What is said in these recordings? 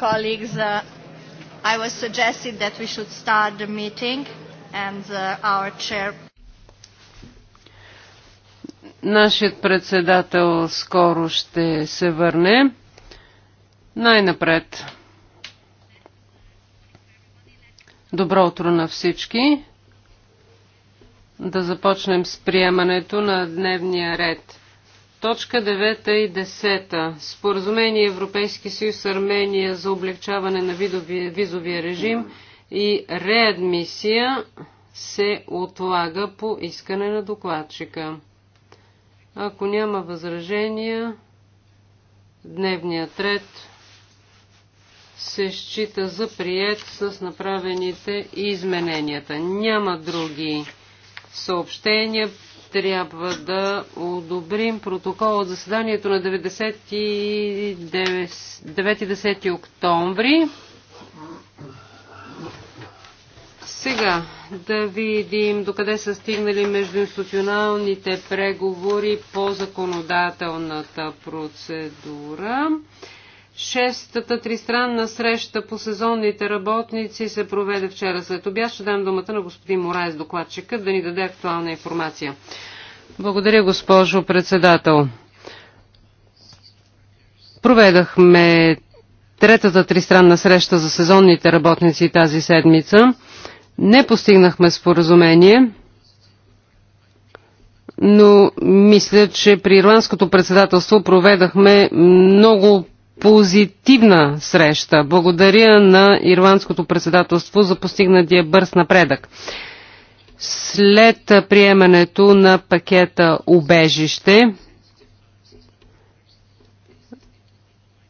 colleagues, uh, I was suggested that we should start the meeting and uh, our chair. Нашият председател скоро ще се върне. Най-напред. Добро утро на всички. Да започнем с приемането на дневния ред. Точка 9 и 10. Споразумение Европейски съюз Армения за облегчаване на визовия режим и реадмисия се отлага по искане на докладчика. Ако няма възражения, дневният ред се счита за прият с направените измененията. Няма други съобщения трябва да одобрим протокол от заседанието на 9-10 октомври. Сега да видим докъде са стигнали междуинституционалните преговори по законодателната процедура. Шестата тристранна среща по сезонните работници се проведе вчера след обяд. Ще дам думата на господин Мораес, докладчика, да ни даде актуална информация. Благодаря, госпожо председател. Проведахме третата тристранна среща за сезонните работници тази седмица. Не постигнахме споразумение, но мисля, че при ирландското председателство проведахме много позитивна среща. Благодаря на Ирландското председателство за постигнатия бърз напредък. След приемането на пакета обежище,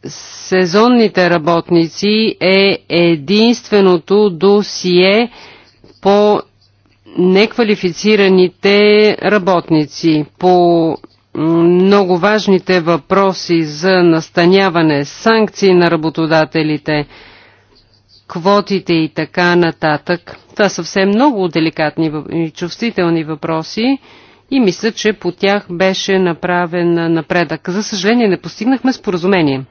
сезонните работници е единственото досие по неквалифицираните работници. По много важните въпроси за настаняване, санкции на работодателите, квотите и така нататък. Това са все много деликатни и чувствителни въпроси и мисля, че по тях беше направен напредък. За съжаление не постигнахме споразумение.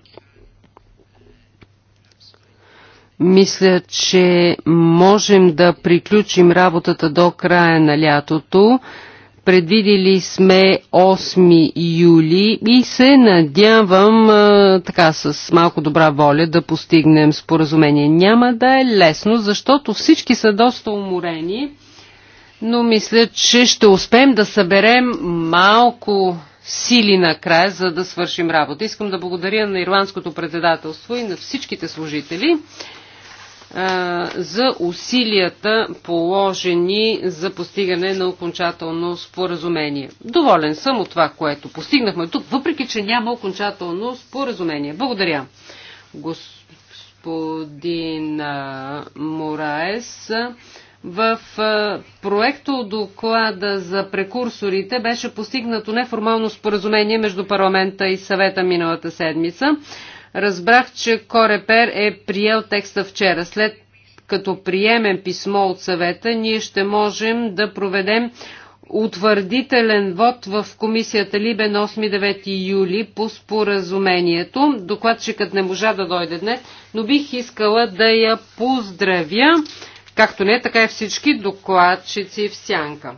Мисля, че можем да приключим работата до края на лятото. Предвидели сме 8 юли и се надявам така с малко добра воля да постигнем споразумение. Няма да е лесно, защото всички са доста уморени, но мисля, че ще успеем да съберем малко сили накрая, за да свършим работа. Искам да благодаря на Ирландското председателство и на всичките служители за усилията положени за постигане на окончателно споразумение. Доволен съм от това, което постигнахме тук, въпреки че няма окончателно споразумение. Благодаря. Господин Мораес, в проекто доклада за прекурсорите беше постигнато неформално споразумение между парламента и съвета миналата седмица. Разбрах, че Корепер е приел текста вчера. След като приемем писмо от съвета, ние ще можем да проведем утвърдителен вод в комисията Либе на 8-9 юли по споразумението. Докладчикът не можа да дойде днес, но бих искала да я поздравя, както не, така и всички докладчици в сянка.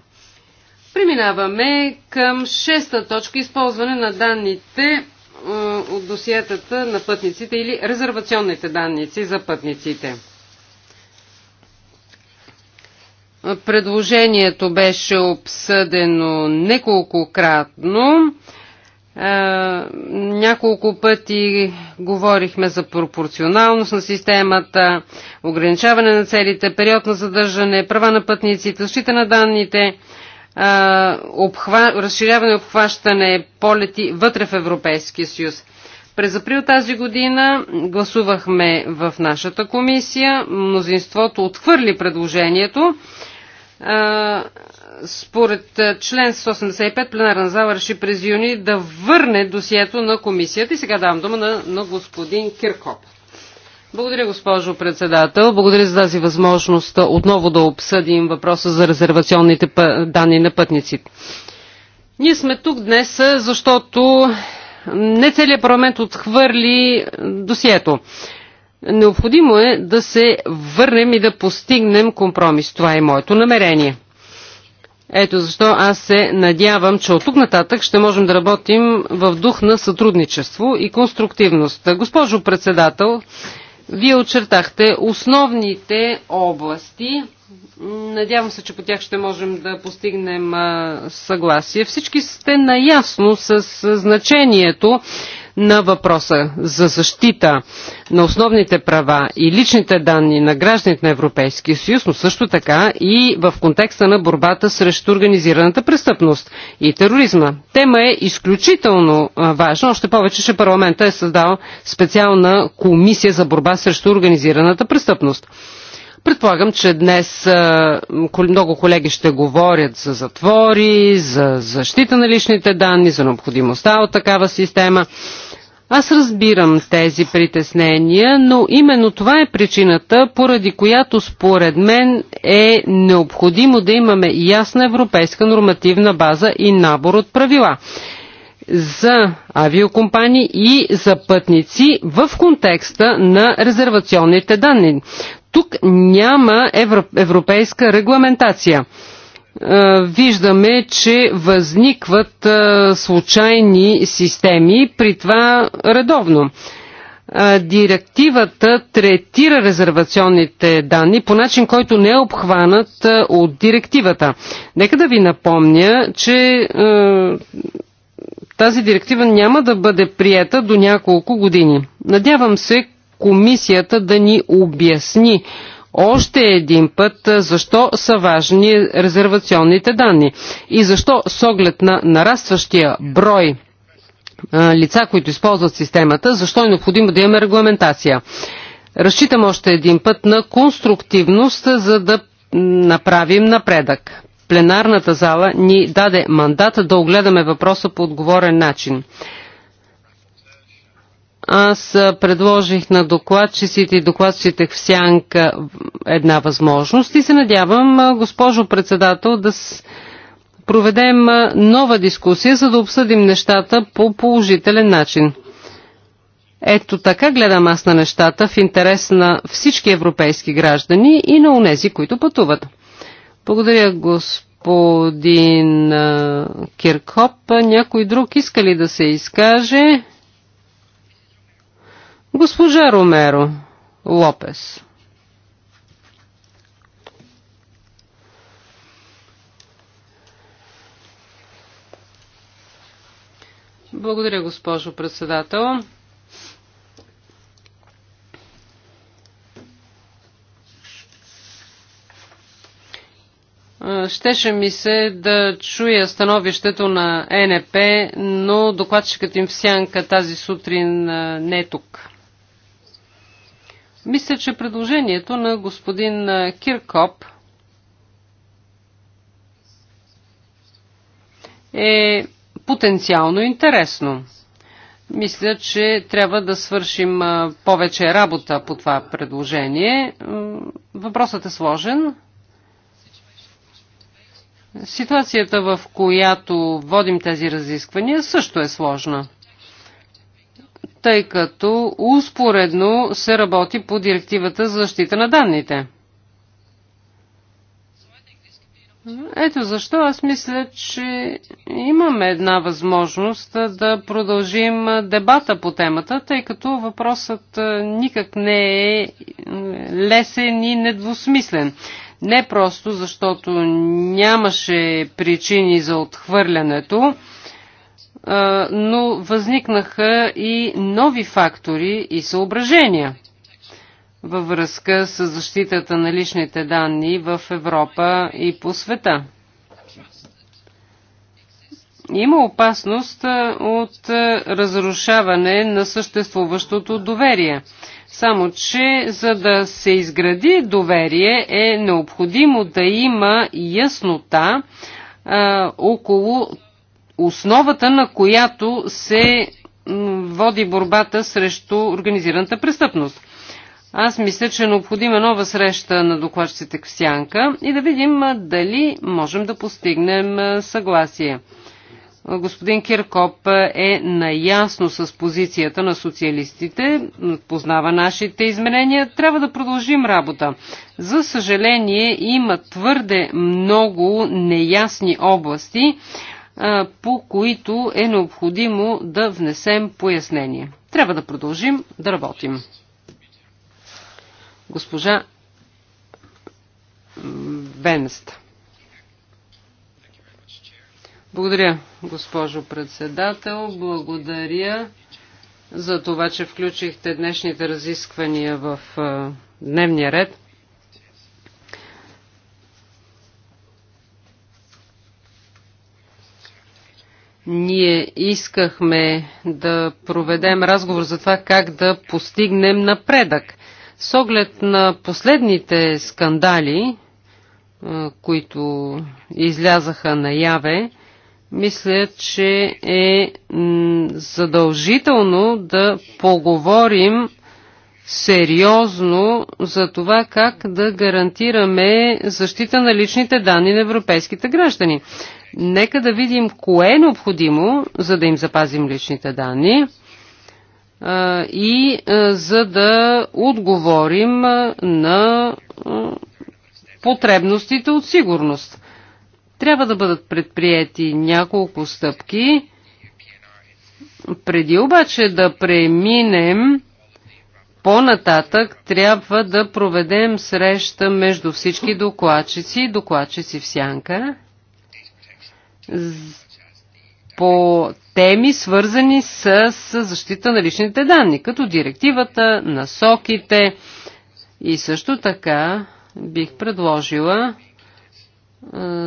Преминаваме към шеста точка използване на данните от досиетата на пътниците или резервационните данници за пътниците. Предложението беше обсъдено неколкократно. Е, няколко пъти говорихме за пропорционалност на системата, ограничаване на целите, период на задържане, права на пътниците, защита на данните, обхва... разширяване обхващане полети вътре в Европейския съюз. През април тази година гласувахме в нашата комисия. Мнозинството отхвърли предложението. Според член 185 пленарна зала реши през юни да върне досието на комисията. И сега давам дума на, на господин Киркоп. Благодаря, госпожо председател. Благодаря за тази възможност отново да обсъдим въпроса за резервационните данни на пътниците. Ние сме тук днес, защото не целият парламент отхвърли досието. Необходимо е да се върнем и да постигнем компромис. Това е моето намерение. Ето защо аз се надявам, че от тук нататък ще можем да работим в дух на сътрудничество и конструктивност. Госпожо председател, вие очертахте основните области. Надявам се, че по тях ще можем да постигнем съгласие. Всички сте наясно с значението на въпроса за защита на основните права и личните данни на гражданите на Европейския съюз, но също така и в контекста на борбата срещу организираната престъпност и тероризма. Тема е изключително важна, още повече, че парламента е създал специална комисия за борба срещу организираната престъпност. Предполагам, че днес много колеги ще говорят за затвори, за защита на личните данни, за необходимостта от такава система. Аз разбирам тези притеснения, но именно това е причината, поради която според мен е необходимо да имаме ясна европейска нормативна база и набор от правила за авиокомпании и за пътници в контекста на резервационните данни. Тук няма европейска регламентация. Е, виждаме, че възникват е, случайни системи, при това редовно е, директивата третира резервационните данни по начин, който не е обхванат от директивата. Нека да ви напомня, че тази директива няма да бъде приета до няколко години. Надявам се комисията да ни обясни още един път защо са важни резервационните данни и защо с оглед на нарастващия брой лица, които използват системата, защо е необходимо да имаме регламентация. Разчитам още един път на конструктивност, за да направим напредък. Пленарната зала ни даде мандат да огледаме въпроса по отговорен начин. Аз предложих на докладчиците и докладчиците в сянка една възможност и се надявам, госпожо председател, да проведем нова дискусия, за да обсъдим нещата по положителен начин. Ето така гледам аз на нещата в интерес на всички европейски граждани и на унези, които пътуват. Благодаря, господин Киркоп. Някой друг иска ли да се изкаже? Госпожа Ромеро Лопес. Благодаря, госпожо председател. Щеше ми се да чуя становището на НП, но докладчикът им в сянка тази сутрин не е тук. Мисля, че предложението на господин Киркоп е потенциално интересно. Мисля, че трябва да свършим повече работа по това предложение. Въпросът е сложен. Ситуацията, в която водим тези разисквания, също е сложна тъй като успоредно се работи по директивата за защита на данните. Ето защо аз мисля, че имаме една възможност да продължим дебата по темата, тъй като въпросът е, никак не е, е лесен и недвусмислен. Не просто защото нямаше причини за отхвърлянето, но възникнаха и нови фактори и съображения във връзка с защитата на личните данни в Европа и по света. Има опасност от разрушаване на съществуващото доверие. Само, че за да се изгради доверие е необходимо да има яснота а, около основата, на която се води борбата срещу организираната престъпност. Аз мисля, че е необходима нова среща на докладчиците в Сянка и да видим дали можем да постигнем съгласие. Господин Киркоп е наясно с позицията на социалистите, познава нашите изменения, трябва да продължим работа. За съжаление има твърде много неясни области, по които е необходимо да внесем пояснение. Трябва да продължим да работим. Госпожа Бенст. Благодаря, госпожо председател. Благодаря за това, че включихте днешните разисквания в дневния ред. Ние искахме да проведем разговор за това как да постигнем напредък. С оглед на последните скандали, които излязаха наяве, мисля, че е задължително да поговорим сериозно за това как да гарантираме защита на личните данни на европейските граждани. Нека да видим кое е необходимо, за да им запазим личните данни и за да отговорим на потребностите от сигурност. Трябва да бъдат предприяти няколко стъпки. Преди обаче да преминем по-нататък, трябва да проведем среща между всички докладчици и докладчици в сянка по теми, свързани с защита на личните данни, като директивата, насоките и също така бих предложила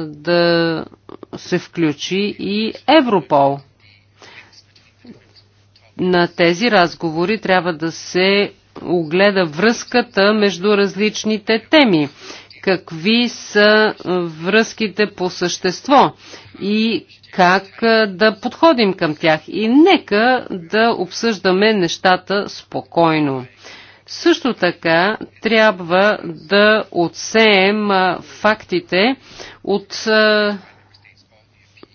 да се включи и Европол. На тези разговори трябва да се огледа връзката между различните теми какви са връзките по същество и как да подходим към тях. И нека да обсъждаме нещата спокойно. Също така трябва да отсеем фактите от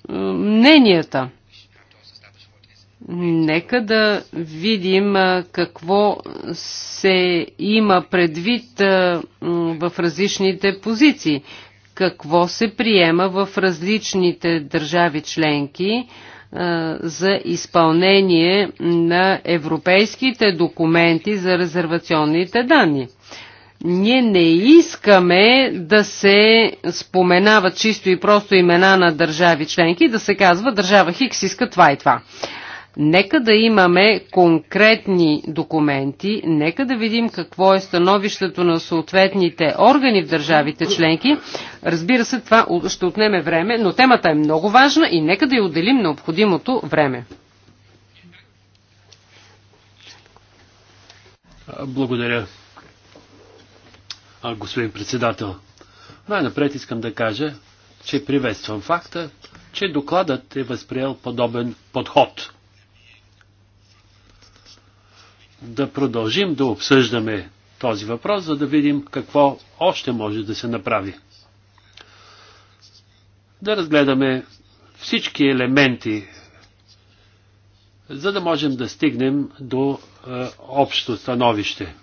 мненията. Нека да видим какво се има предвид в различните позиции, какво се приема в различните държави членки за изпълнение на европейските документи за резервационните данни. Ние не искаме да се споменават чисто и просто имена на държави членки, да се казва държава Хикс иска това и това. Нека да имаме конкретни документи, нека да видим какво е становището на съответните органи в държавите членки. Разбира се, това ще отнеме време, но темата е много важна и нека да я отделим необходимото време. Благодаря, господин председател. Най-напред искам да кажа, че приветствам факта, че докладът е възприел подобен подход да продължим да обсъждаме този въпрос, за да видим какво още може да се направи. Да разгледаме всички елементи, за да можем да стигнем до е, общо становище.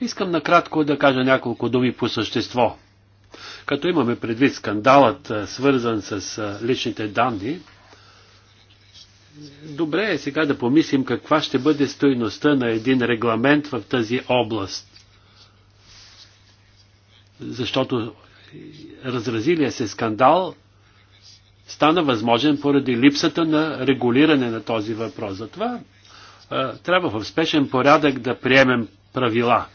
Искам накратко да кажа няколко думи по същество. Като имаме предвид скандалът, е, свързан с е, личните данни, добре е сега да помислим каква ще бъде стойността на един регламент в тази област. Защото разразилия се скандал стана възможен поради липсата на регулиране на този въпрос. Затова трябва в спешен порядък да приемем правила.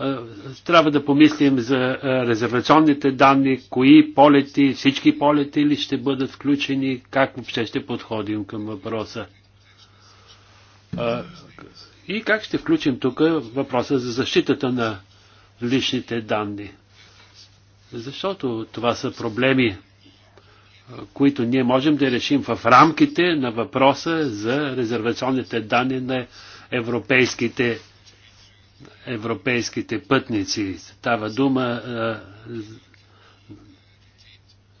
Е, трябва да помислим за е, резервационните данни, кои полети, всички полети ли ще бъдат включени, как въобще ще подходим към въпроса. Е, и как ще включим тук въпроса за защитата на личните данни. Защото това са проблеми, които ние можем да решим в рамките на въпроса за резервационните данни на европейските европейските пътници. Става дума а,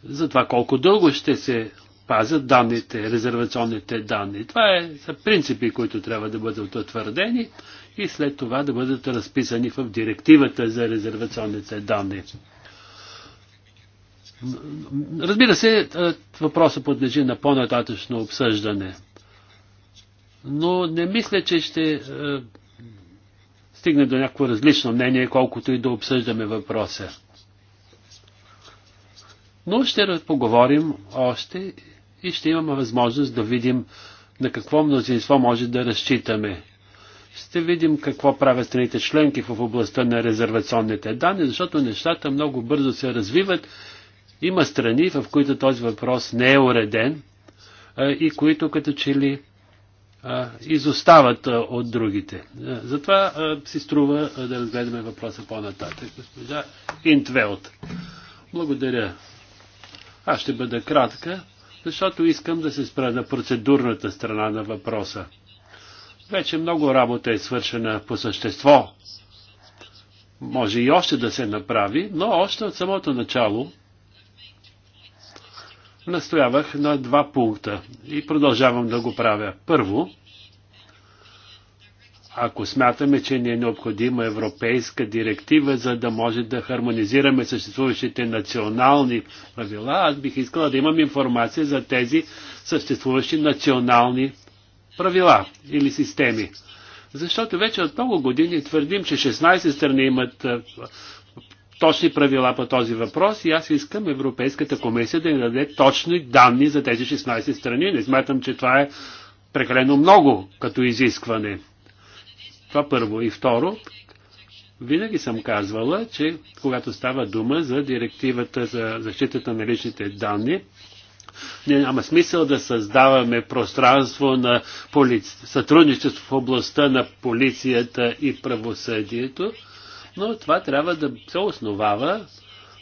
за това колко дълго ще се пазят данните, резервационните данни. Това е, са принципи, които трябва да бъдат утвърдени и след това да бъдат разписани в директивата за резервационните данни. Разбира се, въпросът подлежи на по-нататъчно обсъждане. Но не мисля, че ще стигне до някакво различно мнение, колкото и да обсъждаме въпроса. Но ще поговорим още и ще имаме възможност да видим на какво мнозинство може да разчитаме. Ще видим какво правят страните членки в областта на резервационните данни, защото нещата много бързо се развиват. Има страни, в които този въпрос не е уреден и които като че ли изостават от другите. Затова си струва да разгледаме въпроса по-нататък. Госпожа Интвелт. Благодаря. Аз ще бъда кратка, защото искам да се спра на процедурната страна на въпроса. Вече много работа е свършена по същество. Може и още да се направи, но още от самото начало настоявах на два пункта и продължавам да го правя. Първо, ако смятаме, че ни е необходима европейска директива, за да може да хармонизираме съществуващите национални правила, аз бих искала да имам информация за тези съществуващи национални правила или системи. Защото вече от много години твърдим, че 16 страни имат точни правила по този въпрос и аз искам Европейската комисия да ни даде точни данни за тези 16 страни. Не смятам, че това е прекалено много като изискване. Това първо. И второ, винаги съм казвала, че когато става дума за директивата за защитата на личните данни, няма смисъл да създаваме пространство на поли... сътрудничество в областта на полицията и правосъдието, но това трябва да се основава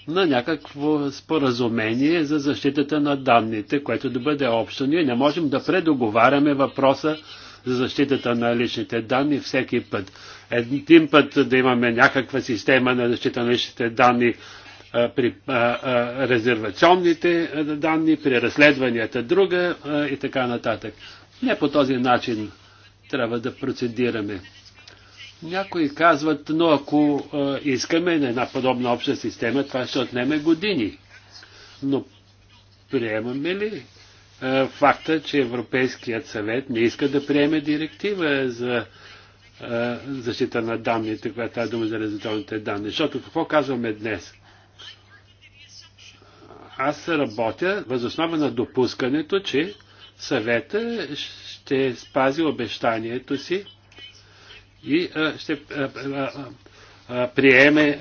на някакво споразумение за защитата на данните, което да бъде общо. Ние не можем да предоговаряме въпроса за защитата на личните данни всеки път. Един път да имаме някаква система на защита на личните данни а, при а, а, резервационните данни, при разследванията друга а, и така нататък. Не по този начин трябва да процедираме. Някои казват, но ако а, е, искаме на една подобна обща система, това ще отнеме години. Но приемаме ли а, е, факта, че Европейският съвет не иска да приеме директива за а, е, защита на данните, която е дума за резултатните данни? Защото какво казваме днес? Аз работя възоснова на допускането, че съвета ще спази обещанието си и ще приеме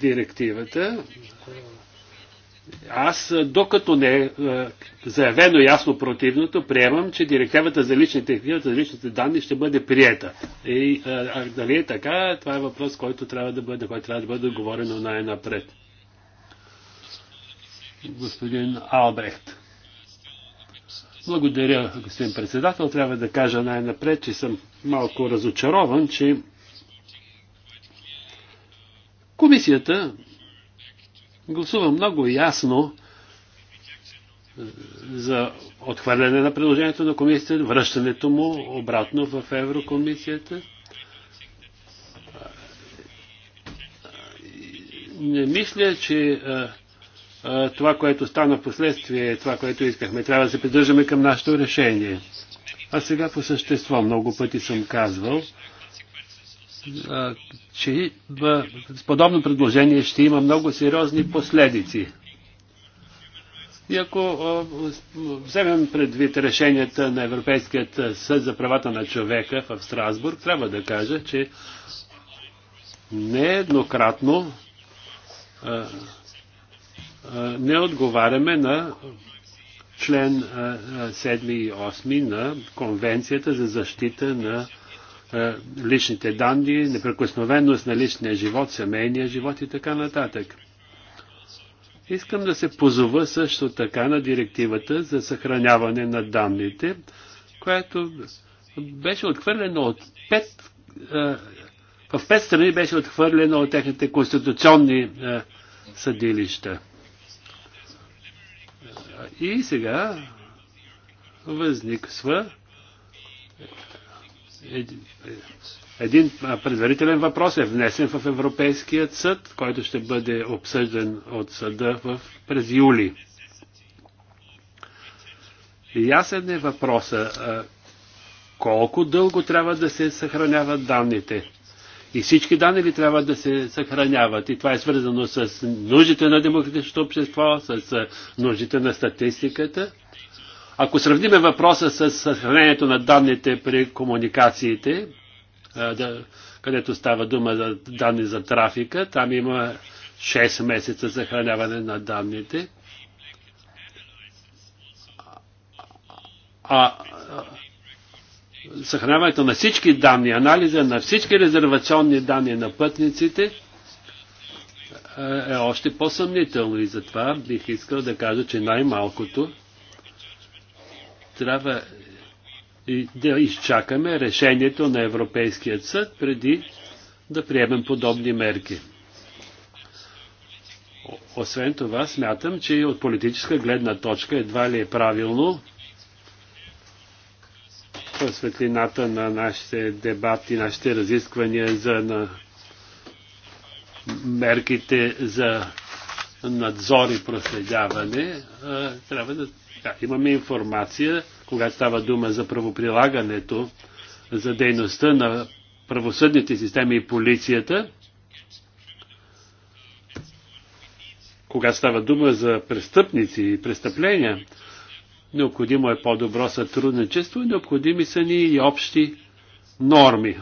директивата. Аз, докато не е заявено ясно противното, приемам, че директивата за личните, техники за личните данни ще бъде приета. И а, дали е така, това е въпрос, който трябва да бъде, който трябва да бъде отговорено най-напред. Господин Албрехт. Благодаря, господин председател. Трябва да кажа най-напред, че съм малко разочарован, че комисията гласува много ясно е, за отхвърляне на предложението на комисията, връщането му обратно в Еврокомисията. Е, не мисля, че е, това, което стана в последствие, това, което искахме. Трябва да се придържаме към нашето решение. А сега по същество много пъти съм казвал, че подобно предложение ще има много сериозни последици. И ако вземем предвид решенията на Европейският съд за правата на човека в Страсбург, трябва да кажа, че нееднократно не отговаряме на член 7 и 8 на Конвенцията за защита на личните данни, непрекосновеност на личния живот, семейния живот и така нататък. Искам да се позова също така на директивата за съхраняване на данните, която беше отхвърлена от пет, в пет страни беше отхвърлена от техните конституционни съдилища. И сега възниква един предварителен въпрос е внесен в Европейският съд, който ще бъде обсъждан от съда в, през юли. Ясен е въпроса колко дълго трябва да се съхраняват данните. И всички данни ли трябва да се съхраняват? И това е свързано с нуждите на демократичното общество, с нуждите на статистиката. Ако сравниме въпроса с съхранението на данните при комуникациите, където става дума за данни за трафика, там има 6 месеца съхраняване на данните. А съхраняването на всички данни, анализа на всички резервационни данни на пътниците е, е още по-съмнително и затова бих искал да кажа, че най-малкото трябва да изчакаме решението на Европейският съд преди да приемем подобни мерки. Освен това, смятам, че от политическа гледна точка едва ли е правилно в светлината на нашите дебати, нашите разисквания за на мерките за надзор и проследяване, трябва да да, имаме информация, когато става дума за правоприлагането, за дейността на правосъдните системи и полицията, когато става дума за престъпници и престъпления, Необходимо е по-добро сътрудничество и необходими са ни и общи норми.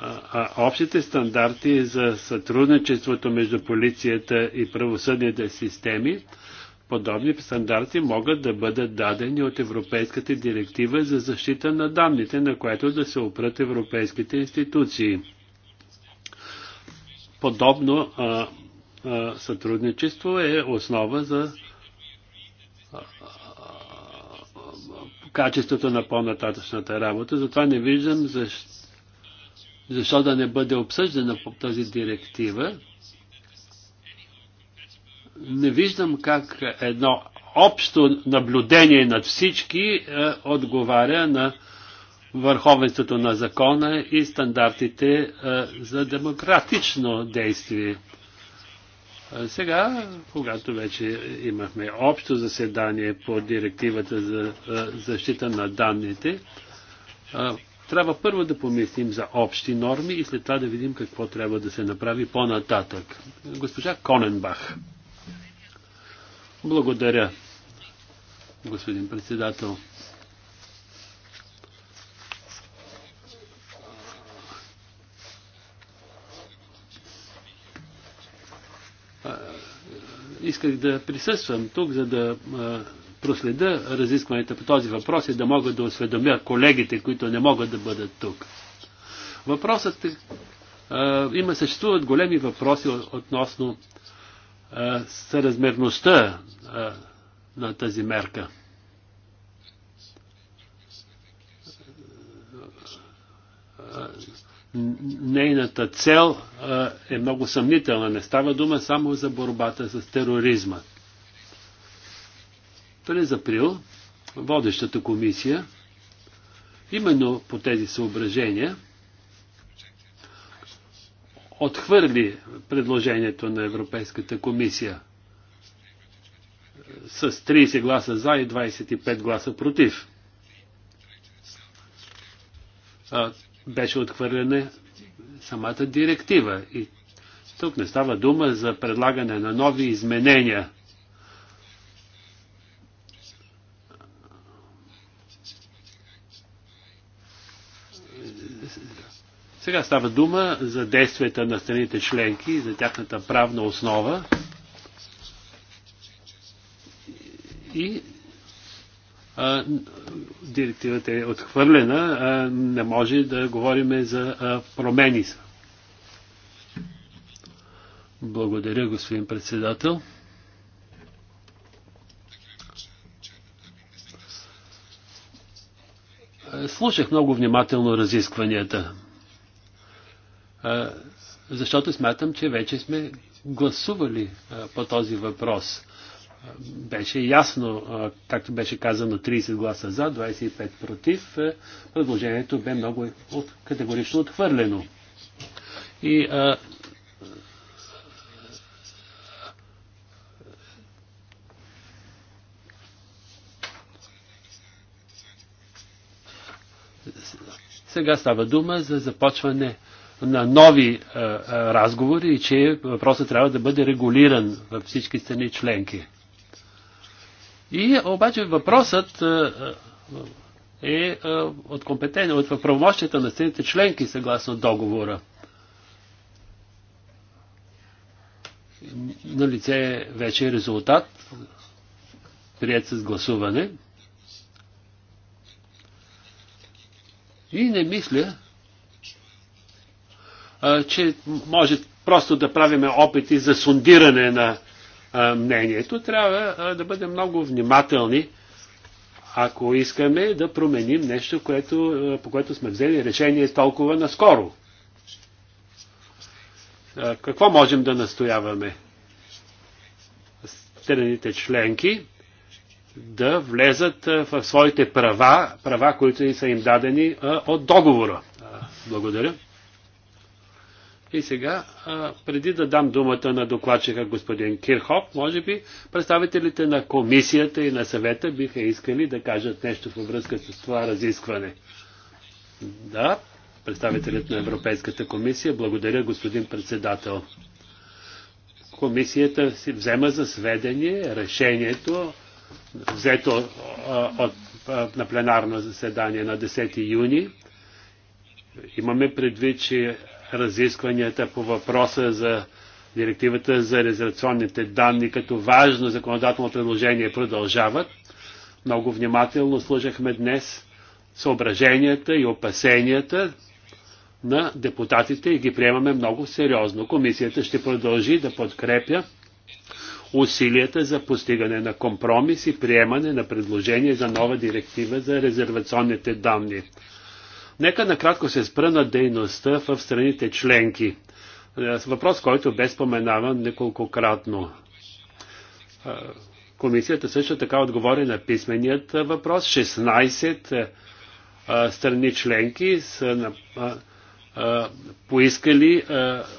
А, а общите стандарти за сътрудничеството между полицията и правосъдните системи, подобни стандарти могат да бъдат дадени от Европейската директива за защита на данните, на което да се опрат европейските институции. Подобно а, сътрудничество е основа за качеството на по-нататъчната работа. Затова не виждам защо, защо да не бъде обсъждана по тази директива. Не виждам как едно общо наблюдение над всички е, отговаря на върховенството на закона и стандартите е, за демократично действие сега, когато вече имахме общо заседание по директивата за защита на данните, трябва първо да помислим за общи норми и след това да видим какво трябва да се направи по-нататък. Госпожа Коненбах. Благодаря, господин председател. исках да присъствам тук, за да проследа разискванията по този въпрос и да мога да осведомя колегите, които не могат да бъдат тук. Въпросът е, има съществуват големи въпроси относно съразмерността на тази мерка нейната цел е много съмнителна. Не става дума само за борбата с тероризма. През април водещата комисия именно по тези съображения отхвърли предложението на Европейската комисия с 30 гласа за и 25 гласа против беше отхвърлена самата директива. И тук не става дума за предлагане на нови изменения. Сега става дума за действията на страните членки, за тяхната правна основа и а, директивата е отхвърлена, а, не може да говорим за а, промени. Благодаря, господин председател. Слушах много внимателно разискванията, защото смятам, че вече сме гласували по този въпрос беше ясно, както беше казано, 30 гласа за, 25 против. Е, предложението бе много е категорично отхвърлено. И а, сега става дума за започване на нови а, а, разговори и че въпросът трябва да бъде регулиран във всички страни членки. И обаче въпросът е, е, е, е от компетентно, от правомощията на страните членки съгласно договора. На лице вече резултат, прият с гласуване. И не мисля, че може просто да правиме опити за сундиране на мнението. Трябва да бъдем много внимателни, ако искаме да променим нещо, което, по което сме взели решение толкова наскоро. Какво можем да настояваме? Страните членки да влезат в своите права, права, които са им дадени от договора. Благодаря. И сега, преди да дам думата на докладчика господин Кирхоп, може би представителите на комисията и на съвета биха искали да кажат нещо във връзка с това разискване. Да, представителят на Европейската комисия. Благодаря, господин председател. Комисията си взема за сведение решението, взето а, от, а, на пленарно заседание на 10 юни. Имаме предвид, че разискванията по въпроса за директивата за резервационните данни като важно законодателно предложение продължават. Много внимателно слушахме днес съображенията и опасенията на депутатите и ги приемаме много сериозно. Комисията ще продължи да подкрепя усилията за постигане на компромис и приемане на предложение за нова директива за резервационните данни. Нека накратко се спра на дейността в страните членки. Е, въпрос, който бе споменаван неколкократно. Е, комисията също така отговори на писменият въпрос. 16 е, страни членки са поискали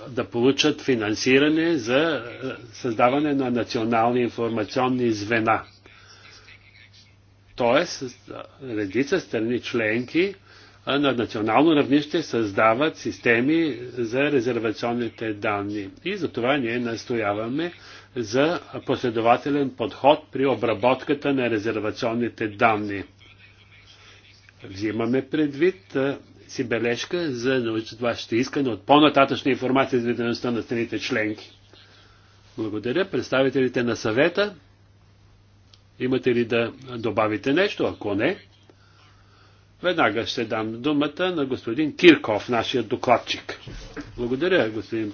да получат финансиране за създаване на национални информационни звена. Тоест, редица страни членки на национално равнище създават системи за резервационните данни. И за това ние настояваме за последователен подход при обработката на резервационните данни. Взимаме предвид си бележка за вашите искане от по-нататъчна информация за дейността на страните членки. Благодаря. Представителите на съвета, имате ли да добавите нещо? Ако не, Веднага ще дам думата на господин Кирков, нашия докладчик. Благодаря, господин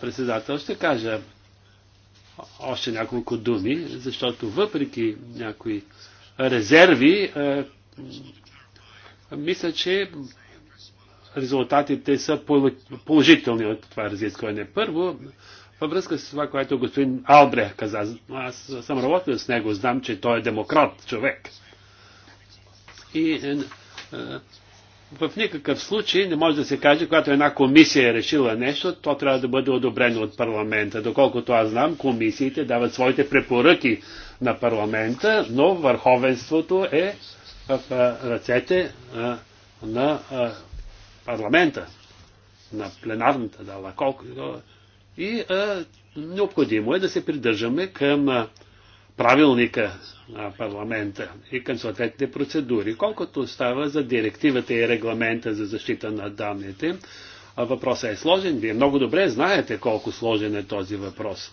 председател. Ще кажа още няколко думи, защото въпреки някои резерви, мисля, че резултатите са положителни от това разискване. Първо, във връзка с това, което господин Албрех каза, аз съм работил с него, знам, че той е демократ човек – и е, в никакъв случай не може да се каже, когато една комисия е решила нещо, то трябва да бъде одобрено от парламента. Доколкото аз знам, комисиите дават своите препоръки на парламента, но върховенството е в е, ръцете е, на парламента, на пленарната дала. И необходимо е да се придържаме към правилника на парламента и към съответните процедури. Колкото става за директивата и регламента за защита на данните, въпросът е сложен. Вие много добре знаете колко сложен е този въпрос.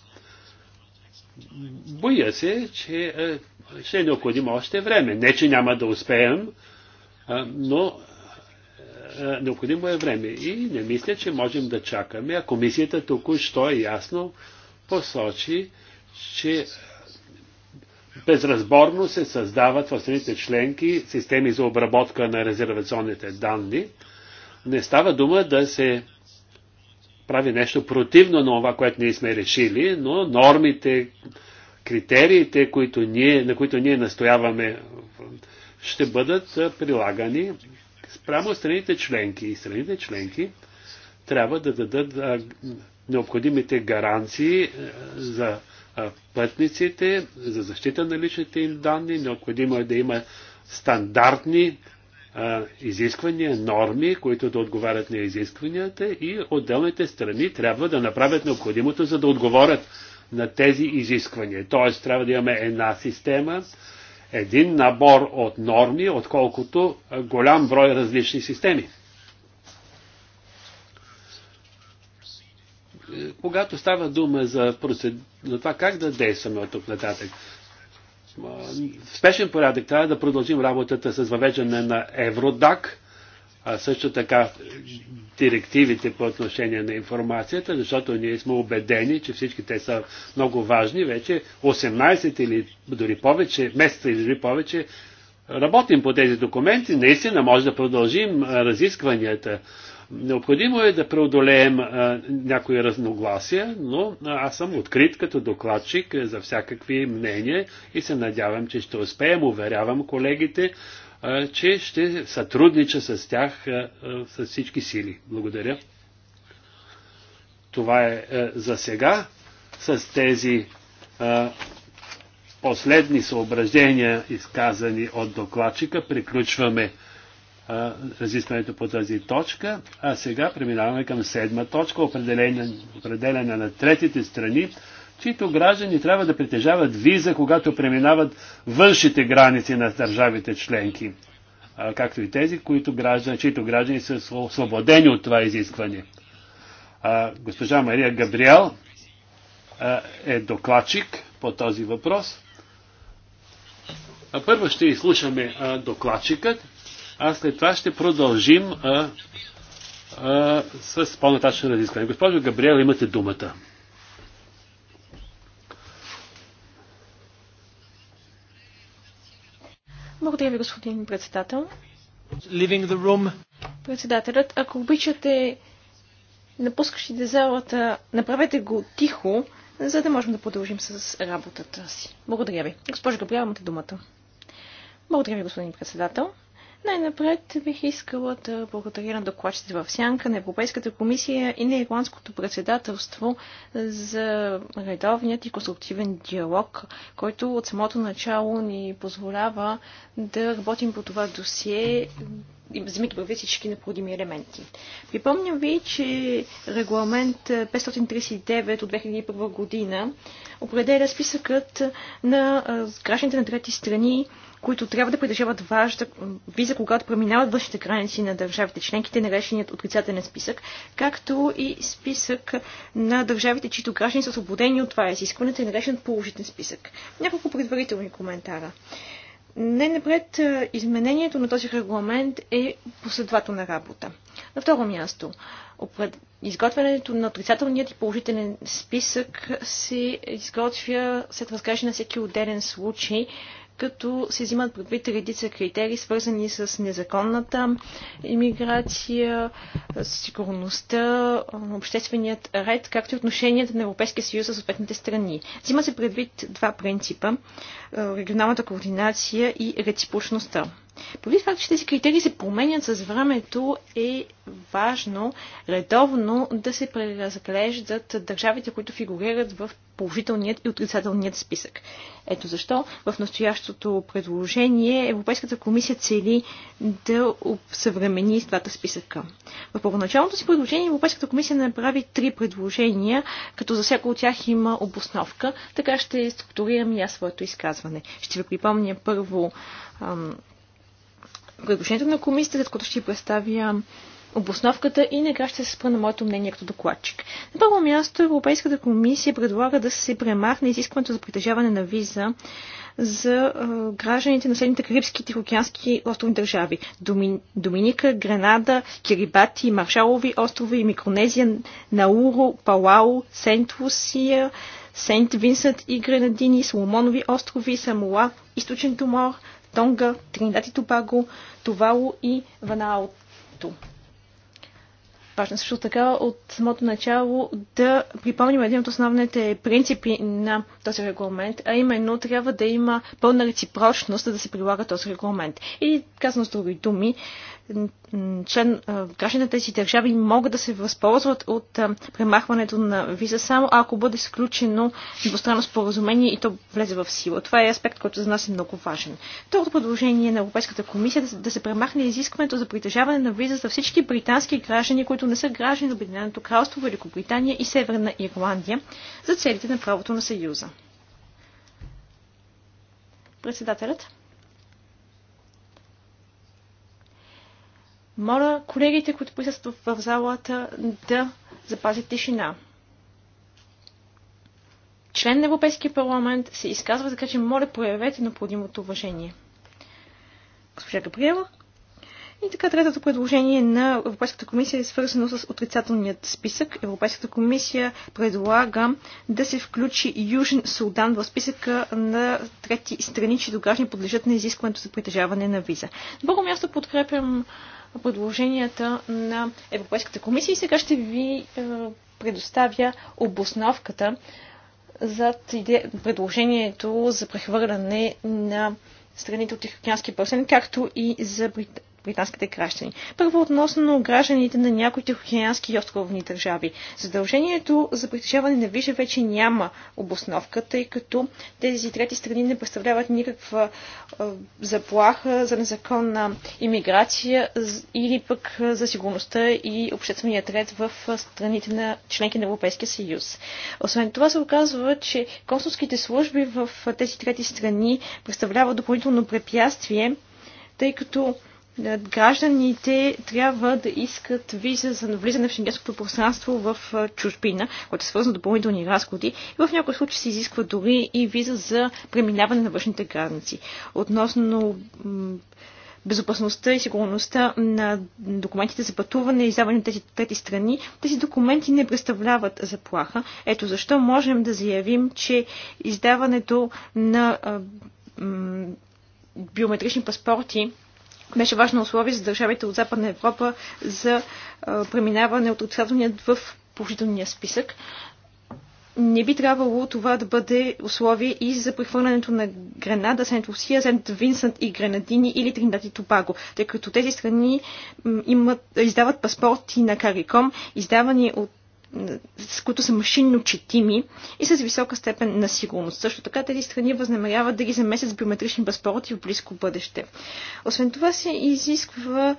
Боя се, че е, ще е необходимо още време. Не, че няма да успеем, е, но е, необходимо е време. И не мисля, че можем да чакаме, а комисията току-що е ясно посочи, че безразборно се създават в страните членки системи за обработка на резервационните данни. Не става дума да се прави нещо противно на това, което ние сме решили, но нормите, критериите, които ние, на които ние настояваме, ще бъдат прилагани спрямо страните членки. И страните членки трябва да дадат необходимите гаранции за пътниците, за защита на личните им данни. Необходимо е да има стандартни а, изисквания, норми, които да отговарят на изискванията и отделните страни трябва да направят необходимото, за да отговорят на тези изисквания. Тоест трябва да имаме една система, един набор от норми, отколкото голям брой различни системи. когато става дума за, процед... за това как да действаме от тук нататък, в спешен порядък трябва да продължим работата с въвеждане на Евродак, а също така директивите по отношение на информацията, защото ние сме убедени, че всички те са много важни. Вече 18 или дори повече, месеца или дори повече работим по тези документи. Наистина може да продължим разискванията. Необходимо е да преодолеем а, някои разногласия, но аз съм открит като докладчик е, за всякакви мнения и се надявам, че ще успеем. Уверявам колегите, а, че ще сътруднича с тях а, с всички сили. Благодаря. Това е за сега. С тези последни съображения, изказани от докладчика, приключваме разискването по тази точка. А сега преминаваме към седма точка, определена на третите страни, чието граждани трябва да притежават виза, когато преминават външите граници на държавите членки, а, както и тези, които граждани, чието граждани са освободени от това изискване. А, госпожа Мария Габриел а, е докладчик по този въпрос. А първо ще изслушаме докладчикът, а след това ще продължим а, а, с по-нататъчно разискване. Госпожо Габриел, имате думата. Благодаря ви, господин председател. Председателят, ако обичате напускащите залата, направете го тихо, за да можем да продължим с работата си. Благодаря ви. Госпожо Габриел, имате думата. Благодаря ви, господин председател. Най-напред бих искала да благодаря на докладчите в Сянка, на Европейската комисия и на Ирландското председателство за редовният и конструктивен диалог, който от самото начало ни позволява да работим по това досие вземайки прави всички необходими елементи. Припомням ви, че регламент 539 от 2001 година определя списъкът на гражданите на трети страни, които трябва да притежават важна виза, когато преминават външните граници на държавите членките, нареченият отрицателен списък, както и списък на държавите, чието граждани са освободени от това изискването и наречен положителен списък. Няколко предварителни коментара. Не напред е, изменението на този регламент е последователна работа. На второ място, изготвянето на отрицателният и положителен списък се изготвя след разглеждане на всеки отделен случай като се взимат предвид редица критерии, свързани с незаконната иммиграция, сигурността, общественият ред, както и отношенията на Европейския съюз с съответните страни. Взима се предвид два принципа – регионалната координация и реципушността. Поради факт, че тези критерии се променят с времето, е важно редовно да се преразглеждат държавите, които фигурират в положителният и отрицателният списък. Ето защо в настоящото предложение Европейската комисия цели да съвремени двата списъка. В първоначалното си предложение Европейската комисия направи три предложения, като за всяко от тях има обосновка, така ще структурирам и аз своето изказване. Ще ви припомня първо предложението на комисията, след като ще ви представя обосновката и нега ще се спра на моето мнение като докладчик. На първо място Европейската комисия предлага да се премахне изискването за притежаване на виза за е, гражданите на следните карибски и океански островни държави. Доми, Доминика, Гренада, Кирибати, Маршалови острови, Микронезия, Науру, Палау, Сент Лусия, Сент Винсент и Гренадини, Соломонови острови, Самуа, Източен Томор, Тонга, Тринидад и Тобаго, Товало и Ванаалто. Важно също така от самото начало да припомним един от основните принципи на този регламент, а именно трябва да има пълна реципрочност, за да се прилага този регламент. И казано с други думи, член, гражданите на тези държави могат да се възползват от премахването на виза само ако бъде сключено двустранно споразумение и то влезе в сила. Това е аспект, който за нас е много важен. Второто предложение е на Европейската комисия да се премахне изискването за притежаване на виза за всички британски граждани, които които не са граждани на Обединеното кралство, Великобритания и Северна Ирландия за целите на правото на Съюза. Председателят. Моля колегите, които присъстват в залата, да запазят тишина. Член на Европейския парламент се изказва, така че моля проявете необходимото уважение. Госпожа Габриела, и така, третото предложение на Европейската комисия е свързано с отрицателният списък. Европейската комисия предлага да се включи Южен Судан в списъка на трети страни, чието граждани подлежат на изискването за притежаване на виза. На първо място подкрепям предложенията на Европейската комисия и сега ще ви е, предоставя обосновката зад иде... предложението за прехвърляне на страните от Тихоокеански басейн, както и за Британия британските граждани. Първо относно гражданите на някои тихоокеански и островни държави. Задължението за притежаване на вижа вече няма обосновка, тъй като тези трети страни не представляват никаква заплаха за незаконна иммиграция или пък за сигурността и обществения ред в страните на членки на Европейския съюз. Освен това се оказва, че консулските служби в тези трети страни представляват допълнително препятствие, тъй като гражданите трябва да искат виза за навлизане в шенгенското пространство в чужбина, което е свързано с допълнителни разходи. И в някои случаи се изисква дори и виза за преминаване на външните граници. Относно безопасността и сигурността на документите за пътуване, издаване от тези трети страни, тези документи не представляват заплаха. Ето защо можем да заявим, че издаването на биометрични паспорти беше важно условие за държавите от Западна Европа за преминаване от отрицателният в положителния списък. Не би трябвало това да бъде условие и за прехвърлянето на Гренада, Сент Русия, Сент Винсент и Гренадини или Триндати и Тобаго, тъй като тези страни имат, издават паспорти на Кариком, издавани от с които са машинно четими и с висока степен на сигурност. Също така тези страни възнамеряват да ги замесят с биометрични паспорти в близко бъдеще. Освен това се изисква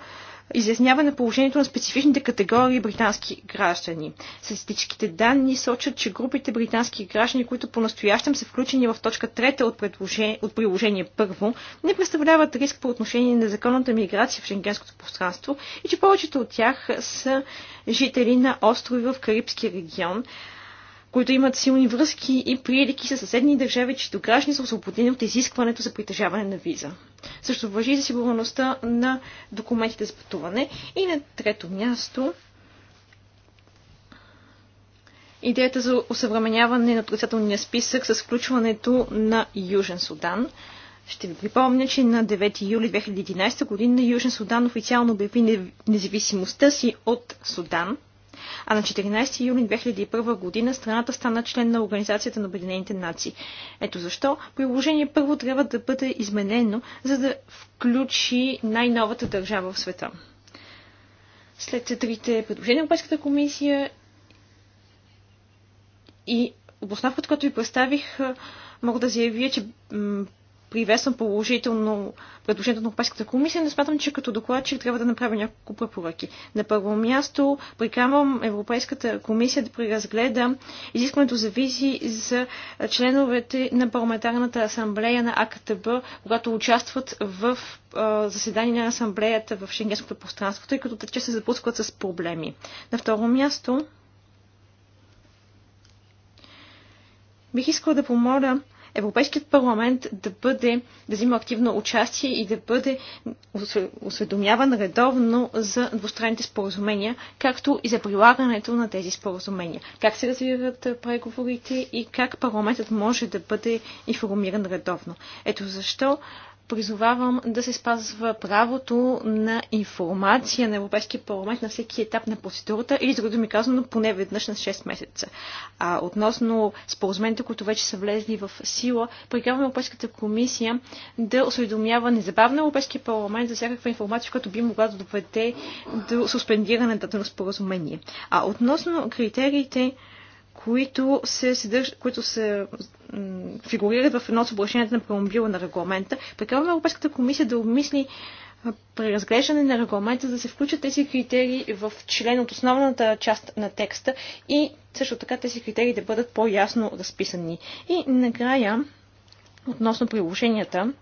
изяснява на положението на специфичните категории британски граждани. Статистическите данни сочат, че групите британски граждани, които по-настоящем са включени в точка 3 от, от приложение 1, не представляват риск по отношение на незаконната миграция в шенгенското пространство и че повечето от тях са жители на острови в Карибския регион, които имат силни връзки и приедики със съседни държави, чието граждани са освободени от изискването за притежаване на виза. Също въжи за сигурността на документите за пътуване. И на трето място идеята за усъвременяване на отрицателния списък с включването на Южен Судан. Ще ви припомня, че на 9 юли 2011 година Южен Судан официално обяви независимостта си от Судан а на 14 юни 2001 година страната стана член на Организацията на Обединените нации. Ето защо приложение първо трябва да бъде изменено, за да включи най-новата държава в света. След трите предложения на Европейската комисия и обосновката, която ви представих, мога да заявя, че приветствам положително предложението на Европейската комисия, но смятам, че като докладчик трябва да направя няколко препоръки. На първо място приканвам Европейската комисия да преразгледа изискването за визи за членовете на парламентарната асамблея на АКТБ, когато участват в заседания на асамблеята в шенгенското пространство, тъй като те се запускват с проблеми. На второ място бих искала да помоля Европейският парламент да бъде, да взима активно участие и да бъде осведомяван редовно за двустранните споразумения, както и за прилагането на тези споразумения. Как се развиват преговорите и как парламентът може да бъде информиран редовно. Ето защо призовавам да се спазва правото на информация на Европейския парламент на всеки етап на процедурата или, с ми казано, поне веднъж на 6 месеца. А относно споразумените, които вече са влезли в сила, приканвам Европейската комисия да осведомява незабавно Европейския парламент за всякаква информация, която би могла да доведе до суспендиране на дадено споразумение. А относно критериите, които се, съдърж, които се фигурират в едно от съображенията на преумбила на регламента. Прикарваме Европейската комисия да обмисли преразглеждане на регламента, да се включат тези критерии в член от основната част на текста и също така тези критерии да бъдат по-ясно разписани. И накрая, относно приложенията,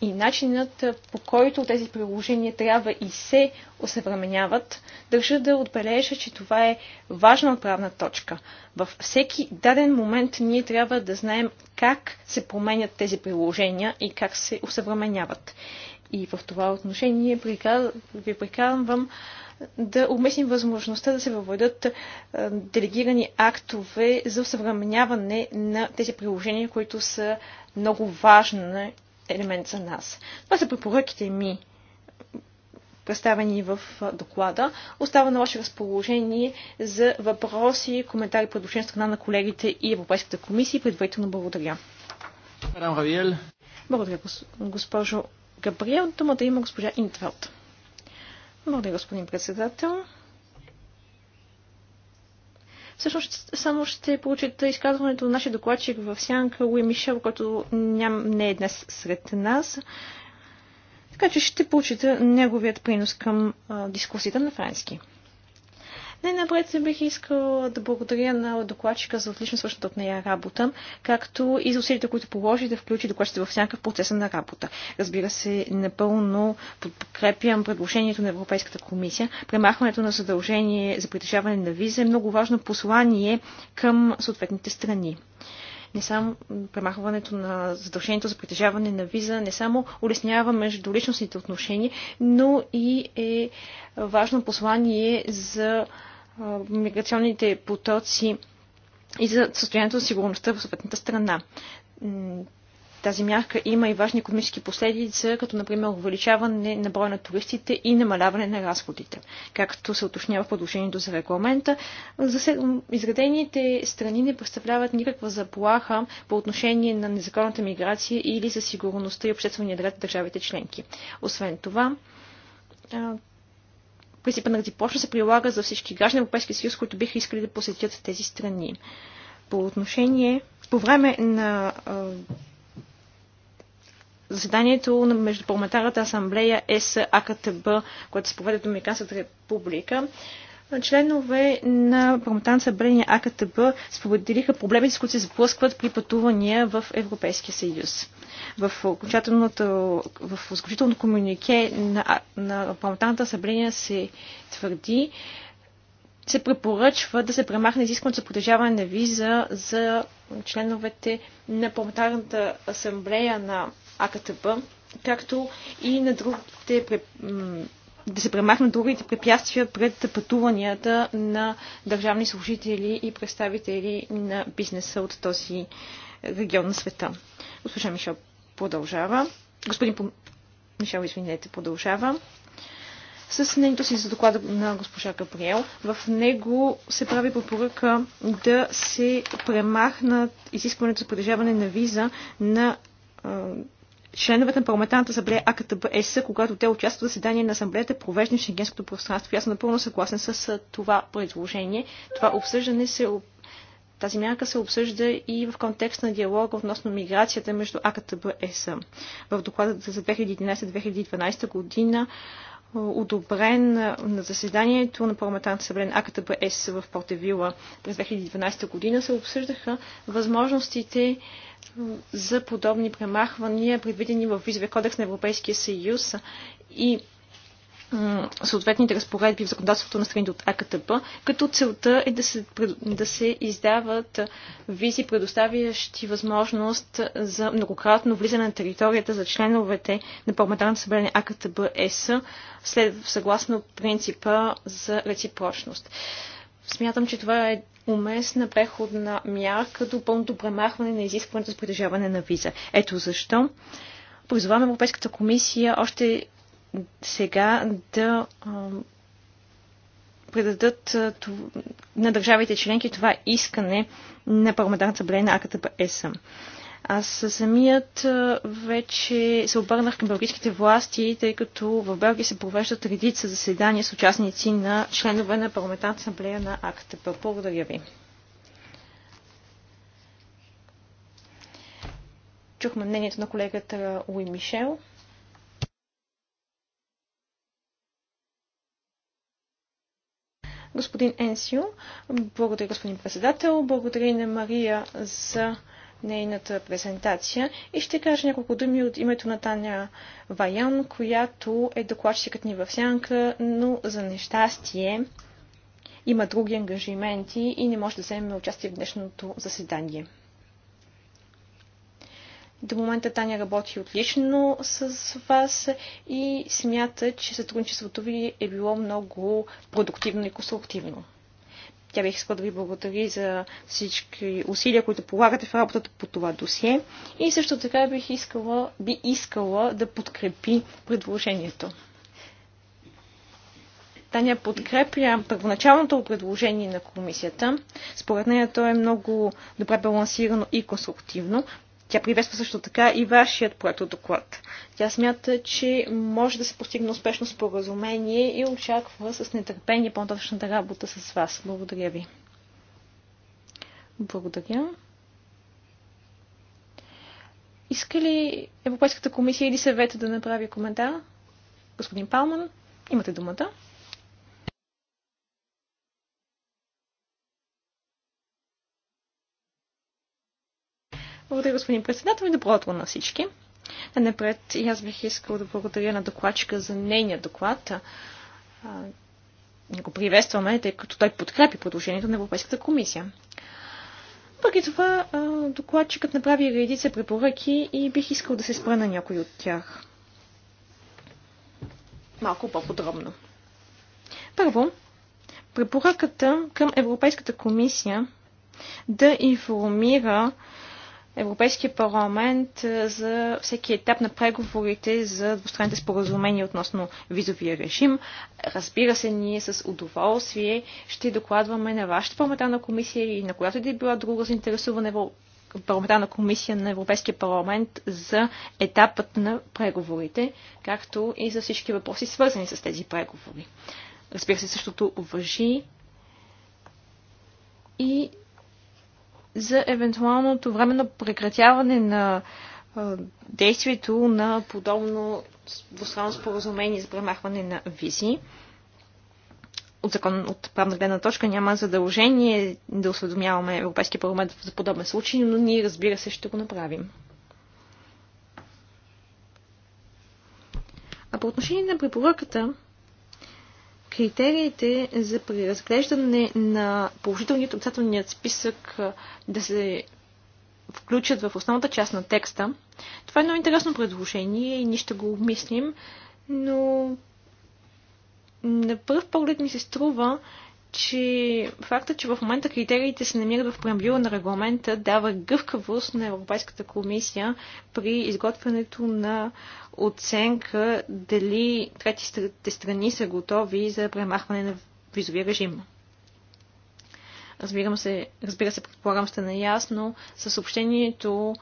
и начинът по който тези приложения трябва и се осъвременяват, държа да отбележа, че това е важна отправна точка. Във всеки даден момент ние трябва да знаем как се променят тези приложения и как се осъвременяват. И в това отношение ви приканвам да обмислим възможността да се въведат делегирани актове за съвременяване на тези приложения, които са много важни елемент за нас. Това са препоръките ми, представени в доклада. Остава на ваше разположение за въпроси, коментари, предложения страна на колегите и Европейската комисия. Предварително благодаря. Благодаря, госпожо Габриел. Думата има госпожа Интвелт. Благодаря, господин председател. Всъщност само ще получите изказването на нашия докладчик в сянка Луи Мишел, който ням, не е днес сред нас. Така че ще получите неговият принос към а, дискусията на Франски. Най-напред се бих искала да благодаря на докладчика за отлично свършната от нея работа, както и за усилията, които положи да включи докладчите във всяка процеса на работа. Разбира се, напълно подкрепям предложението на Европейската комисия. Премахването на задължение за притежаване на виза е много важно послание към съответните страни не само премахването на задължението за притежаване на виза не само улеснява личностните отношения, но и е важно послание за миграционните потоци и за състоянието на сигурността в съответната страна. Тази мярка има и важни економически последици, като например увеличаване на броя на туристите и намаляване на разходите, както се уточнява в подложението за регламента. За изградените страни не представляват никаква заплаха по отношение на незаконната миграция или за сигурността и обществения ред на държавите членки. Освен това, принципа на реципрочност се прилага за всички граждани на Европейския съюз, които биха искали да посетят тези страни. По отношение, по време на а, заседанието на Междупарламентарната асамблея САКТБ, АКТБ, което се проведе в Доминиканската република. Членове на парламентарната събрание АКТБ споделиха проблемите, с които се сблъскват при пътувания в Европейския съюз. В окончателното, в комюнике на, на парламентарната събрание се твърди, се препоръчва да се премахне изискването за притежаване на виза за членовете на парламентарната асамблея на АКТБ, както и на другите да се премахнат другите препятствия пред пътуванията на държавни служители и представители на бизнеса от този регион на света. Госпожа Мишел продължава. Господин Мишел, извинете, продължава. С мнението си за доклада на госпожа Габриел, в него се прави препоръка да се премахнат изискването за притежаване на виза на членовете на парламентарната асамблея АКТБ ЕС, когато те участват в заседание на асамблеята, провеждани в шенгенското пространство. Аз съм напълно съгласен с това предложение. Това обсъждане се тази мярка се обсъжда и в контекст на диалога относно миграцията между АКТБ ЕС. В доклада за 2011-2012 година одобрен на заседанието на парламентарната събрание АКТБ ЕС в Портевила през 2012 година се обсъждаха възможностите за подобни премахвания, предвидени в Визовия кодекс на Европейския съюз и съответните разпоредби в законодателството на страните от АКТП, като целта е да се, да се издават визи, предоставящи възможност за многократно влизане на територията за членовете на парламентарното събрание АКТБ ЕС, след, съгласно принципа за реципрочност. Смятам, че това е уместна преходна мярка до пълното премахване на изискването за притежаване на виза. Ето защо призоваваме Европейската комисия още сега да предадат на държавите членки това искане на парламентарната асамблея на АКТБ ЕС. Аз самият вече се обърнах към българските власти, тъй като в Белгия се провеждат редица заседания с участници на членове на парламентарната асамблея на АКТП. Благодаря ви. Чухме мнението на колегата Луи Мишел. Господин Енсио, благодаря господин председател, благодаря и на Мария за нейната презентация и ще кажа няколко думи от името на Таня Ваян, която е докладчикът ни в сянка, но за нещастие има други ангажименти и не може да вземе участие в днешното заседание. До момента Таня работи отлично с вас и смята, че сътрудничеството ви е било много продуктивно и конструктивно. Тя бих искала да ви благодари за всички усилия, които полагате в работата по това досие. И също така бих искала, би искала да подкрепи предложението. Таня подкрепя първоначалното предложение на комисията. Според нея то е много добре балансирано и конструктивно. Тя приветства също така и вашият проект от доклад. Тя смята, че може да се постигне успешно споразумение и очаква с нетърпение по-нататъчната работа с вас. Благодаря ви. Благодаря. Иска ли Европейската комисия или съвета да направи коментар? Господин Палман, имате думата. Благодаря, господин председател и добро утро на всички. Напред и аз бих искал да благодаря на докладчика за нейния доклад. Ние го приветстваме, тъй като той подкрепи предложението на Европейската комисия. Въпреки това, докладчикът направи редица препоръки и бих искал да се спра на някой от тях. Малко по-подробно. Първо, препоръката към Европейската комисия да информира Европейския парламент за всеки етап на преговорите за двустранните споразумения относно визовия режим. Разбира се, ние с удоволствие ще докладваме на вашата парламентарна комисия и на която и да е била друга заинтересувана парламентарна комисия на Европейския парламент за етапът на преговорите, както и за всички въпроси, свързани с тези преговори. Разбира се, същото уважи, и за евентуалното временно прекратяване на действието на подобно двустранно споразумение за премахване на визи. От, закон, от правна гледна точка няма задължение да осведомяваме Европейския парламент за подобни случай, но ние разбира се ще го направим. А по отношение на препоръката, критериите за преразглеждане на положителният отрицателният списък да се включат в основната част на текста. Това е едно интересно предложение и ние ще го обмислим, но на първ поглед ми се струва, че факта, че в момента критериите се намират в преамбюла на регламента, дава гъвкавост на Европейската комисия при изготвянето на оценка дали третите страни са готови за премахване на визовия режим. Разбирам се, разбира се, предполагам сте наясно, със съобщението,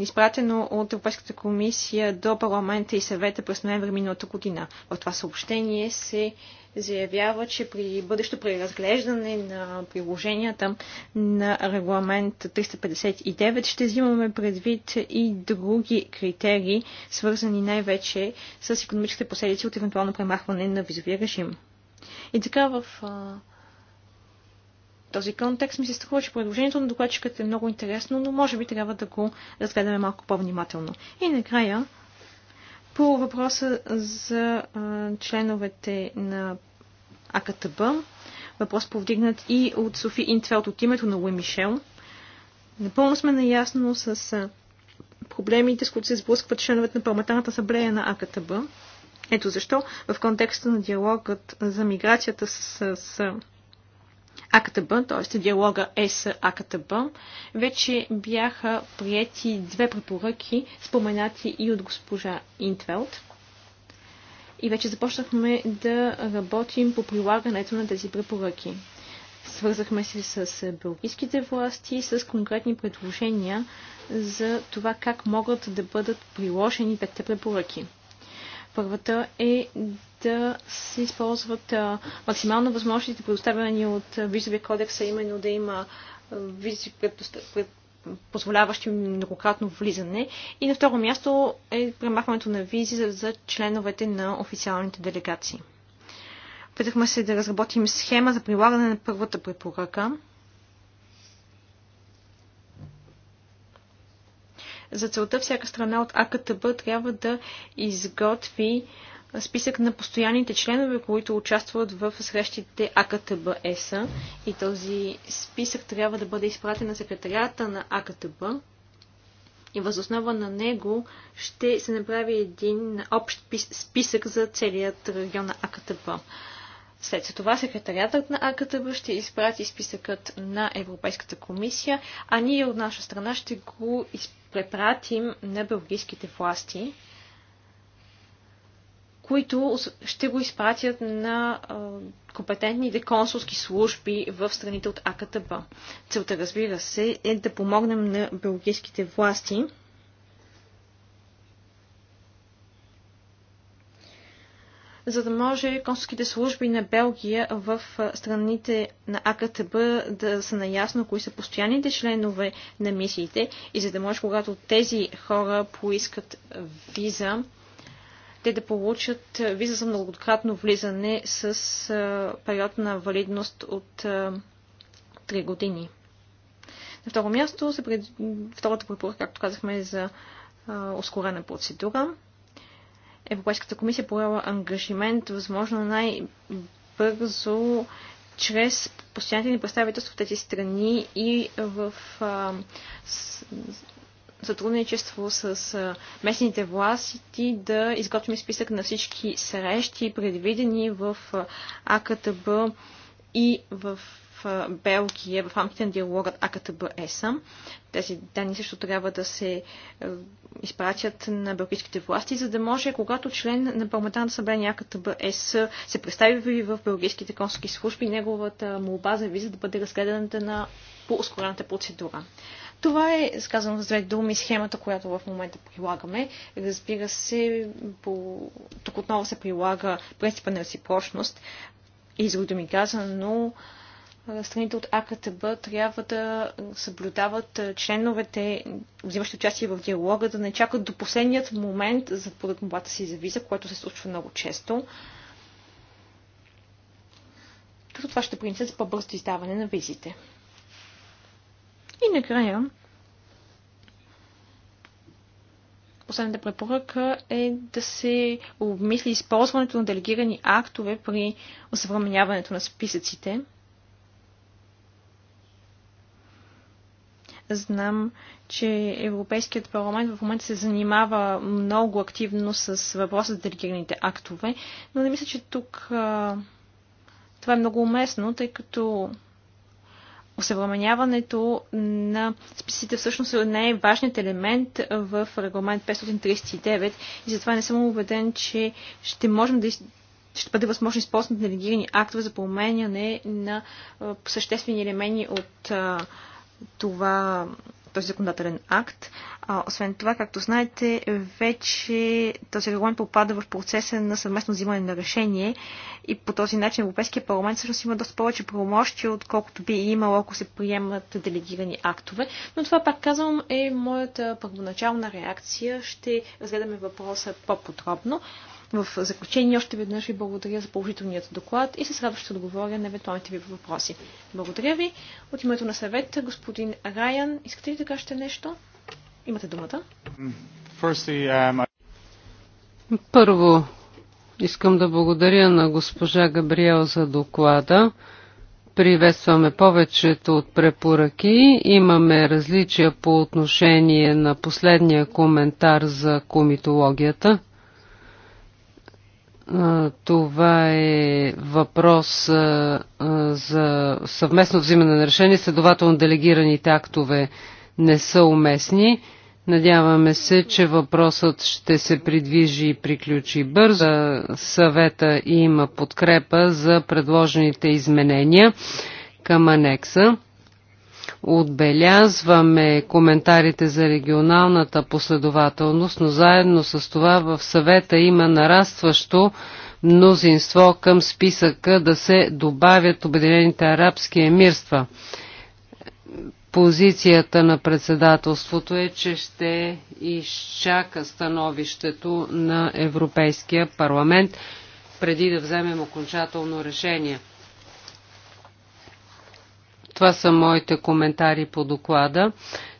изпратено от Европейската комисия до парламента и съвета през ноември миналата година. В това съобщение се заявява, че при бъдещо преразглеждане на приложенията на регламент 359 ще взимаме предвид и други критерии, свързани най-вече с економическите последици от евентуално премахване на визовия режим. И така в а, този контекст ми се струва, че предложението на докладчиката е много интересно, но може би трябва да го разгледаме малко по-внимателно. И накрая по въпроса за а, членовете на АКТБ, въпрос повдигнат и от Софи Интфелд от името на Луи Мишел. Напълно сме наясно с проблемите, с които се сблъскват членовете на парламентарната събрея на АКТБ. Ето защо в контекста на диалогът за миграцията с, с АКТБ, т.е. диалога ЕС-АКТБ, вече бяха прияти две препоръки, споменати и от госпожа Интвелт. И вече започнахме да работим по прилагането на тези препоръки. Свързахме се с белгийските власти с конкретни предложения за това как могат да бъдат приложени петте препоръки. Първата е да се използват максимално възможностите, предоставени от визовия кодекс, а именно да има визи позволяващи многократно влизане. И на второ място е премахването на визи за, за членовете на официалните делегации. Питахме се да разработим схема за прилагане на първата препоръка. За целта всяка страна от АКТБ трябва да изготви списък на постоянните членове, които участват в срещите АКТБ и този списък трябва да бъде изпратен на секретарията на АКТБ и възоснова на него ще се направи един общ списък за целият регион на АКТБ. След това секретариатът на АКТБ ще изпрати списъкът на Европейската комисия, а ние от наша страна ще го препратим на белгийските власти които ще го изпратят на компетентните консулски служби в страните от АКТБ. Целта, разбира се, е да помогнем на белгийските власти за да може консулските служби на Белгия в страните на АКТБ да са наясно кои са постоянните членове на мисиите и за да може, когато тези хора поискат виза, те да получат виза за многократно влизане с период на валидност от 3 години. На второ място, пред... втората препоръка, както казахме, е за а, ускорена процедура. Европейската комисия е поела ангажимент, възможно най-бързо, чрез постоянните ни представителства в тези страни и в а, с, сътрудничество с местните власти да изготвим списък на всички срещи, предвидени в АКТБ и в Белгия в рамките на диалогът АКТБ ЕСА. Тези данни също трябва да се изпратят на белгийските власти, за да може, когато член на парламентарната събрание АКТБ ЕС се представи в белгийските консулски служби, неговата молба за виза да бъде разгледана на по ускорената процедура. Това е, сказано с две думи, схемата, която в момента прилагаме. Разбира се, по... тук отново се прилага принципа на реципрочност. И ми каза, но страните от АКТБ трябва да съблюдават членовете, взимащи участие в диалога, да не чакат до последният момент за подъкмобата си за виза, което се случва много често. Като това ще е принесе за по-бързо издаване на визите накрая, последната препоръка е да се обмисли използването на делегирани актове при осъвременяването на списъците. Знам, че Европейският парламент в момента се занимава много активно с въпроса за делегираните актове, но не мисля, че тук а, това е много уместно, тъй като Осъвременяването на списите всъщност е най-важният елемент в регламент 539 и затова не съм убеден, че ще можем да ще бъде възможно използването на делегирани актове за променяне на съществени елементи от това този законодателен акт. А, освен това, както знаете, вече този регламент попада в процеса на съвместно взимане на решение и по този начин Европейския парламент всъщност има доста повече правомощия, отколкото би имало, ако се приемат делегирани актове. Но това, пак казвам, е моята първоначална реакция. Ще разгледаме въпроса по-подробно. В заключение още веднъж ви благодаря за положителният доклад и с радост ще отговоря на евентуалните ви въпроси. Благодаря ви. От името на съвет, господин Райан, искате ли да кажете нещо? Имате думата. Um, Първо, искам да благодаря на госпожа Габриел за доклада. Приветстваме повечето от препоръки. Имаме различия по отношение на последния коментар за комитологията. Това е въпрос за съвместно взимане на решение, следователно делегираните актове не са уместни. Надяваме се, че въпросът ще се придвижи и приключи бързо. Съвета има подкрепа за предложените изменения към анекса. Отбелязваме коментарите за регионалната последователност, но заедно с това в съвета има нарастващо мнозинство към списъка да се добавят Обединените арабски емирства. Позицията на председателството е, че ще изчака становището на Европейския парламент преди да вземем окончателно решение. Това са моите коментари по доклада.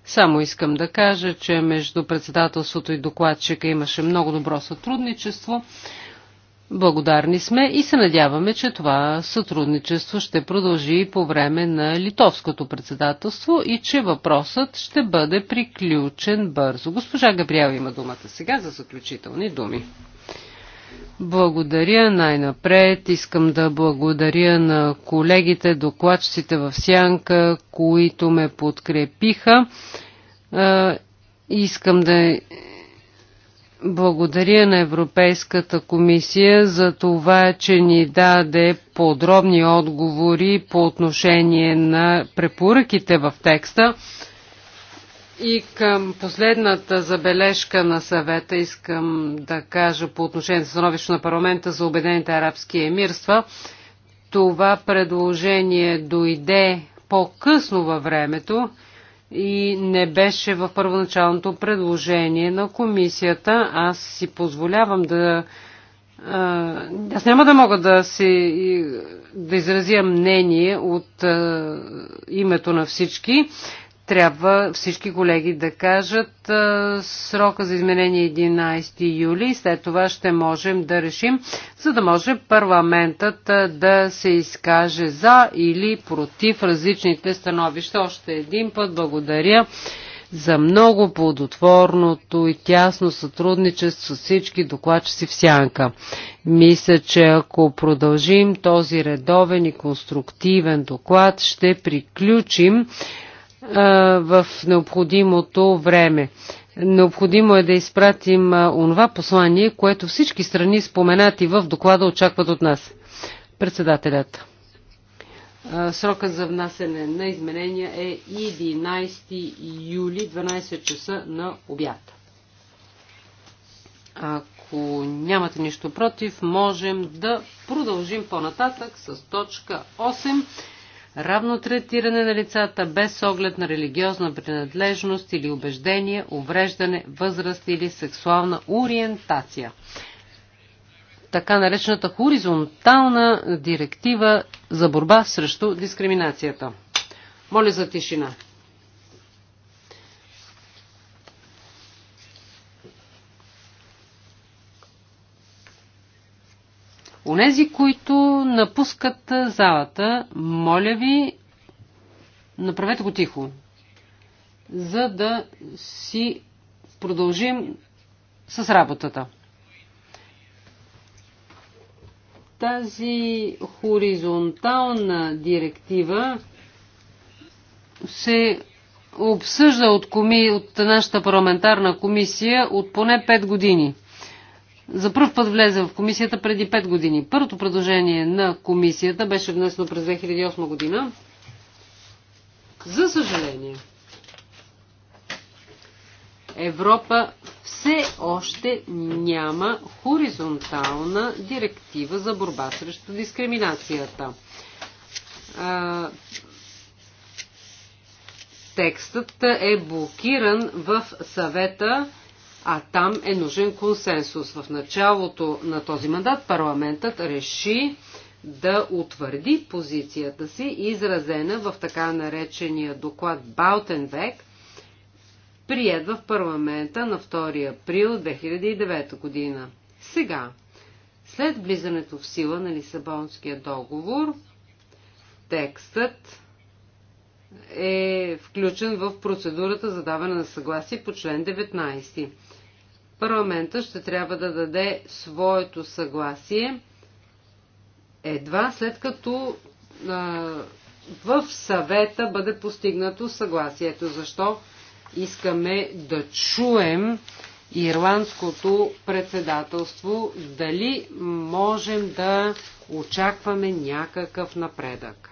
Само искам да кажа, че между председателството и докладчика имаше много добро сътрудничество. Благодарни сме и се надяваме, че това сътрудничество ще продължи и по време на литовското председателство и че въпросът ще бъде приключен бързо. Госпожа Габриел има думата сега за заключителни думи. Благодаря най-напред. Искам да благодаря на колегите, докладчиците в Сянка, които ме подкрепиха. Искам да благодаря на Европейската комисия за това, че ни даде подробни отговори по отношение на препоръките в текста. И към последната забележка на съвета искам да кажа по отношение на становището на парламента за Обединените арабски емирства. Това предложение дойде по-късно във времето и не беше в първоначалното предложение на комисията. Аз си позволявам да. Аз няма да мога да, си, да изразя мнение от името на всички трябва всички колеги да кажат срока за изменение 11 е юли и след това ще можем да решим, за да може парламентът да се изкаже за или против различните становища. Още един път благодаря за много плодотворното и тясно сътрудничество с всички докладчици в Сянка. Мисля, че ако продължим този редовен и конструктивен доклад, ще приключим в необходимото време. Необходимо е да изпратим онова послание, което всички страни споменати в доклада очакват от нас. Председателят. Срокът за внасене на изменения е 11 юли 12 часа на обяд. Ако нямате нищо против, можем да продължим по-нататък с точка 8 равно третиране на лицата без оглед на религиозна принадлежност или убеждение, увреждане, възраст или сексуална ориентация. Така наречената хоризонтална директива за борба срещу дискриминацията. Моля за тишина. Онези, които напускат залата, моля ви, направете го тихо, за да си продължим с работата. Тази хоризонтална директива се обсъжда от, коми, от нашата парламентарна комисия от поне 5 години – за първ път влезе в комисията преди 5 години. Първото предложение на комисията беше внесено през 2008 година. За съжаление, Европа все още няма хоризонтална директива за борба срещу дискриминацията. Текстът е блокиран в съвета а там е нужен консенсус. В началото на този мандат парламентът реши да утвърди позицията си, изразена в така наречения доклад Баутенвек, прият в парламента на 2 април 2009 година. Сега, след влизането в сила на Лисабонския договор, текстът е включен в процедурата за даване на съгласие по член 19 парламента ще трябва да даде своето съгласие едва след като а, в съвета бъде постигнато съгласието. Защо искаме да чуем ирландското председателство, дали можем да очакваме някакъв напредък.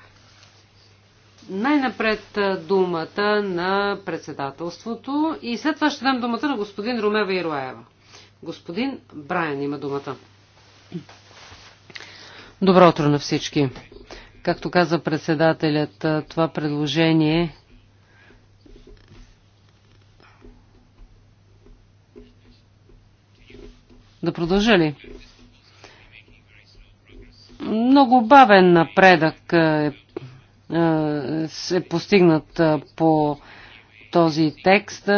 Най-напред думата на председателството и след това ще дам думата на господин Румева Ироева. Господин Брайан има думата. Добро утро на всички. Както каза председателят, това предложение Да продължа ли? Много бавен напредък е се постигнат по този текст.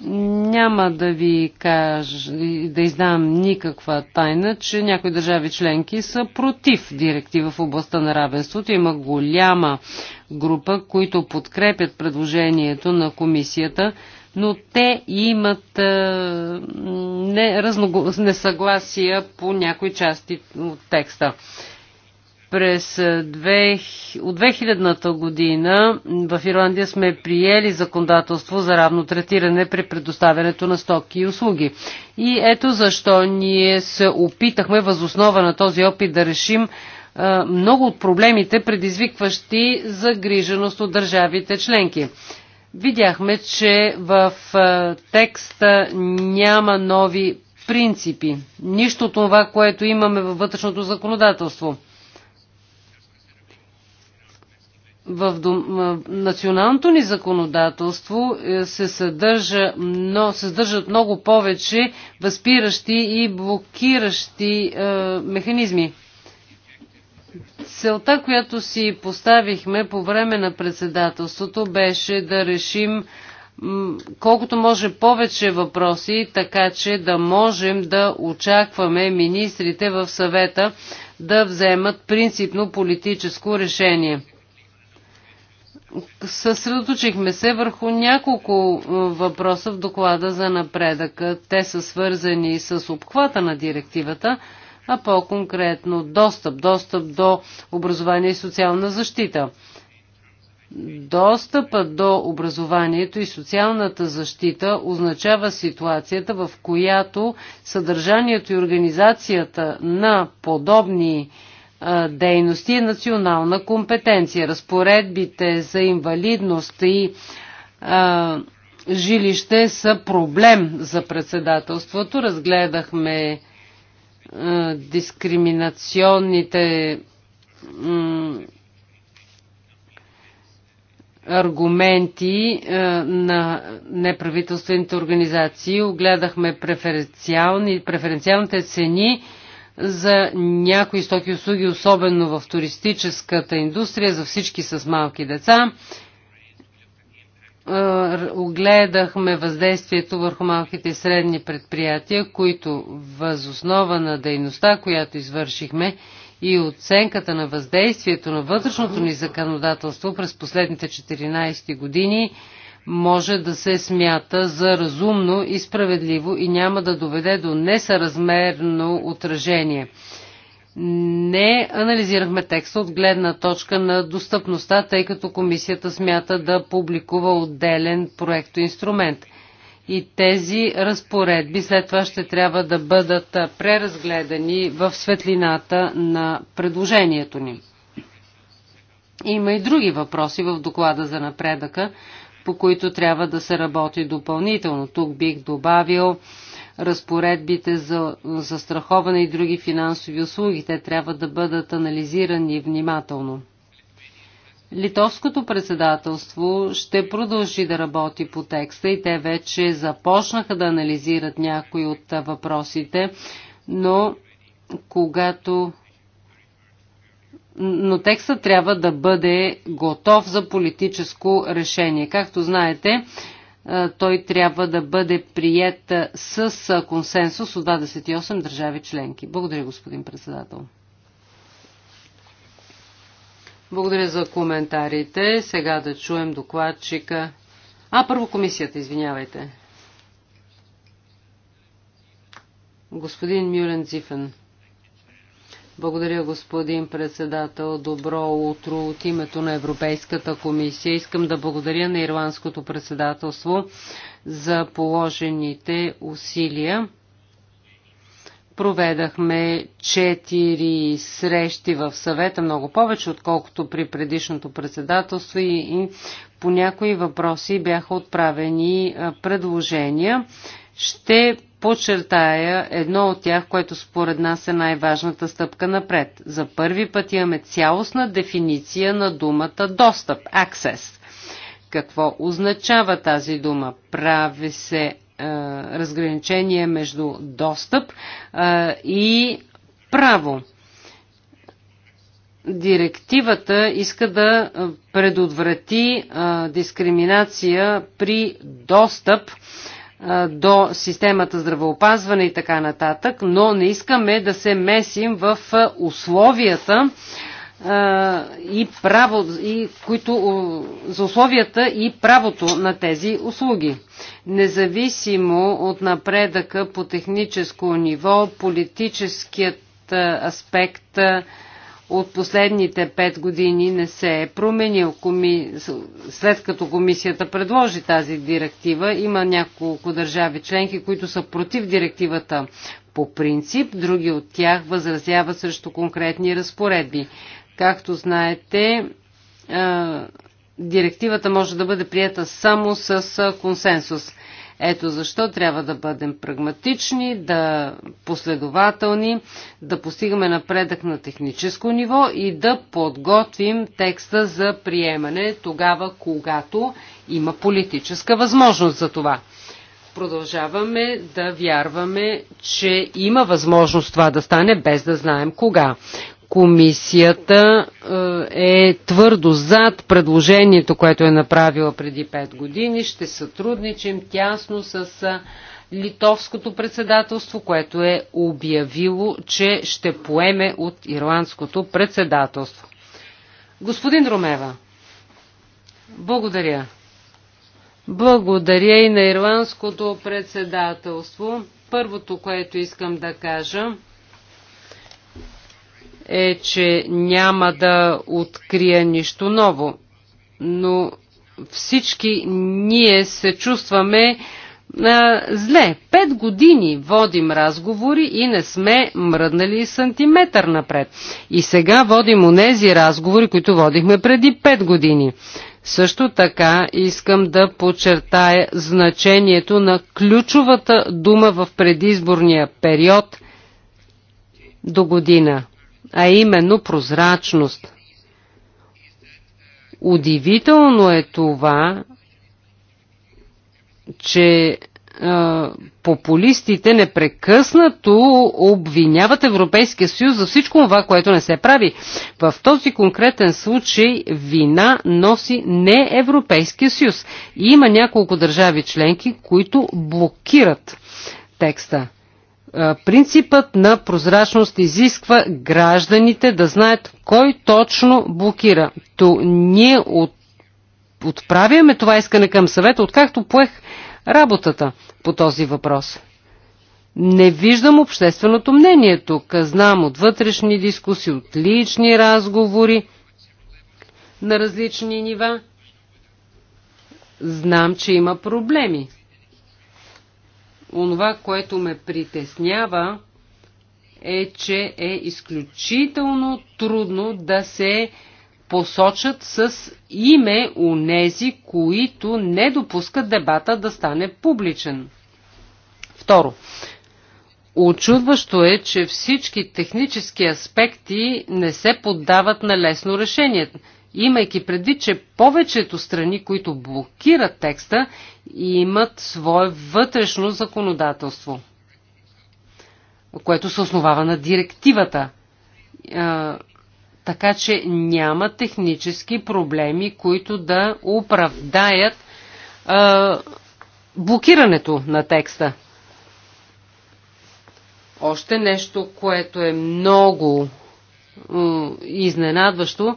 Няма да ви кажа, да издам никаква тайна, че някои държави членки са против директива в областта на равенството. Има голяма група, които подкрепят предложението на комисията, но те имат не, разного... несъгласия по някои части от текста. През 2000, от 2000-та година в Ирландия сме приели законодателство за равно третиране при предоставянето на стоки и услуги. И ето защо ние се опитахме възоснова на този опит да решим а, много от проблемите, предизвикващи загриженост от държавите членки. Видяхме, че в а, текста няма нови принципи. Нищо от това, което имаме във вътрешното законодателство – в дом... националното ни законодателство е, се, съдържа, но съдържат много повече възпиращи и блокиращи е, механизми. Целта, която си поставихме по време на председателството, беше да решим колкото може повече въпроси, така че да можем да очакваме министрите в съвета да вземат принципно политическо решение. Съсредоточихме се върху няколко е, въпроса в доклада за напредъка. Те са свързани с обхвата на директивата, а по-конкретно достъп, достъп до образование и социална защита. Достъпа до образованието и социалната защита означава ситуацията, в която съдържанието и организацията на подобни дейности е национална компетенция. Разпоредбите за инвалидност и а, жилище са проблем за председателството. Разгледахме а, дискриминационните аргументи а, на неправителствените организации, огледахме преференциални, преференциалните цени за някои стоки услуги, особено в туристическата индустрия, за всички с малки деца. Е, огледахме въздействието върху малките и средни предприятия, които възоснова на дейността, която извършихме, и оценката на въздействието на вътрешното ни законодателство през последните 14 години може да се смята за разумно и справедливо и няма да доведе до несъразмерно отражение. Не анализирахме текста от гледна точка на достъпността, тъй като комисията смята да публикува отделен инструмент. И тези разпоредби след това ще трябва да бъдат преразгледани в светлината на предложението ни. Има и други въпроси в доклада за напредъка, по които трябва да се работи допълнително. Тук бих добавил разпоредбите за застраховане и други финансови услуги. Те трябва да бъдат анализирани внимателно. Литовското председателство ще продължи да работи по текста и те вече започнаха да анализират някои от въпросите, но когато но текста трябва да бъде готов за политическо решение. Както знаете, той трябва да бъде прият с консенсус от 28 държави членки. Благодаря, господин председател. Благодаря за коментарите. Сега да чуем докладчика. А, първо комисията, извинявайте. Господин Мюлен Зифен. Благодаря, господин председател. Добро утро от името на Европейската комисия. Искам да благодаря на Ирландското председателство за положените усилия. Проведахме четири срещи в съвета, много повече, отколкото при предишното председателство и, и по някои въпроси бяха отправени предложения. Ще подчертая едно от тях, което според нас е най-важната стъпка напред. За първи път имаме цялостна дефиниция на думата достъп, access. Какво означава тази дума? Прави се е, разграничение между достъп е, и право. Директивата иска да предотврати е, дискриминация при достъп е, до системата здравеопазване и така нататък, но не искаме да се месим в условията и право, и които, за условията и правото на тези услуги. Независимо от напредъка по техническо ниво, политическият аспект от последните пет години не се е променил. Коми... След като комисията предложи тази директива, има няколко държави членки, които са против директивата по принцип, други от тях възразяват срещу конкретни разпоредби. Както знаете, директивата може да бъде прията само с консенсус. Ето защо трябва да бъдем прагматични, да последователни, да постигаме напредък на техническо ниво и да подготвим текста за приемане тогава, когато има политическа възможност за това продължаваме да вярваме, че има възможност това да стане без да знаем кога. Комисията е, е твърдо зад предложението, което е направила преди 5 години. Ще сътрудничим тясно с е, литовското председателство, което е обявило, че ще поеме от ирландското председателство. Господин Ромева, благодаря. Благодаря и на ирландското председателство. Първото, което искам да кажа, е, че няма да открия нищо ново. Но всички ние се чувстваме а, зле. Пет години водим разговори и не сме мръднали сантиметър напред. И сега водим онези разговори, които водихме преди пет години. Също така искам да подчертая значението на ключовата дума в предизборния период до година – а именно прозрачност. Удивително е това, че популистите непрекъснато обвиняват Европейския съюз за всичко това, което не се прави. В този конкретен случай вина носи не Европейския съюз. Има няколко държави членки, които блокират текста. Принципът на прозрачност изисква гражданите да знаят кой точно блокира. То ние от... отправяме това искане към съвета, откакто поех работата по този въпрос. Не виждам общественото мнение тук. Знам от вътрешни дискусии, от лични разговори на различни нива. Знам, че има проблеми онова, което ме притеснява, е, че е изключително трудно да се посочат с име у нези, които не допускат дебата да стане публичен. Второ, Очудващо е, че всички технически аспекти не се поддават на лесно решение имайки предвид, че повечето страни, които блокират текста, имат свое вътрешно законодателство, което се основава на директивата. Така че няма технически проблеми, които да оправдаят блокирането на текста. Още нещо, което е много изненадващо,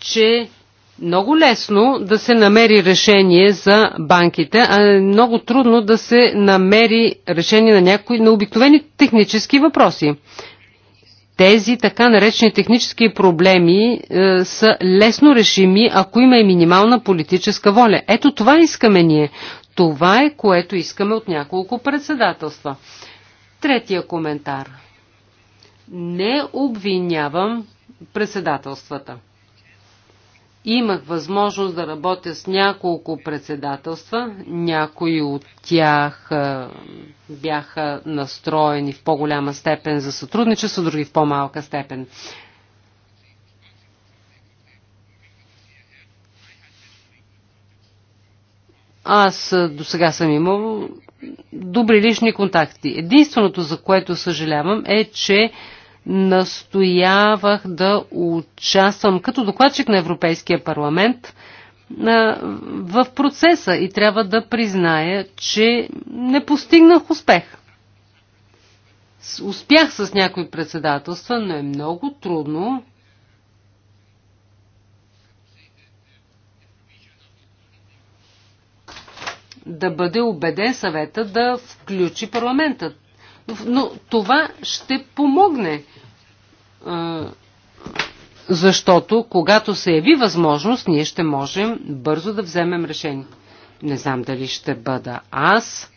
че много лесно да се намери решение за банките, а е много трудно да се намери решение на някои на обикновени технически въпроси. Тези така наречени технически проблеми е, са лесно решими, ако има и минимална политическа воля. Ето това искаме ние. Това е което искаме от няколко председателства. Третия коментар. Не обвинявам председателствата. Имах възможност да работя с няколко председателства. Някои от тях бяха настроени в по-голяма степен за сътрудничество, други в по-малка степен. Аз до сега съм имал добри лични контакти. Единственото, за което съжалявам, е, че настоявах да участвам като докладчик на Европейския парламент в процеса и трябва да призная, че не постигнах успех. Успях с някои председателства, но е много трудно да бъде убеден съвета да включи парламентът но това ще помогне. Защото, когато се яви възможност, ние ще можем бързо да вземем решение. Не знам дали ще бъда аз,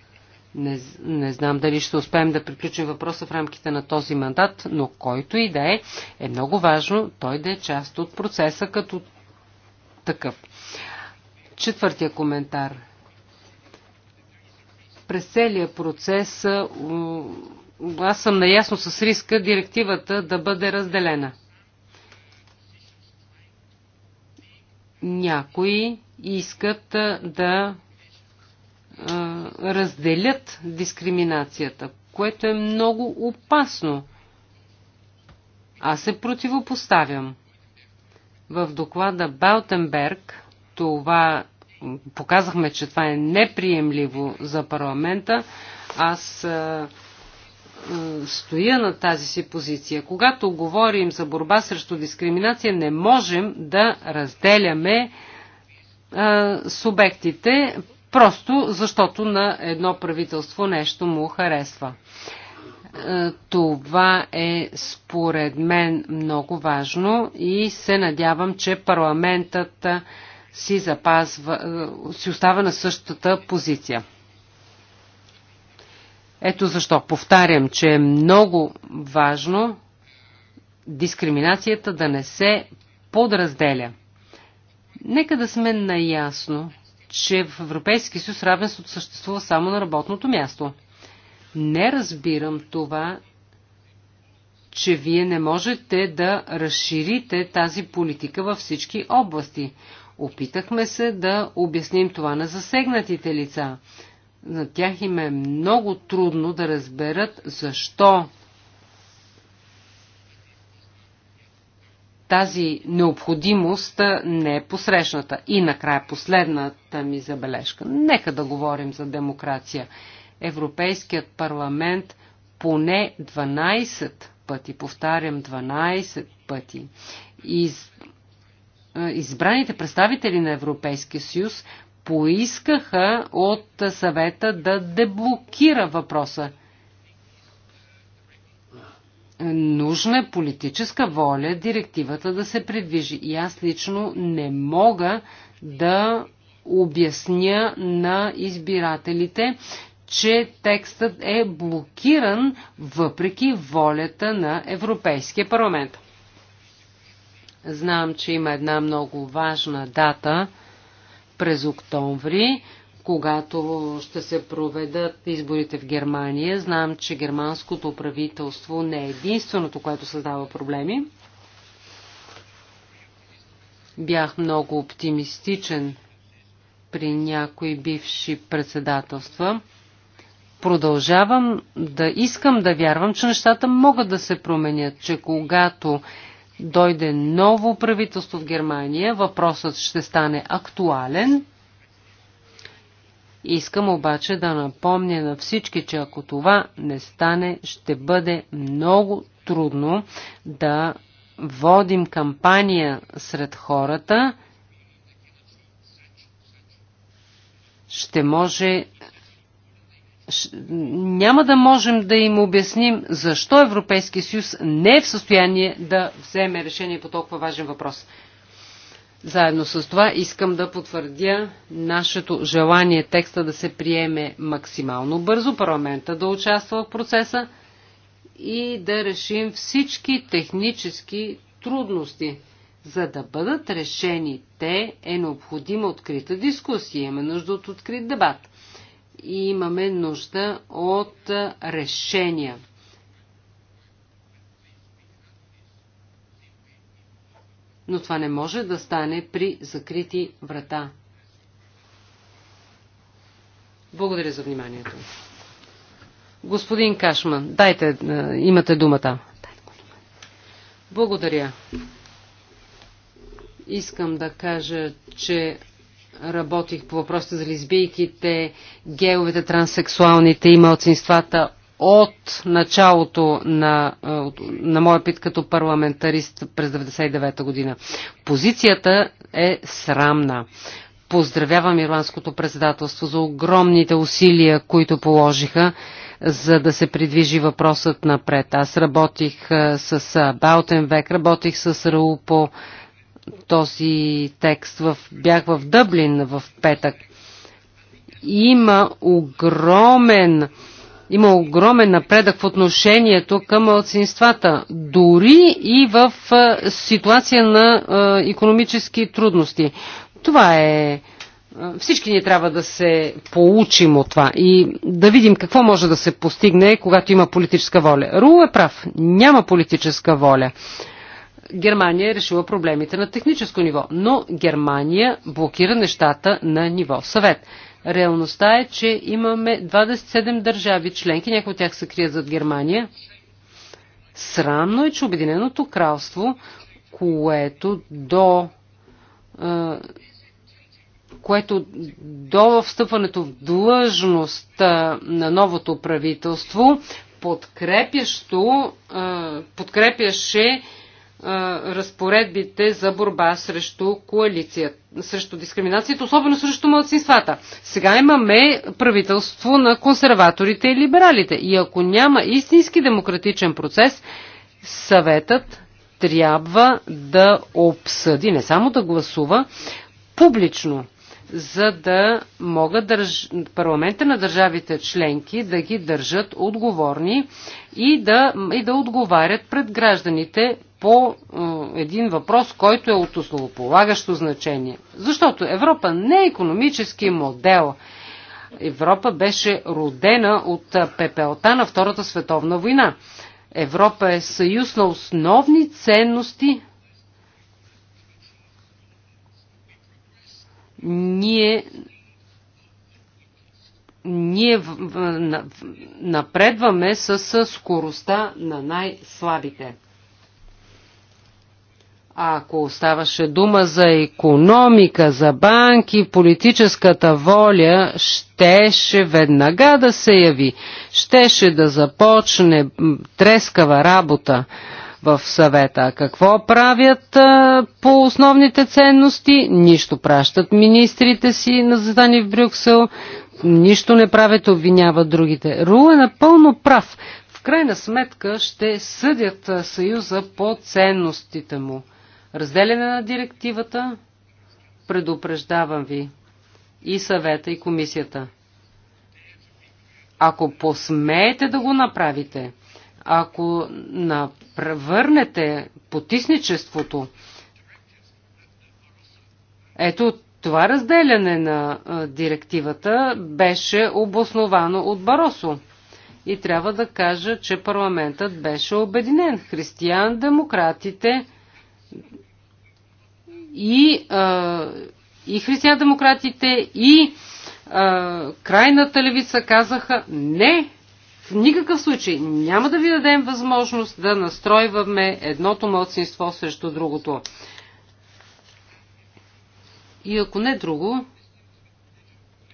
не, не знам дали ще успеем да приключим въпроса в рамките на този мандат, но който и да е, е много важно той да е част от процеса като такъв. Четвъртия коментар – през целия процес аз съм наясно с риска директивата да бъде разделена. Някои искат да разделят дискриминацията, което е много опасно. Аз се противопоставям. В доклада Балтенберг това показахме, че това е неприемливо за парламента, аз е, е, стоя на тази си позиция. Когато говорим за борба срещу дискриминация, не можем да разделяме е, субектите, просто защото на едно правителство нещо му харесва. Това е според мен много важно и се надявам, че парламентът си, запазва, е, си остава на същата позиция. Ето защо повтарям, че е много важно дискриминацията да не се подразделя. Нека да сме наясно, че в Европейски съюз равенството съществува само на работното място. Не разбирам това, че вие не можете да разширите тази политика във всички области. Опитахме се да обясним това на засегнатите лица. На тях им е много трудно да разберат защо тази необходимост не е посрещната. И накрая последната ми забележка. Нека да говорим за демокрация. Европейският парламент поне 12 пъти, повтарям 12 пъти, из, избраните представители на Европейския съюз поискаха от съвета да деблокира въпроса. Нужна е политическа воля директивата да се предвижи. И аз лично не мога да обясня на избирателите, че текстът е блокиран въпреки волята на Европейския парламент. Знам, че има една много важна дата през октомври, когато ще се проведат изборите в Германия. Знам, че германското правителство не е единственото, което създава проблеми. Бях много оптимистичен при някои бивши председателства. Продължавам да искам да вярвам, че нещата могат да се променят, че когато дойде ново правителство в Германия, въпросът ще стане актуален. Искам обаче да напомня на всички, че ако това не стане, ще бъде много трудно да водим кампания сред хората. Ще може няма да можем да им обясним защо Европейския съюз не е в състояние да вземе решение по толкова важен въпрос. Заедно с това искам да потвърдя нашето желание текста да се приеме максимално бързо, парламента да участва в процеса и да решим всички технически трудности. За да бъдат решени те е необходима открита дискусия, имаме нужда от открит дебат и имаме нужда от решения. Но това не може да стане при закрити врата. Благодаря за вниманието. Господин Кашман, дайте, е, имате думата. Благодаря. Искам да кажа, че работих по въпросите за лесбийките, геовете, транссексуалните и малцинствата от началото на, е, на моя пит като парламентарист през 1999 година. Позицията е срамна. Поздравявам Ирландското председателство за огромните усилия, които положиха, за да се придвижи въпросът напред. Аз работих е, с е, Баутенвек, работих с Раупо, по този текст. В, бях в Дъблин в петък. Има огромен има огромен напредък в отношението към младсинствата, дори и в ситуация на економически трудности. Това е... Всички ние трябва да се получим от това и да видим какво може да се постигне, когато има политическа воля. Рул е прав. Няма политическа воля. Германия е решила проблемите на техническо ниво, но Германия блокира нещата на ниво съвет. Реалността е, че имаме 27 държави членки, някои от тях се крият зад Германия. Срамно е, че Обединеното кралство, което до което до встъпването в длъжност на новото правителство подкрепящо, подкрепяше разпоредбите за борба срещу коалиция, срещу дискриминацията, особено срещу младсинствата. Сега имаме правителство на консерваторите и либералите. И ако няма истински демократичен процес, съветът трябва да обсъди, не само да гласува, публично за да могат държ... парламента на държавите членки да ги държат отговорни и да, и да отговарят пред гражданите по един въпрос, който е от основополагащо значение. Защото Европа не е економически модел. Европа беше родена от пепелта на Втората световна война. Европа е съюз на основни ценности, ние ние напредваме с скоростта на най-слабите. Ако оставаше дума за економика, за банки, политическата воля щеше веднага да се яви, щеше да започне трескава работа в съвета. Какво правят а, по основните ценности? Нищо пращат министрите си на задани в Брюксел, нищо не правят, обвиняват другите. Рул е напълно прав. В крайна сметка ще съдят Съюза по ценностите му. Разделяне на директивата, предупреждавам ви, и съвета, и комисията. Ако посмеете да го направите, ако превърнете потисничеството, ето това разделяне на директивата беше обосновано от Баросо. И трябва да кажа, че парламентът беше обединен. Християн, демократите и, и християн-демократите и а, крайната левица казаха не в никакъв случай няма да ви дадем възможност да настройваме едното младсинство срещу другото. И ако не друго,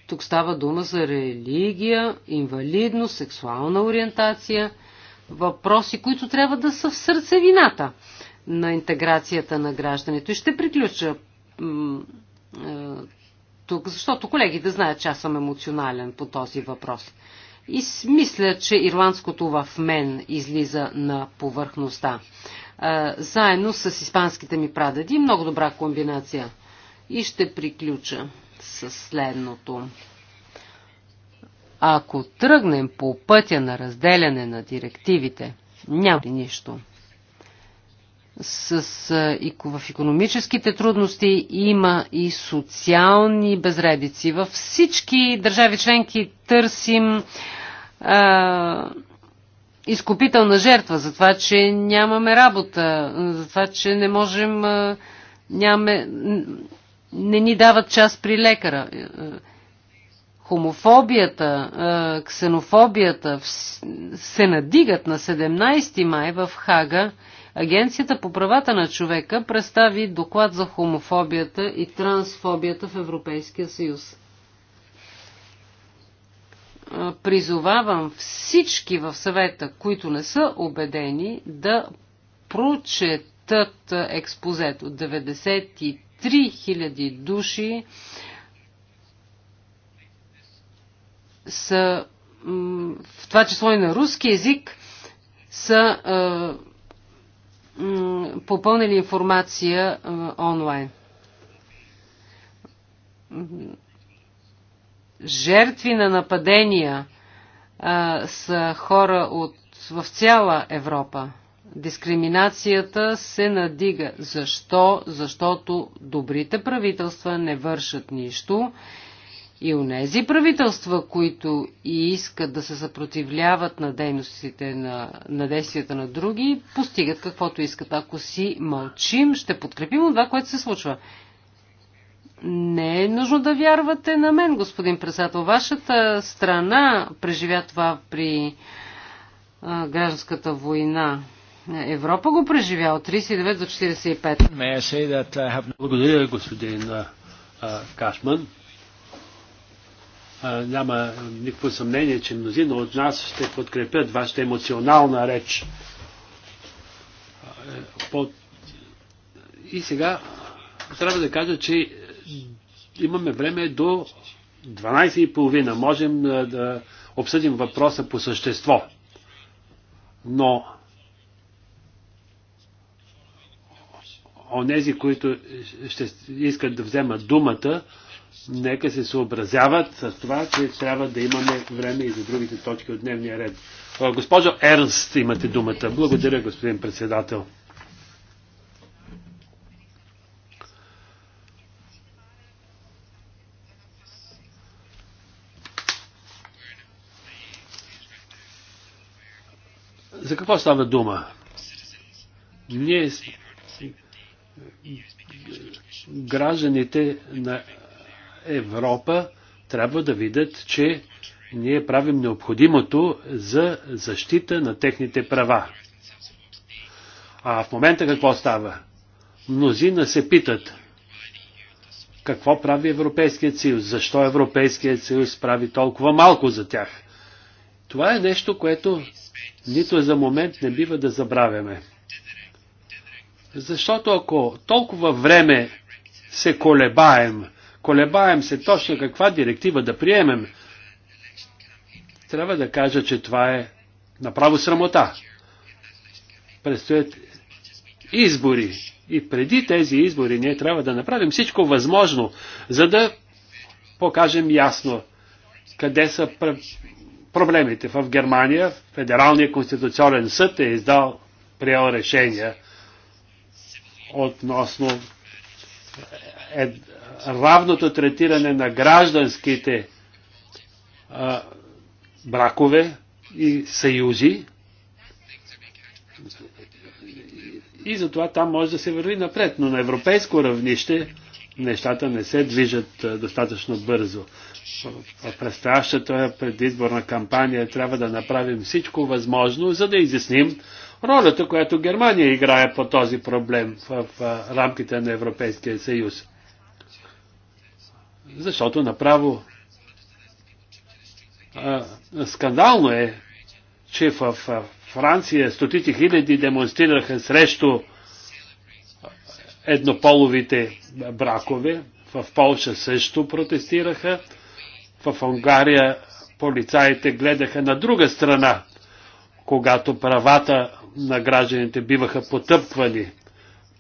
тук става дума за религия, инвалидност, сексуална ориентация, въпроси, които трябва да са в сърцевината на интеграцията на гражданите. И ще приключа е, тук, защото колегите знаят, че аз съм емоционален по този въпрос. И мисля, че ирландското в мен излиза на повърхността. Заедно с испанските ми прадеди. Много добра комбинация. И ще приключа с следното. Ако тръгнем по пътя на разделяне на директивите, няма нищо с, и в економическите трудности има и социални безредици. Във всички държави членки търсим а, изкупителна жертва за това, че нямаме работа, за това, че не можем, а, нямаме, не ни дават час при лекара. Хомофобията, а, ксенофобията в, се надигат на 17 май в Хага. Агенцията по правата на човека представи доклад за хомофобията и трансфобията в Европейския съюз. Призовавам всички в съвета, които не са убедени, да прочетат експозет от 93 000 души са в това число и на руски язик, са попълнили информация онлайн. Жертви на нападения са хора от, в цяла Европа. Дискриминацията се надига. Защо? Защото добрите правителства не вършат нищо и онези правителства, които и искат да се съпротивляват на дейностите на, на действията на други, постигат каквото искат. Ако си мълчим, ще подкрепим от това, което се случва. Не е нужно да вярвате на мен, господин председател. Вашата страна преживя това при а, гражданската война. Европа го преживя от 39 до 45. Благодаря, господин а, Кашман няма никакво съмнение, че мнозина от нас ще подкрепят вашата емоционална реч. Е, и сега трябва да кажа, че имаме време до 12.30. Можем да обсъдим въпроса по същество. Но онези, които ще искат да вземат думата, нека се съобразяват с това, че трябва да имаме време и за другите точки от дневния ред. Госпожо Ернст, имате думата. Благодаря, господин председател. За какво става дума? Ние гражданите на Европа трябва да видят, че ние правим необходимото за защита на техните права. А в момента какво става? Мнозина се питат какво прави Европейският съюз, защо Европейският съюз прави толкова малко за тях. Това е нещо, което нито за момент не бива да забравяме. Защото ако толкова време се колебаем Колебаем се точно каква директива да приемем. Трябва да кажа, че това е направо срамота. Предстоят избори. И преди тези избори ние трябва да направим всичко възможно, за да покажем ясно къде са проблемите. В Германия Федералният конституционен съд е издал приел решение относно е, е, равното третиране на гражданските а, бракове и съюзи. И затова там може да се върви напред, но на европейско равнище нещата не се движат достатъчно бързо. През е предизборна кампания трябва да направим всичко възможно, за да изясним ролята, която Германия играе по този проблем в, в, в рамките на Европейския съюз. Защото направо а, скандално е, че в Франция стотици хиляди демонстрираха срещу еднополовите бракове, в Полша също протестираха, в Унгария полицаите гледаха на друга страна, когато правата на гражданите биваха потъпвани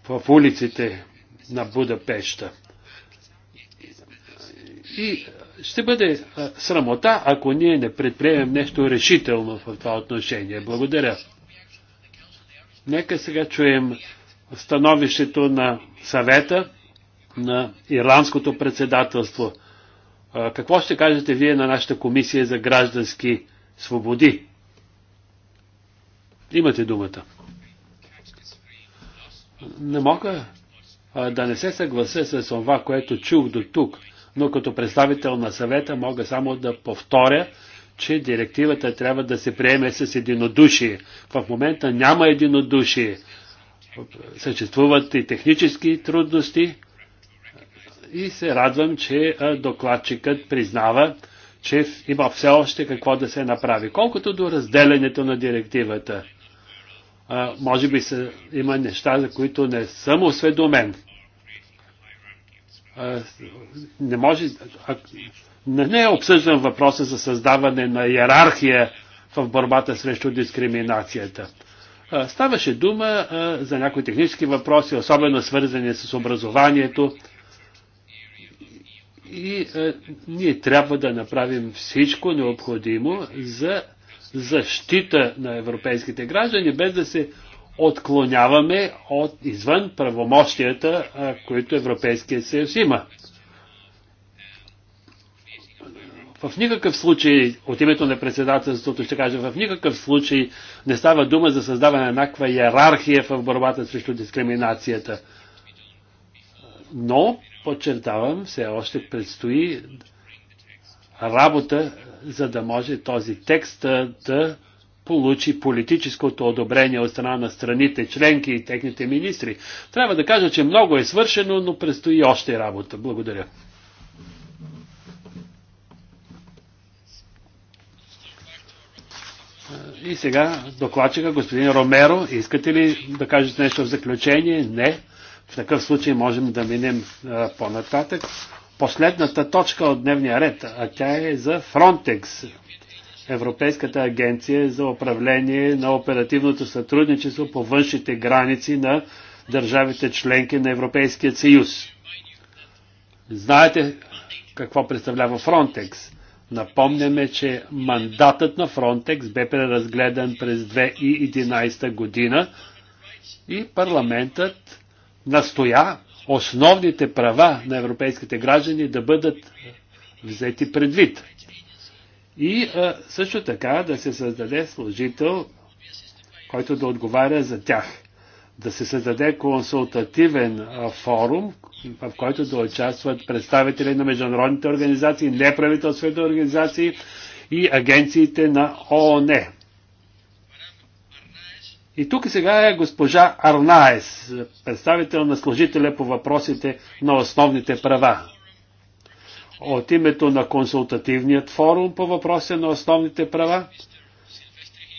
в улиците на Будапешта. И ще бъде срамота, ако ние не предприемем нещо решително в това отношение. Благодаря. Нека сега чуем становището на съвета на Ирландското председателство. Какво ще кажете вие на нашата комисия за граждански свободи? Имате думата. Не мога да не се съглася с това, което чух до тук но като представител на съвета мога само да повторя, че директивата трябва да се приеме с единодушие. В момента няма единодушие. Съществуват и технически трудности и се радвам, че докладчикът признава, че има все още какво да се направи. Колкото до разделянето на директивата, може би има неща, за които не съм осведомен не може, не е обсъждан въпроса за създаване на иерархия в борбата срещу дискриминацията. Ставаше дума за някои технически въпроси, особено свързани с образованието. И ние трябва да направим всичко необходимо за защита на европейските граждани, без да се отклоняваме от извън правомощията, които Европейския съюз има. В никакъв случай, от името на председателството ще кажа, в никакъв случай не става дума за създаване на някаква иерархия в борбата срещу дискриминацията. Но, подчертавам, все още предстои работа, за да може този текст да получи политическото одобрение от страна на страните членки и техните министри. Трябва да кажа, че много е свършено, но предстои още работа. Благодаря. И сега докладчика господин Ромеро, искате ли да кажете нещо в заключение? Не. В такъв случай можем да минем по-нататък. Последната точка от дневния ред, а тя е за Фронтекс. Европейската агенция за управление на оперативното сътрудничество по външните граници на държавите членки на Европейския съюз. Знаете какво представлява Фронтекс? Напомняме, че мандатът на Фронтекс бе преразгледан през 2011 година и парламентът настоя основните права на европейските граждани да бъдат взети предвид. И а, също така да се създаде служител, който да отговаря за тях. Да се създаде консултативен а, форум, в който да участват представители на международните организации, неправителствените организации и агенциите на ООН. И тук сега е госпожа Арнаес, представител на служителя по въпросите на основните права от името на консултативният форум по въпроса на основните права.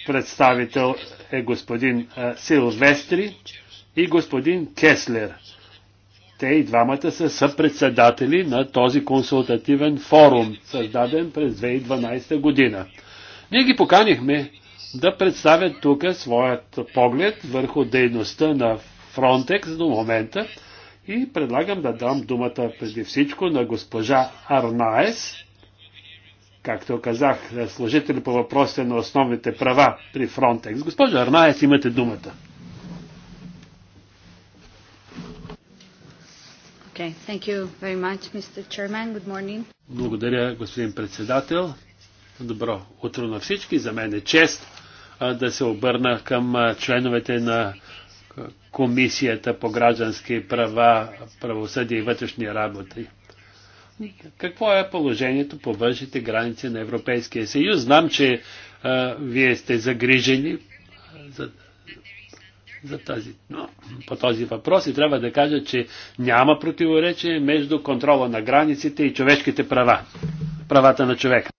Представител е господин е, Силвестри и господин Кеслер. Те и двамата са съпредседатели на този консултативен форум, създаден през 2012 година. Ние ги поканихме да представят тук своят поглед върху дейността на Фронтекс до момента и предлагам да дам думата преди всичко на госпожа Арнаес, както казах, служители по въпросите на основните права при Фронтекс. Госпожа Арнаес, имате думата. Okay, thank you very much, Mr. Chairman. Good morning. Благодаря, господин председател. Добро утро на всички. За мен е чест да се обърна към членовете на Комисията по граждански права, правосъдие и вътрешни работи. Какво е положението по външните граници на Европейския съюз? Знам, че а, вие сте загрижени за, за тази, но, по този въпрос и трябва да кажа, че няма противоречие между контрола на границите и човешките права, правата на човека.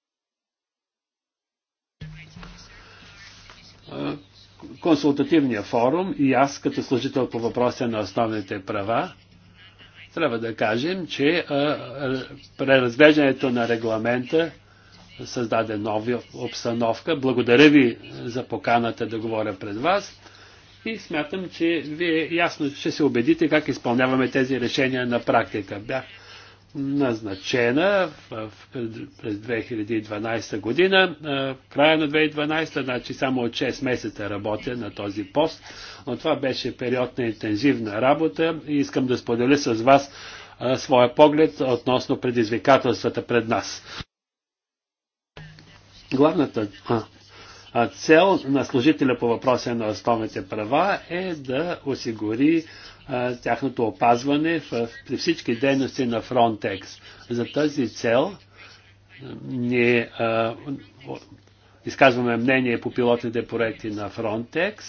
консултативния форум и аз като служител по въпроса на основните права трябва да кажем, че преразглеждането на регламента създаде нова обстановка. Благодаря ви за поканата да говоря пред вас и смятам, че вие ясно ще се убедите как изпълняваме тези решения на практика. Бях назначена в, в, през 2012 година. В края на 2012, значи само от 6 месеца работя на този пост, но това беше период на интензивна работа и искам да споделя с вас а, своя поглед относно предизвикателствата пред нас. Главната а, а, цел на служителя по въпроса на основните права е да осигури тяхното опазване в, при всички дейности на Frontex. За тази цел ние а, изказваме мнение по пилотните проекти на Frontex,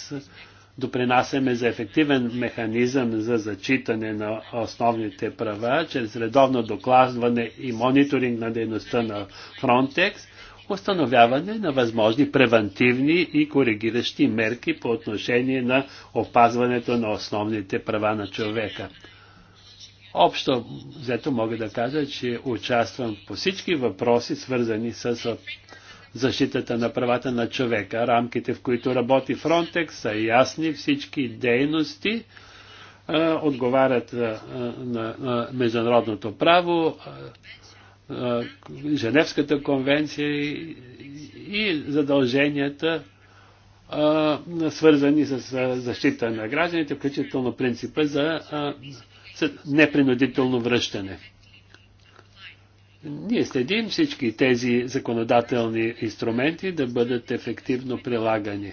допринасяме за ефективен механизъм за зачитане на основните права чрез редовно докладване и мониторинг на дейността на Frontex установяване на възможни превентивни и коригиращи мерки по отношение на опазването на основните права на човека. Общо взето мога да кажа, че участвам по всички въпроси, свързани с защитата на правата на човека. Рамките, в които работи Фронтекс, са ясни, всички дейности е, отговарят е, на, международното право. Е, Женевската конвенция и, задълженията, свързани с защита на гражданите, включително принципа за непринудително връщане. Ние следим всички тези законодателни инструменти да бъдат ефективно прилагани.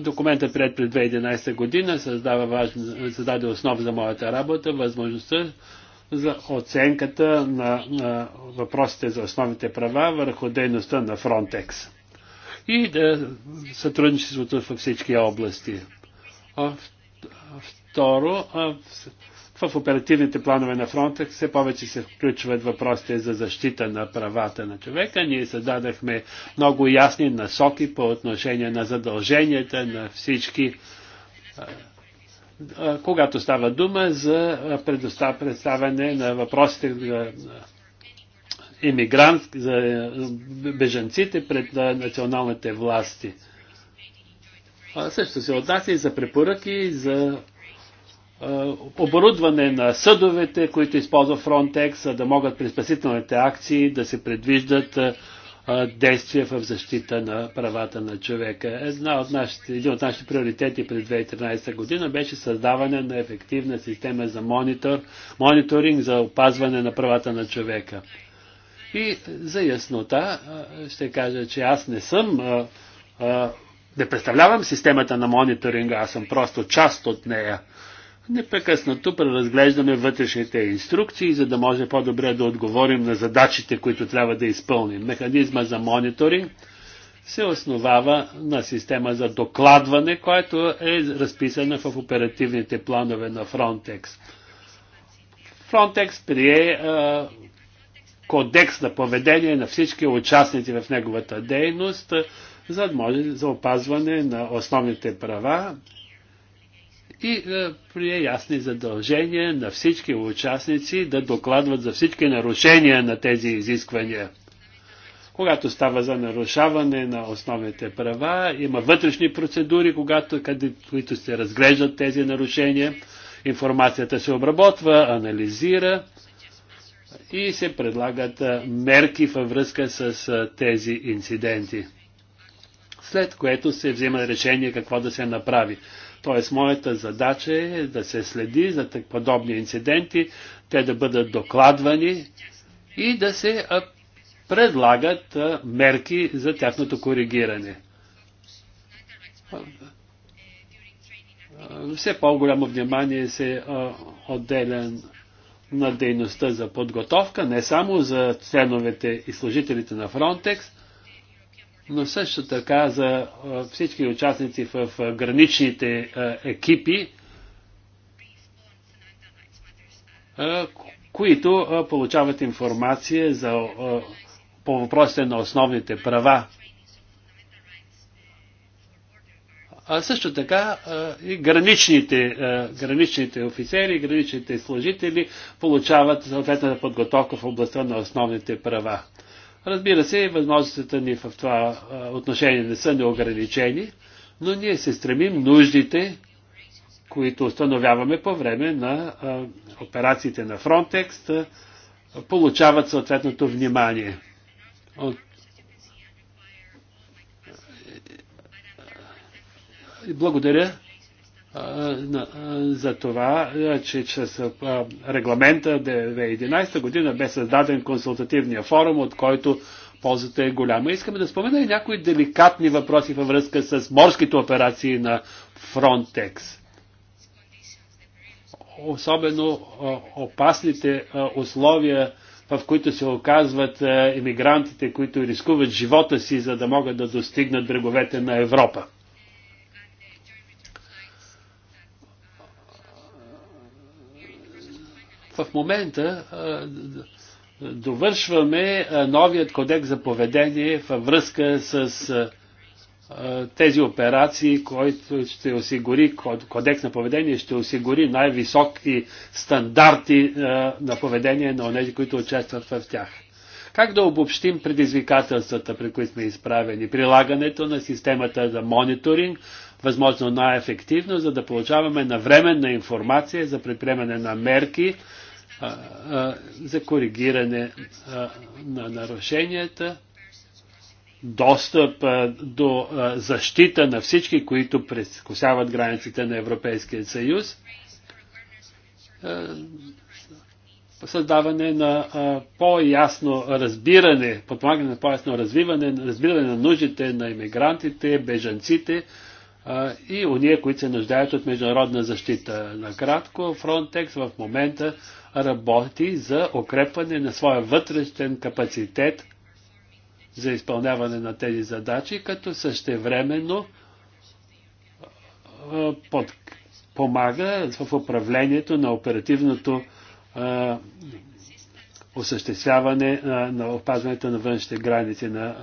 Документът е прият през 2011 година създава важна, създаде основа за моята работа, възможността за оценката на, на въпросите за основните права върху дейността на Фронтекс и да, сътрудничеството във всички области. А, второ, а, в оперативните планове на фронта все повече се включват въпросите за защита на правата на човека. Ние създадахме много ясни насоки по отношение на задълженията на всички когато става дума за представяне на въпросите за иммигрант, за бежанците пред националните власти. също се отнася и за препоръки за оборудване на съдовете, които използва Frontex, за да могат при спасителните акции да се предвиждат действия в защита на правата на човека. Една от нашите, един от нашите приоритети през 2013 година беше създаване на ефективна система за монитор, мониторинг за опазване на правата на човека. И за яснота ще кажа, че аз не съм, не представлявам системата на мониторинга, аз съм просто част от нея непрекъснато преразглеждаме вътрешните инструкции, за да може по-добре да отговорим на задачите, които трябва да изпълним. Механизма за мониторинг се основава на система за докладване, която е разписана в оперативните планове на Frontex. Frontex прие а, кодекс на поведение на всички участници в неговата дейност, за да може за опазване на основните права, и е, прие ясни задължения на всички участници да докладват за всички нарушения на тези изисквания. Когато става за нарушаване на основните права, има вътрешни процедури, когато, къде, които се разглеждат тези нарушения. Информацията се обработва, анализира и се предлагат е, мерки във връзка с е, тези инциденти. След което се взима решение какво да се направи. Тоест, моята задача е да се следи за подобни инциденти, те да бъдат докладвани и да се предлагат мерки за тяхното коригиране. Все по-голямо внимание се отделя на дейността за подготовка, не само за членовете и служителите на Фронтекс, но също така за всички участници в граничните екипи, които получават информация за, по въпросите на основните права. А също така и граничните, граничните офицери, граничните служители получават съответната подготовка в областта на основните права. Разбира се, възможностите ни в това отношение не са неограничени, но ние се стремим нуждите, които установяваме по време на операциите на Фронтекст, получават съответното внимание. Благодаря за това, че чрез регламента 2011 година бе създаден консултативния форум, от който ползата е голяма. Искаме да спомена и някои деликатни въпроси във връзка с морските операции на Frontex. Особено опасните условия, в които се оказват иммигрантите, които рискуват живота си, за да могат да достигнат бреговете на Европа. в момента довършваме новият кодекс за поведение във връзка с тези операции, който ще осигури, кодекс на поведение ще осигури най-високи стандарти на поведение на онези, които участват в тях. Как да обобщим предизвикателствата, при които сме изправени? Прилагането на системата за мониторинг, възможно най-ефективно, за да получаваме навременна информация за предприемане на мерки, за коригиране на нарушенията, достъп до защита на всички, които прескусяват границите на Европейския съюз, създаване на по-ясно разбиране, подпомагане на по-ясно развиване, разбиране на нуждите на иммигрантите, бежанците, и уния, които се нуждаят от международна защита. Накратко, Фронтекс в момента работи за укрепване на своя вътрешен капацитет за изпълняване на тези задачи, като същевременно под, помага в управлението на оперативното осъществяване на опазването на външните граници на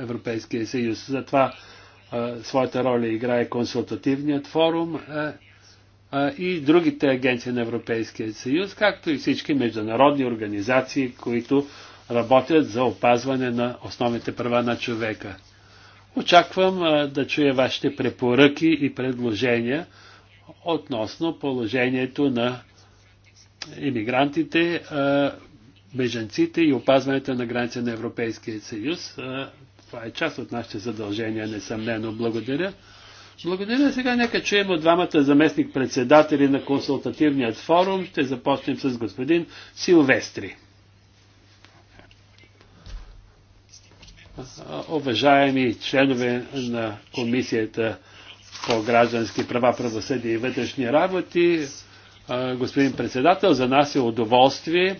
Европейския съюз. Затова своята роля играе консултативният форум и другите агенции на Европейския съюз, както и всички международни организации, които работят за опазване на основните права на човека. Очаквам да чуя вашите препоръки и предложения относно положението на иммигрантите, беженците и опазването на граница на Европейския съюз. Това е част от нашите задължения, несъмнено. Благодаря. Благодаря. Сега нека чуем от двамата заместник-председатели на консултативният форум. Ще започнем с господин Силвестри. Уважаеми членове на Комисията по граждански права, правосъдие и вътрешни работи, господин председател, за нас е удоволствие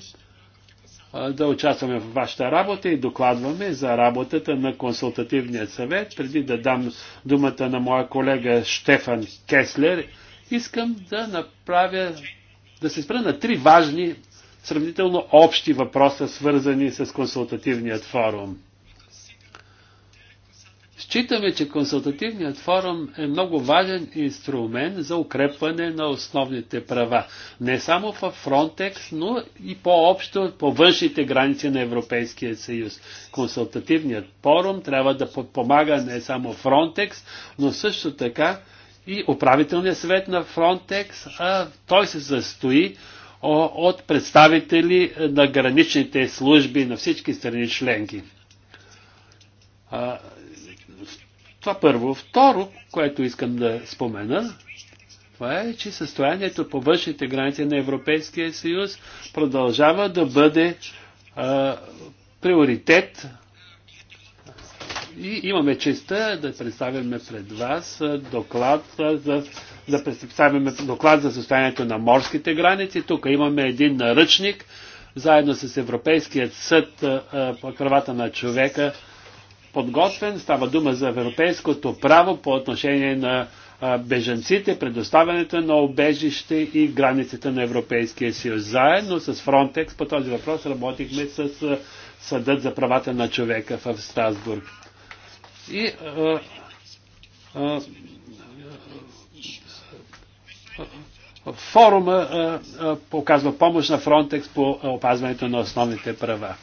да участваме в вашата работа и докладваме за работата на консултативния съвет. Преди да дам думата на моя колега Штефан Кеслер, искам да направя, да се спра на три важни, сравнително общи въпроса, свързани с консултативният форум. Считаме, че консултативният форум е много важен инструмент за укрепване на основните права. Не само в Фронтекс, но и по-общо по външните граници на Европейския съюз. Консултативният форум трябва да подпомага не само Фронтекс, но също така и управителният съвет на Фронтекс, а той се състои от представители на граничните служби на всички страни членки това първо. Второ, което искам да спомена, това е, че състоянието по външните граници на Европейския съюз продължава да бъде а, приоритет и имаме честа да представяме пред вас доклад за, да представяме доклад за състоянието на морските граници. Тук имаме един наръчник, заедно с Европейският съд по правата на човека подготвен. Става дума за европейското право по отношение на бежанците, предоставянето на обежище и границите на Европейския съюз. Заедно с Фронтекс по този въпрос работихме с Съдът за правата на човека в Страсбург. И а, а, а, форума показва помощ на Фронтекс по опазването на основните права.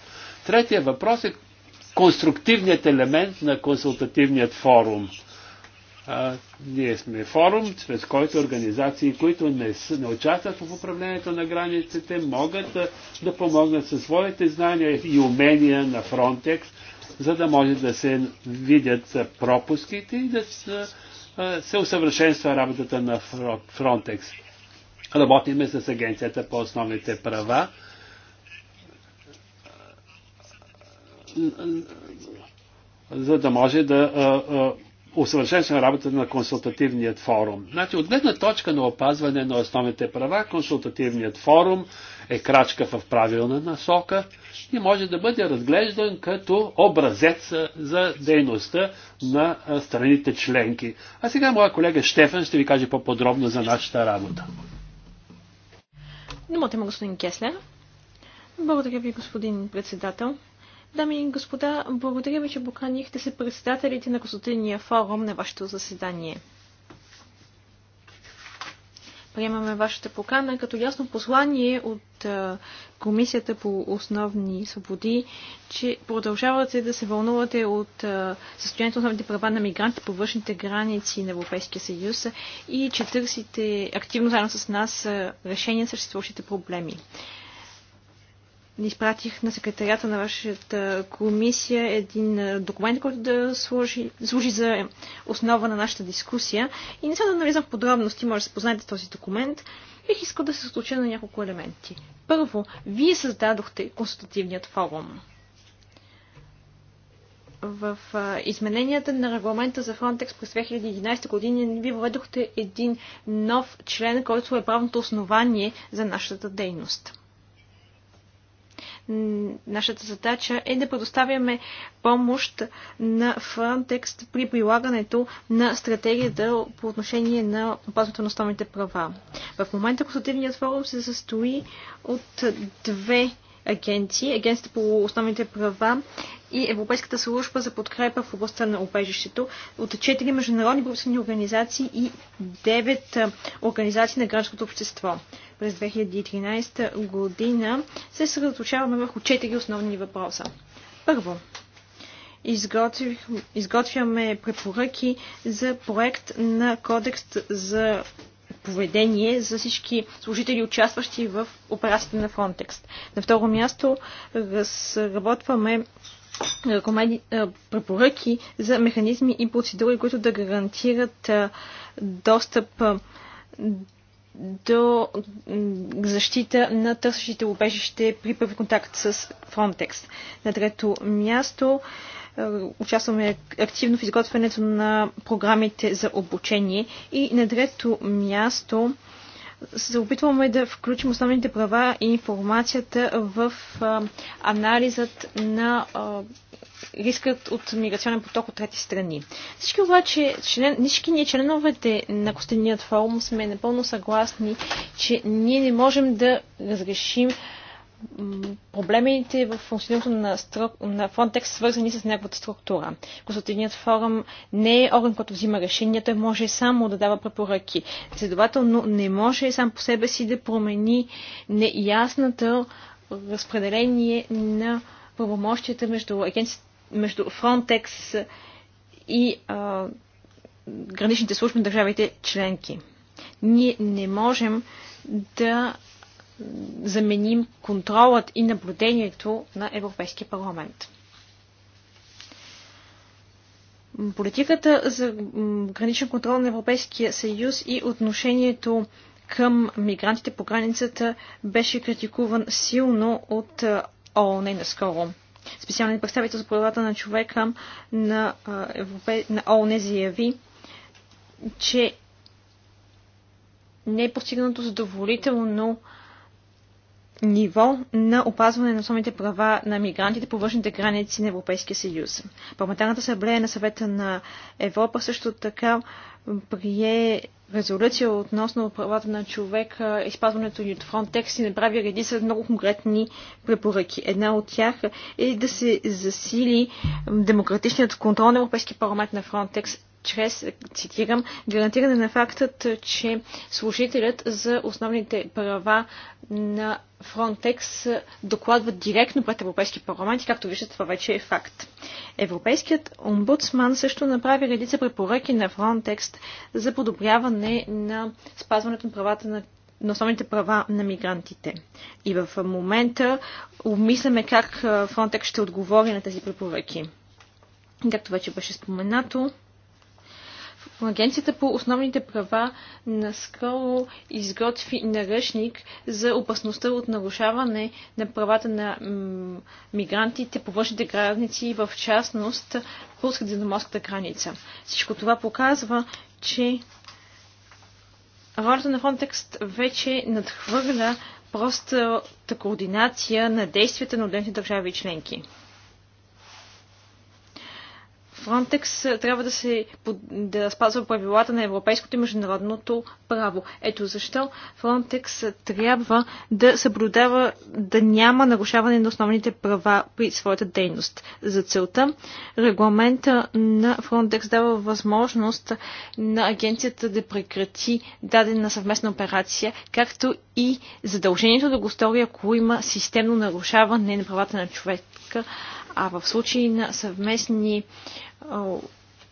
Третия въпрос е конструктивният елемент на консултативният форум. А, ние сме форум, чрез който организации, които не, не участват в управлението на границите, могат да, да помогнат със своите знания и умения на Frontex, за да може да се видят пропуските и да се, се усъвършенства работата на Frontex. Работиме с Агенцията по основните права за да може да усъвършенства работата на консултативният форум. Значи, от гледна точка на опазване на основните права, консултативният форум е крачка в правилна насока и може да бъде разглеждан като образец за дейността на страните членки. А сега моя колега Штефан ще ви каже по-подробно за нашата работа. Думата има господин Кеслер. Благодаря ви, господин председател. Дами и господа, благодаря ви, че поканихте се председателите на Консултативния форум на вашето заседание. Приемаме вашата покана като ясно послание от Комисията по основни свободи, че продължавате да се вълнувате от състоянието на основните права на мигранти по външните граници на Европейския съюз и че търсите активно заедно с нас решение на съществуващите проблеми изпратих на секретарията на вашата комисия един документ, който да служи, служи за основа на нашата дискусия. И не съм да навлизам в подробности, може да се познаете този документ. Бих искал да се случа на няколко елементи. Първо, вие създадохте консултативният форум. В измененията на регламента за Frontex през 2011 година ви въведохте един нов член, който е правното основание за нашата дейност. Нашата задача е да предоставяме помощ на Frontex при прилагането на стратегията по отношение на опазването на основните права. В момента консултативният форум се състои от две агенции. Агенцията по основните права и Европейската служба за подкрепа в областта на убежището от 4 международни правителствени организации и 9 организации на гражданското общество. През 2013 година се съсредоточаваме върху 4 основни въпроса. Първо, изготвяме препоръки за проект на кодекс за поведение за всички служители, участващи в операцията на Фронтекст. На второ място разработваме е, е, препоръки за механизми и процедури, които да гарантират е, достъп до защита на търсещите обежище при първи контакт с Frontex. На трето място участваме активно в изготвянето на програмите за обучение и на трето място се опитваме да включим основните права и информацията в анализът на рискът от миграционен поток от трети страни. Всички обаче, член, всички ние членовете на Костеният форум сме напълно съгласни, че ние не можем да разрешим проблемите в функционирането на, стру... на Frontex свързани с неговата структура. Консултативният форум не е орган, който взима решения, той може само да дава препоръки. Следователно не може сам по себе си да промени неясната разпределение на правомощията между, агенци... между Frontex и а, граничните служби на държавите членки. Ние не можем да заменим контролът и наблюдението на Европейския парламент. Политиката за граничен контрол на Европейския съюз и отношението към мигрантите по границата беше критикуван силно от ООН наскоро. Специалният представител за правата на човека на, Европе... на ООН заяви, че не е постигнато задоволително ниво на опазване на основните права на мигрантите по външните граници на Европейския съюз. Парламентарната съблея на съвета на Европа също така прие резолюция относно правата на човека, изпазването и от Фронтекс и направи редица много конкретни препоръки. Една от тях е да се засили демократичният контрол на Европейския парламент на Фронтекс чрез, цитирам, гарантиране на фактът, че служителят за основните права на Frontex докладва директно пред Европейски парламент и както виждате това вече е факт. Европейският омбудсман също направи редица препоръки на Frontex за подобряване на спазването на правата на на основните права на мигрантите. И в момента обмисляме как Frontex ще отговори на тези препоръки. Както вече беше споменато, Агенцията по основните права наскоро изготви наръчник за опасността от нарушаване на правата на мигрантите по външните граници, в частност по средиземноморската граница. Всичко това показва, че ролята на Frontex вече надхвърля простата координация на действията на отделните държави и членки. Фронтекс трябва да се да спазва правилата на европейското и международното право. Ето защо Фронтекс трябва да съблюдава да няма нарушаване на основните права при своята дейност. За целта регламента на Фронтекс дава възможност на агенцията да прекрати дадена съвместна операция, както и задължението да го стори, ако има системно нарушаване на правата на човека, а в случай на съвместни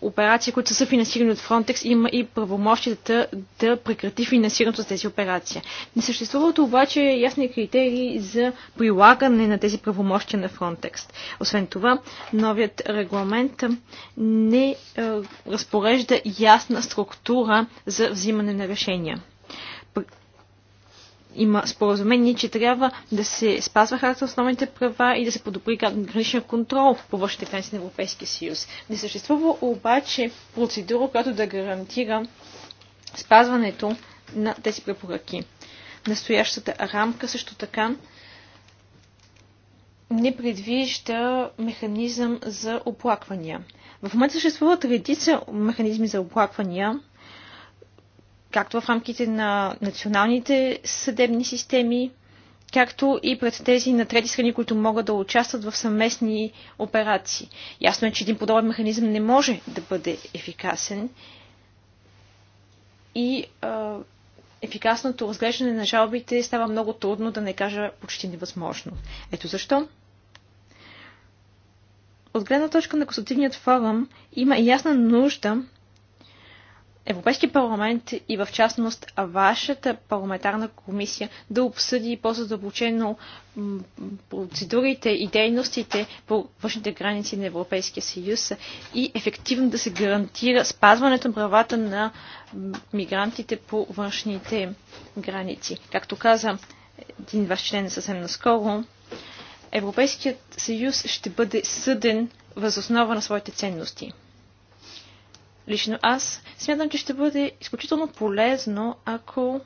операции, които са финансирани от Frontex, има и правомощията да прекрати финансирането за тези операции. Не съществуват обаче ясни критерии за прилагане на тези правомощия на Frontex. Освен това, новият регламент не е, разпорежда ясна структура за взимане на решения има споразумение, че трябва да се спазва харта основните права и да се подобри граничен контрол по външните граници на Европейския съюз. Не съществува обаче процедура, която да гарантира спазването на тези препоръки. Настоящата рамка също така не предвижда механизъм за оплаквания. В момента съществуват редица механизми за оплаквания, както в рамките на националните съдебни системи, както и пред тези на трети страни, които могат да участват в съвместни операции. Ясно е, че един подобен механизъм не може да бъде ефикасен и а, ефикасното разглеждане на жалбите става много трудно, да не кажа почти невъзможно. Ето защо. От гледна точка на Консултивният форум има ясна нужда Европейския парламент и в частност вашата парламентарна комисия да обсъди по-задълбочено процедурите и дейностите по външните граници на Европейския съюз и ефективно да се гарантира спазването на правата на мигрантите по външните граници. Както каза един ваш член съвсем наскоро, Европейският съюз ще бъде съден възоснова на своите ценности лично аз смятам, че ще бъде изключително полезно, ако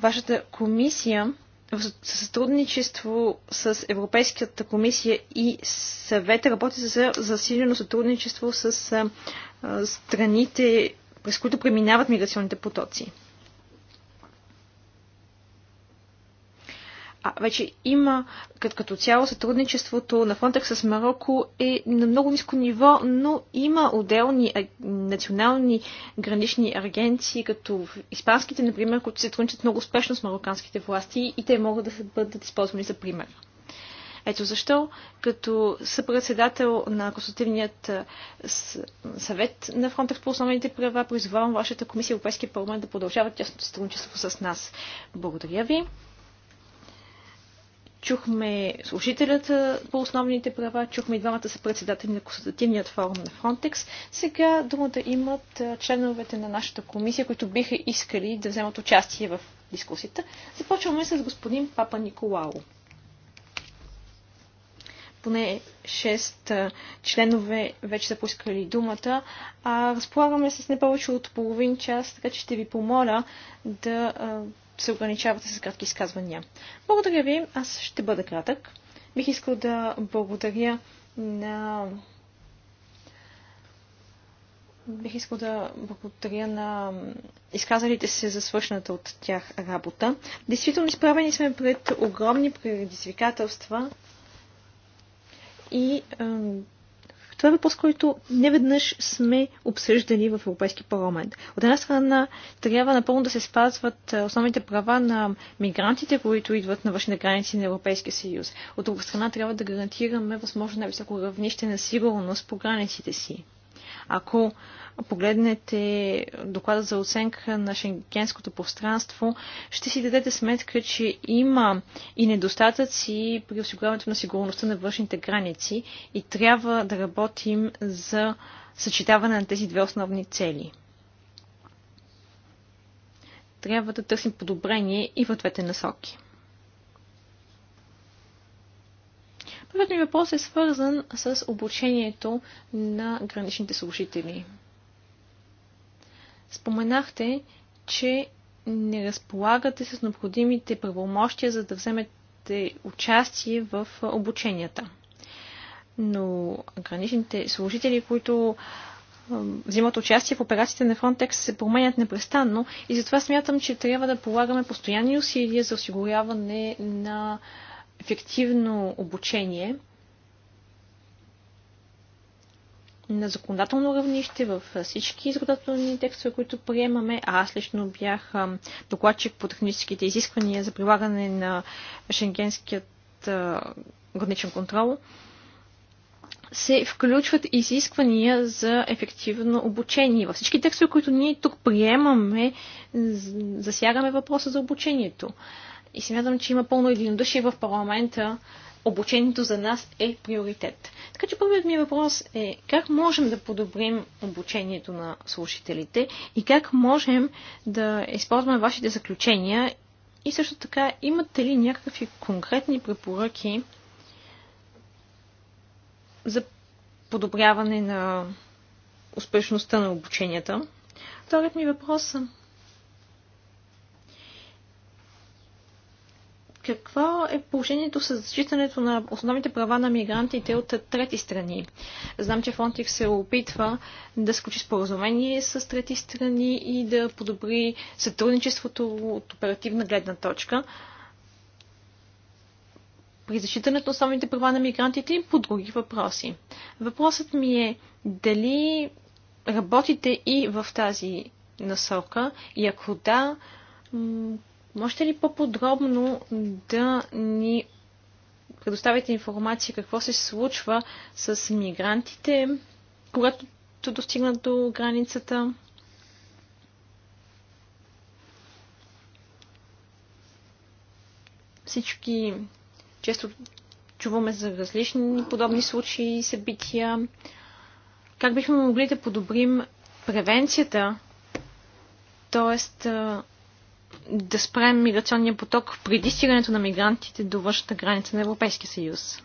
вашата комисия в сътрудничество с Европейската комисия и съвета работи за засилено сътрудничество с страните, през които преминават миграционните потоци. а, вече има като, като цяло сътрудничеството на Фронтекс с Марокко е на много ниско ниво, но има отделни а, национални гранични агенции, като испанските, например, които се сътрудничат много успешно с марокканските власти и те могат да бъдат използвани за пример. Ето защо, като съпредседател на Консултативният съвет на Фронтекс по основните права, призовавам вашата комисия Европейския парламент да продължава тясното сътрудничество с нас. Благодаря ви. Чухме служителят по основните права, чухме и двамата са председатели на консултативният форум на Фронтекс. Сега думата имат членовете на нашата комисия, които биха искали да вземат участие в дискусията. Започваме с господин Папа Николао. Поне 6 членове вече са поискали думата, а разполагаме с не повече от половин час, така че ще ви помоля да се ограничавате с кратки изказвания. Благодаря ви, аз ще бъда кратък. Бих искал да благодаря на... Бих искал да благодаря на изказалите се за свършната от тях работа. Действително изправени сме пред огромни предизвикателства и това е въпрос, който неведнъж сме обсъждали в Европейски парламент. От една страна трябва напълно да се спазват основните права на мигрантите, които идват на външни граници на Европейския съюз. От друга страна трябва да гарантираме възможно най-високо равнище на сигурност по границите си. Ако погледнете доклада за оценка на шенгенското пространство, ще си дадете сметка, че има и недостатъци при осигуряването на сигурността на външните граници и трябва да работим за съчетаване на тези две основни цели. Трябва да търсим подобрение и в двете насоки. Първият ми въпрос е свързан с обучението на граничните служители. Споменахте, че не разполагате с необходимите правомощия, за да вземете участие в обученията. Но граничните служители, които взимат участие в операциите на Frontex се променят непрестанно и затова смятам, че трябва да полагаме постоянни усилия за осигуряване на ефективно обучение на законодателно равнище в всички законодателни текстове, които приемаме, а аз лично бях докладчик по техническите изисквания за прилагане на шенгенският граничен контрол, се включват изисквания за ефективно обучение. Във всички текстове, които ние тук приемаме, засягаме въпроса за обучението и смятам, че има пълно единодушие в парламента. Обучението за нас е приоритет. Така че първият ми въпрос е как можем да подобрим обучението на слушателите и как можем да използваме вашите заключения и също така имате ли някакви конкретни препоръки за подобряване на успешността на обученията? Вторият ми въпрос е Какво е положението с зачитането на основните права на мигрантите от трети страни? Знам, че Фонтик се опитва да сключи споразумение с трети страни и да подобри сътрудничеството от оперативна гледна точка при зачитането на основните права на мигрантите и по други въпроси. Въпросът ми е дали работите и в тази насока и ако да, Можете ли по-подробно да ни предоставите информация какво се случва с мигрантите, когато достигнат до границата? Всички често чуваме за различни подобни случаи и събития. Как бихме могли да подобрим превенцията, т.е да спрем миграционния поток преди стигането на мигрантите до външната граница на Европейския съюз.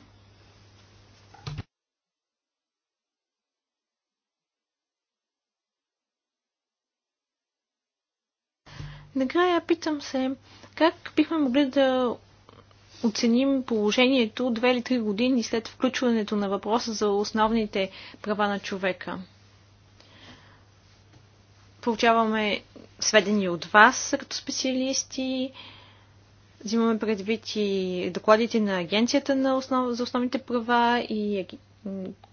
Накрая питам се, как бихме могли да оценим положението две или три години след включването на въпроса за основните права на човека? получаваме сведения от вас като специалисти, взимаме предвид и докладите на Агенцията на основ... за основните права и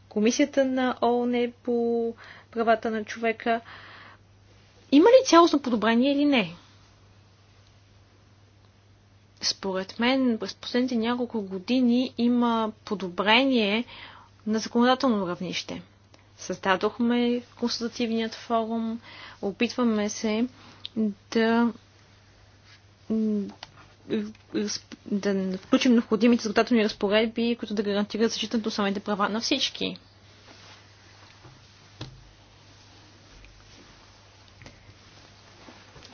Комисията на ООН по правата на човека. Има ли цялостно подобрение или не? Според мен през последните няколко години има подобрение на законодателно равнище. Създадохме консултативният форум, опитваме се да да включим необходимите законодателни разпоредби, които да гарантират защитата на основните права на всички.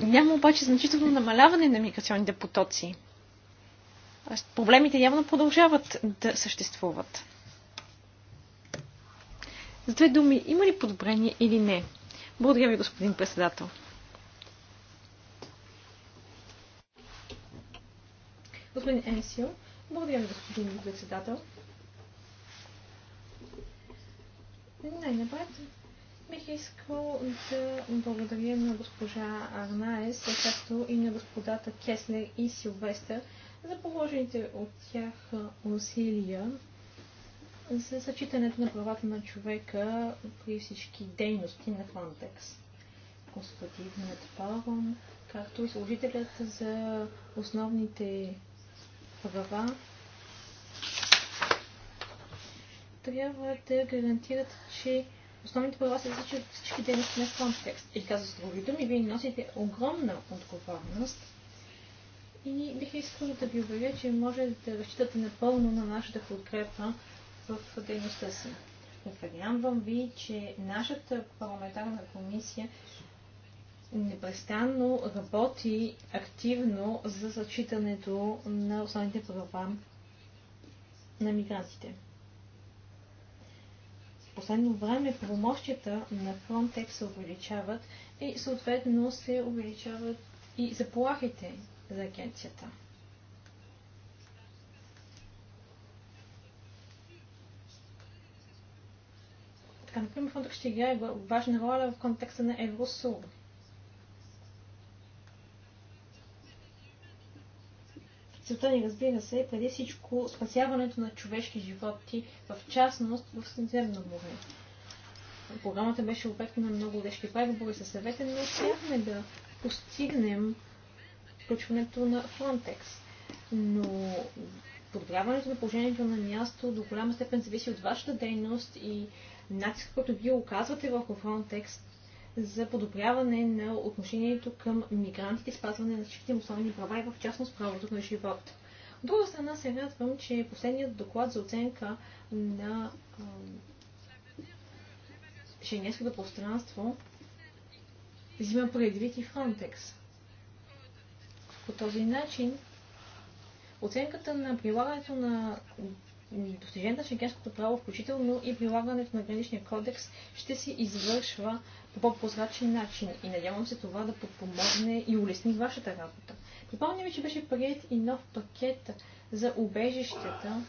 Няма обаче значително намаляване на миграционните потоци. Проблемите явно продължават да съществуват. С две думи, има ли подобрение или не? Благодаря ви, господин председател. Господин Енсио, благодаря ви, господин председател. Най-напред бих искал да благодаря на госпожа Арнаес, както и на господата Кеслер и Силвестър за положените от тях усилия за съчитането на правата на човека при всички дейности на Frontex. Консултативният форум, както и служителят за основните права, трябва да гарантират, че основните права се зачитат всички дейности на Frontex. И така с други думи, вие носите огромна отговорност и бих искала да ви уверя, че може да разчитате напълно на нашата подкрепа в дейността си. Уверявам ви, че нашата парламентарна комисия непрестанно работи активно за зачитането на основните права на мигрантите. В последно време правомощията на Frontex се увеличават и съответно се увеличават и заплахите за агенцията. Така, например, Фронтекс ще играе важна роля в контекста на Евросур. Целта ни, разбира се, е преди всичко спасяването на човешки животи, в частност в Средиземно море. Програмата беше обект на много тежки преговори със съвета, но успяхме да постигнем включването на Frontex. Но подобряването на положението на място до голяма степен зависи от вашата дейност и натиск, който вие оказвате върху Frontex за подобряване на отношението към мигрантите, спазване на всичките основни права и в частност правото на живот. От друга страна се радвам, че последният доклад за оценка на шенгенското пространство взима предвид и Frontex. По този начин оценката на прилагането на Достижението на шенгенското право, включително и прилагането на граничния кодекс, ще се извършва по по-прозрачен начин и надявам се това да подпомогне и улесни вашата работа. Припомням ви, че беше прият и нов пакет за убежищата,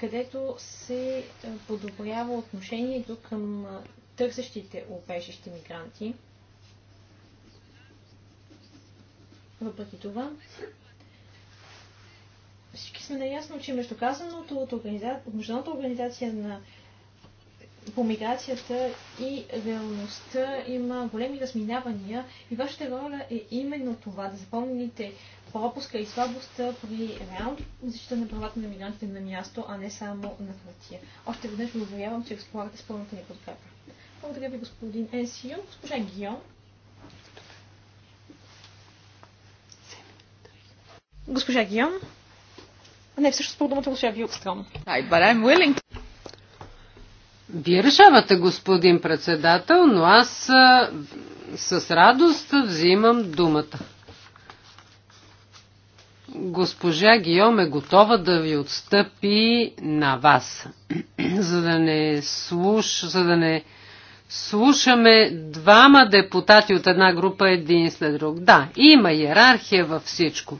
където се е, подобрява отношението към е, търсещите убежище мигранти. Въпреки това, всички сме наясно, че между казаното от, организа... от Международната организация на по миграцията и реалността има големи разминавания и вашата роля е именно това да запомните пропуска и слабостта при реално защита на правата на мигрантите на място, а не само на хартия. Още веднъж ви уверявам, че разполагате с пълната ни подкрепа. Благодаря ви, господин Енсио. Госпожа Гион. Госпожа Гион. Не, всъщност по думата I'm willing. Вие решавате, господин председател, но аз с радост взимам думата. Госпожа Гиом е готова да ви отстъпи на вас, за да не, слуш, за да не слушаме двама депутати от една група един след друг. Да, има иерархия във всичко.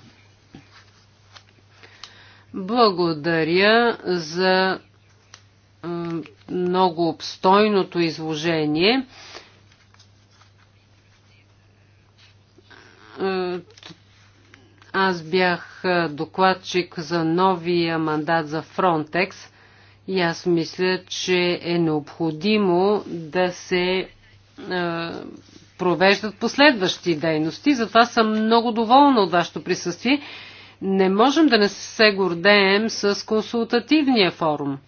Благодаря за много обстойното изложение. Е, аз бях е, докладчик за новия мандат за Frontex и аз мисля, че е необходимо да се е, провеждат последващи дейности. Затова съм много доволна от вашето присъствие не можем да не се гордеем с консултативния форум.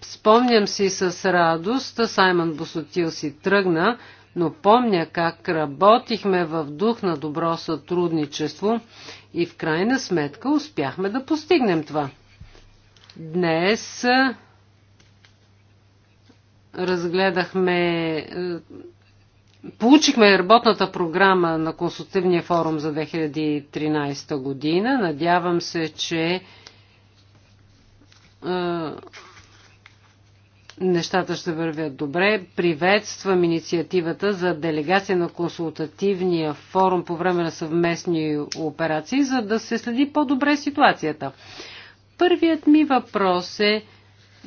Спомням си с радост, Саймън Босотил си тръгна, но помня как работихме в дух на добро сътрудничество и в крайна сметка успяхме да постигнем това. Днес е, разгледахме е, Получихме работната програма на консултативния форум за 2013 година. Надявам се, че нещата ще вървят добре. Приветствам инициативата за делегация на консултативния форум по време на съвместни операции, за да се следи по-добре ситуацията. Първият ми въпрос е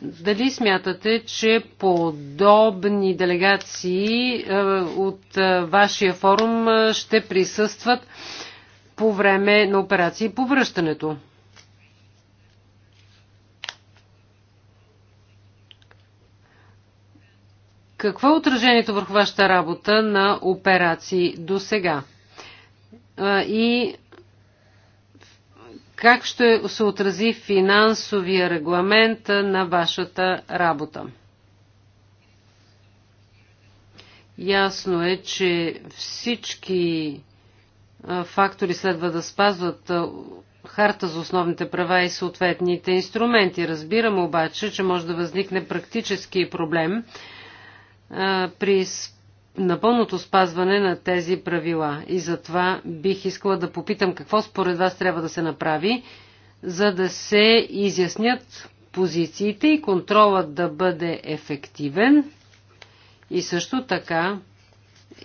дали смятате, че подобни делегации е, от е, вашия форум е, ще присъстват по време на операции по връщането? Какво е отражението върху вашата работа на операции до сега? И как ще се отрази финансовия регламент на вашата работа? Ясно е, че всички фактори следва да спазват харта за основните права и съответните инструменти. Разбирам обаче, че може да възникне практически проблем при спазването на пълното спазване на тези правила. И затова бих искала да попитам какво според вас трябва да се направи, за да се изяснят позициите и контролът да бъде ефективен. И също така,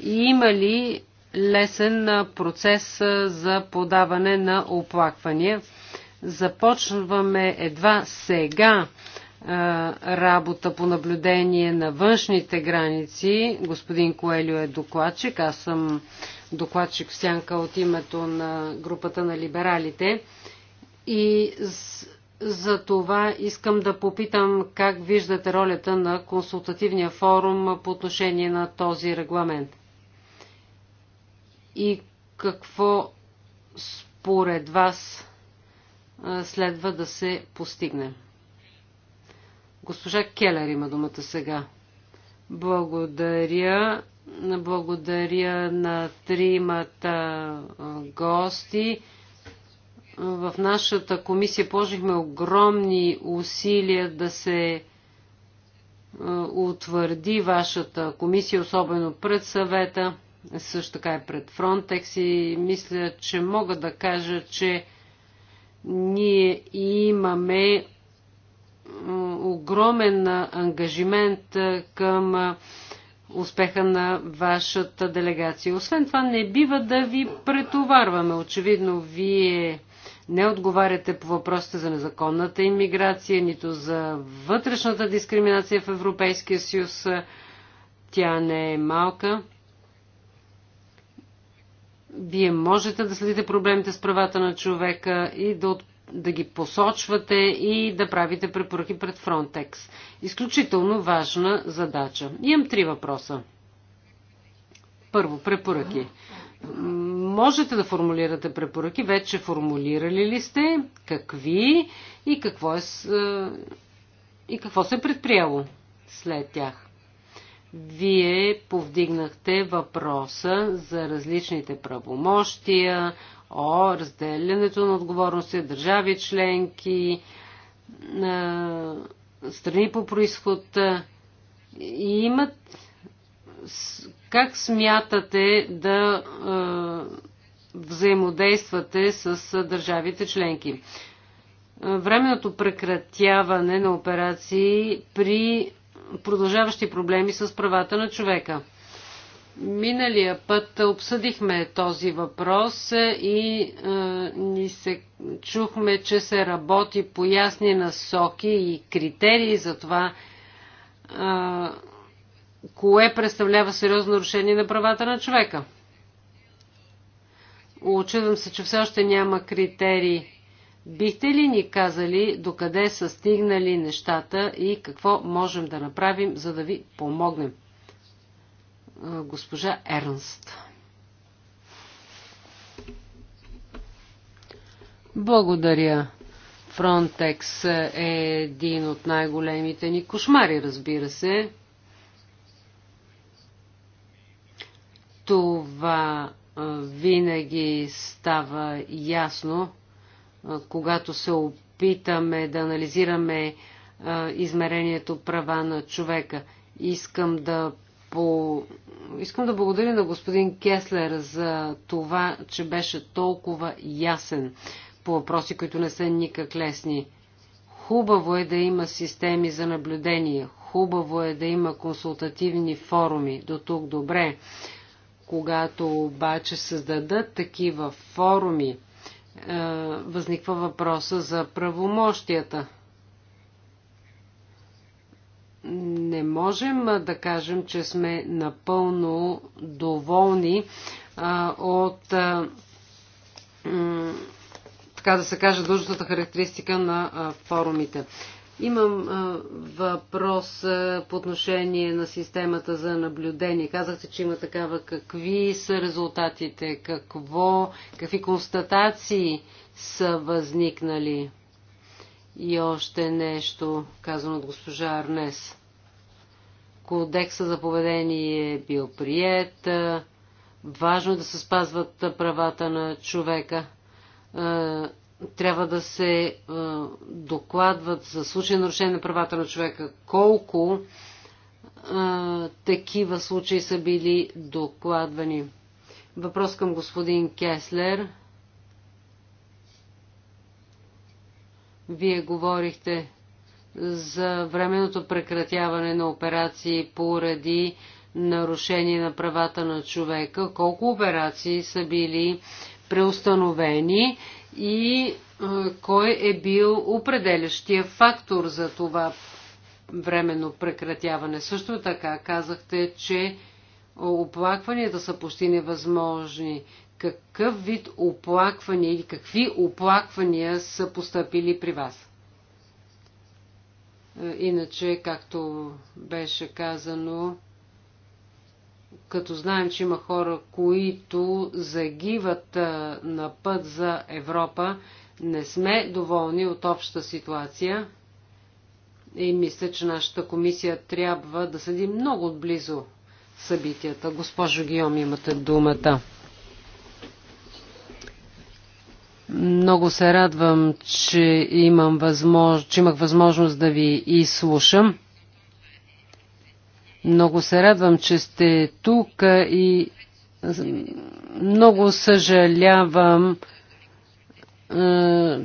има ли лесен процес за подаване на оплаквания? Започваме едва сега работа по наблюдение на външните граници. Господин Коелио е докладчик. Аз съм докладчик в сянка от името на групата на либералите. И за това искам да попитам как виждате ролята на консултативния форум по отношение на този регламент. И какво според вас следва да се постигне? Госпожа Келер има думата сега. Благодаря. Благодаря на тримата гости. В нашата комисия положихме огромни усилия да се утвърди вашата комисия, особено пред съвета, също така и пред Фронтекс и мисля, че мога да кажа, че ние имаме огромен ангажимент към успеха на вашата делегация. Освен това, не бива да ви претоварваме. Очевидно, вие не отговаряте по въпросите за незаконната иммиграция, нито за вътрешната дискриминация в Европейския съюз. Тя не е малка. Вие можете да следите проблемите с правата на човека и да отправите да ги посочвате и да правите препоръки пред Frontex. Изключително важна задача. Имам три въпроса. Първо, препоръки. Можете да формулирате препоръки. Вече формулирали ли сте? Какви? И какво, е, е и какво се е предприело след тях? Вие повдигнахте въпроса за различните правомощия, о разделянето на отговорности, държави членки, страни по происход. И имат как смятате да взаимодействате с държавите членки? Временното прекратяване на операции при продължаващи проблеми с правата на човека – Миналия път обсъдихме този въпрос и е, ни се чухме, че се работи по ясни насоки и критерии за това, е, кое представлява сериозно нарушение на правата на човека. Очудвам се, че все още няма критерии. Бихте ли ни казали докъде са стигнали нещата и какво можем да направим, за да ви помогнем? госпожа Ернст. Благодаря. Фронтекс е един от най-големите ни кошмари, разбира се. Това винаги става ясно, когато се опитаме да анализираме измерението права на човека. Искам да по... Искам да благодаря на господин Кеслер за това, че беше толкова ясен по въпроси, които не са никак лесни. Хубаво е да има системи за наблюдение, хубаво е да има консултативни форуми, до тук добре. Когато обаче създадат такива форуми, е, възниква въпроса за правомощията не можем да кажем, че сме напълно доволни а, от, а, така да се каже, дължностната характеристика на а, форумите. Имам а, въпрос а, по отношение на системата за наблюдение. Казахте, че има такава. Какви са резултатите? Какво, какви констатации са възникнали? И още нещо, казано от госпожа Арнес. Кодекса за поведение е бил прият. Важно е да се спазват правата на човека. Е, трябва да се е, докладват за случаи нарушение на правата на човека. Колко е, такива случаи са били докладвани? Въпрос към господин Кеслер – Вие говорихте за временното прекратяване на операции поради нарушение на правата на човека. Колко операции са били преустановени и е, кой е бил определящия фактор за това временно прекратяване. Също така казахте, че оплакванията са почти невъзможни какъв вид оплаквания или какви оплаквания са поступили при вас. Е, иначе, както беше казано, като знаем, че има хора, които загиват е, на път за Европа, не сме доволни от обща ситуация и мисля, че нашата комисия трябва да съди много отблизо събитията. Госпожо Гиом, имате думата. Много се радвам, че, имам възмож... че имах възможност да ви изслушам. Много се радвам, че сте тук и много съжалявам, е,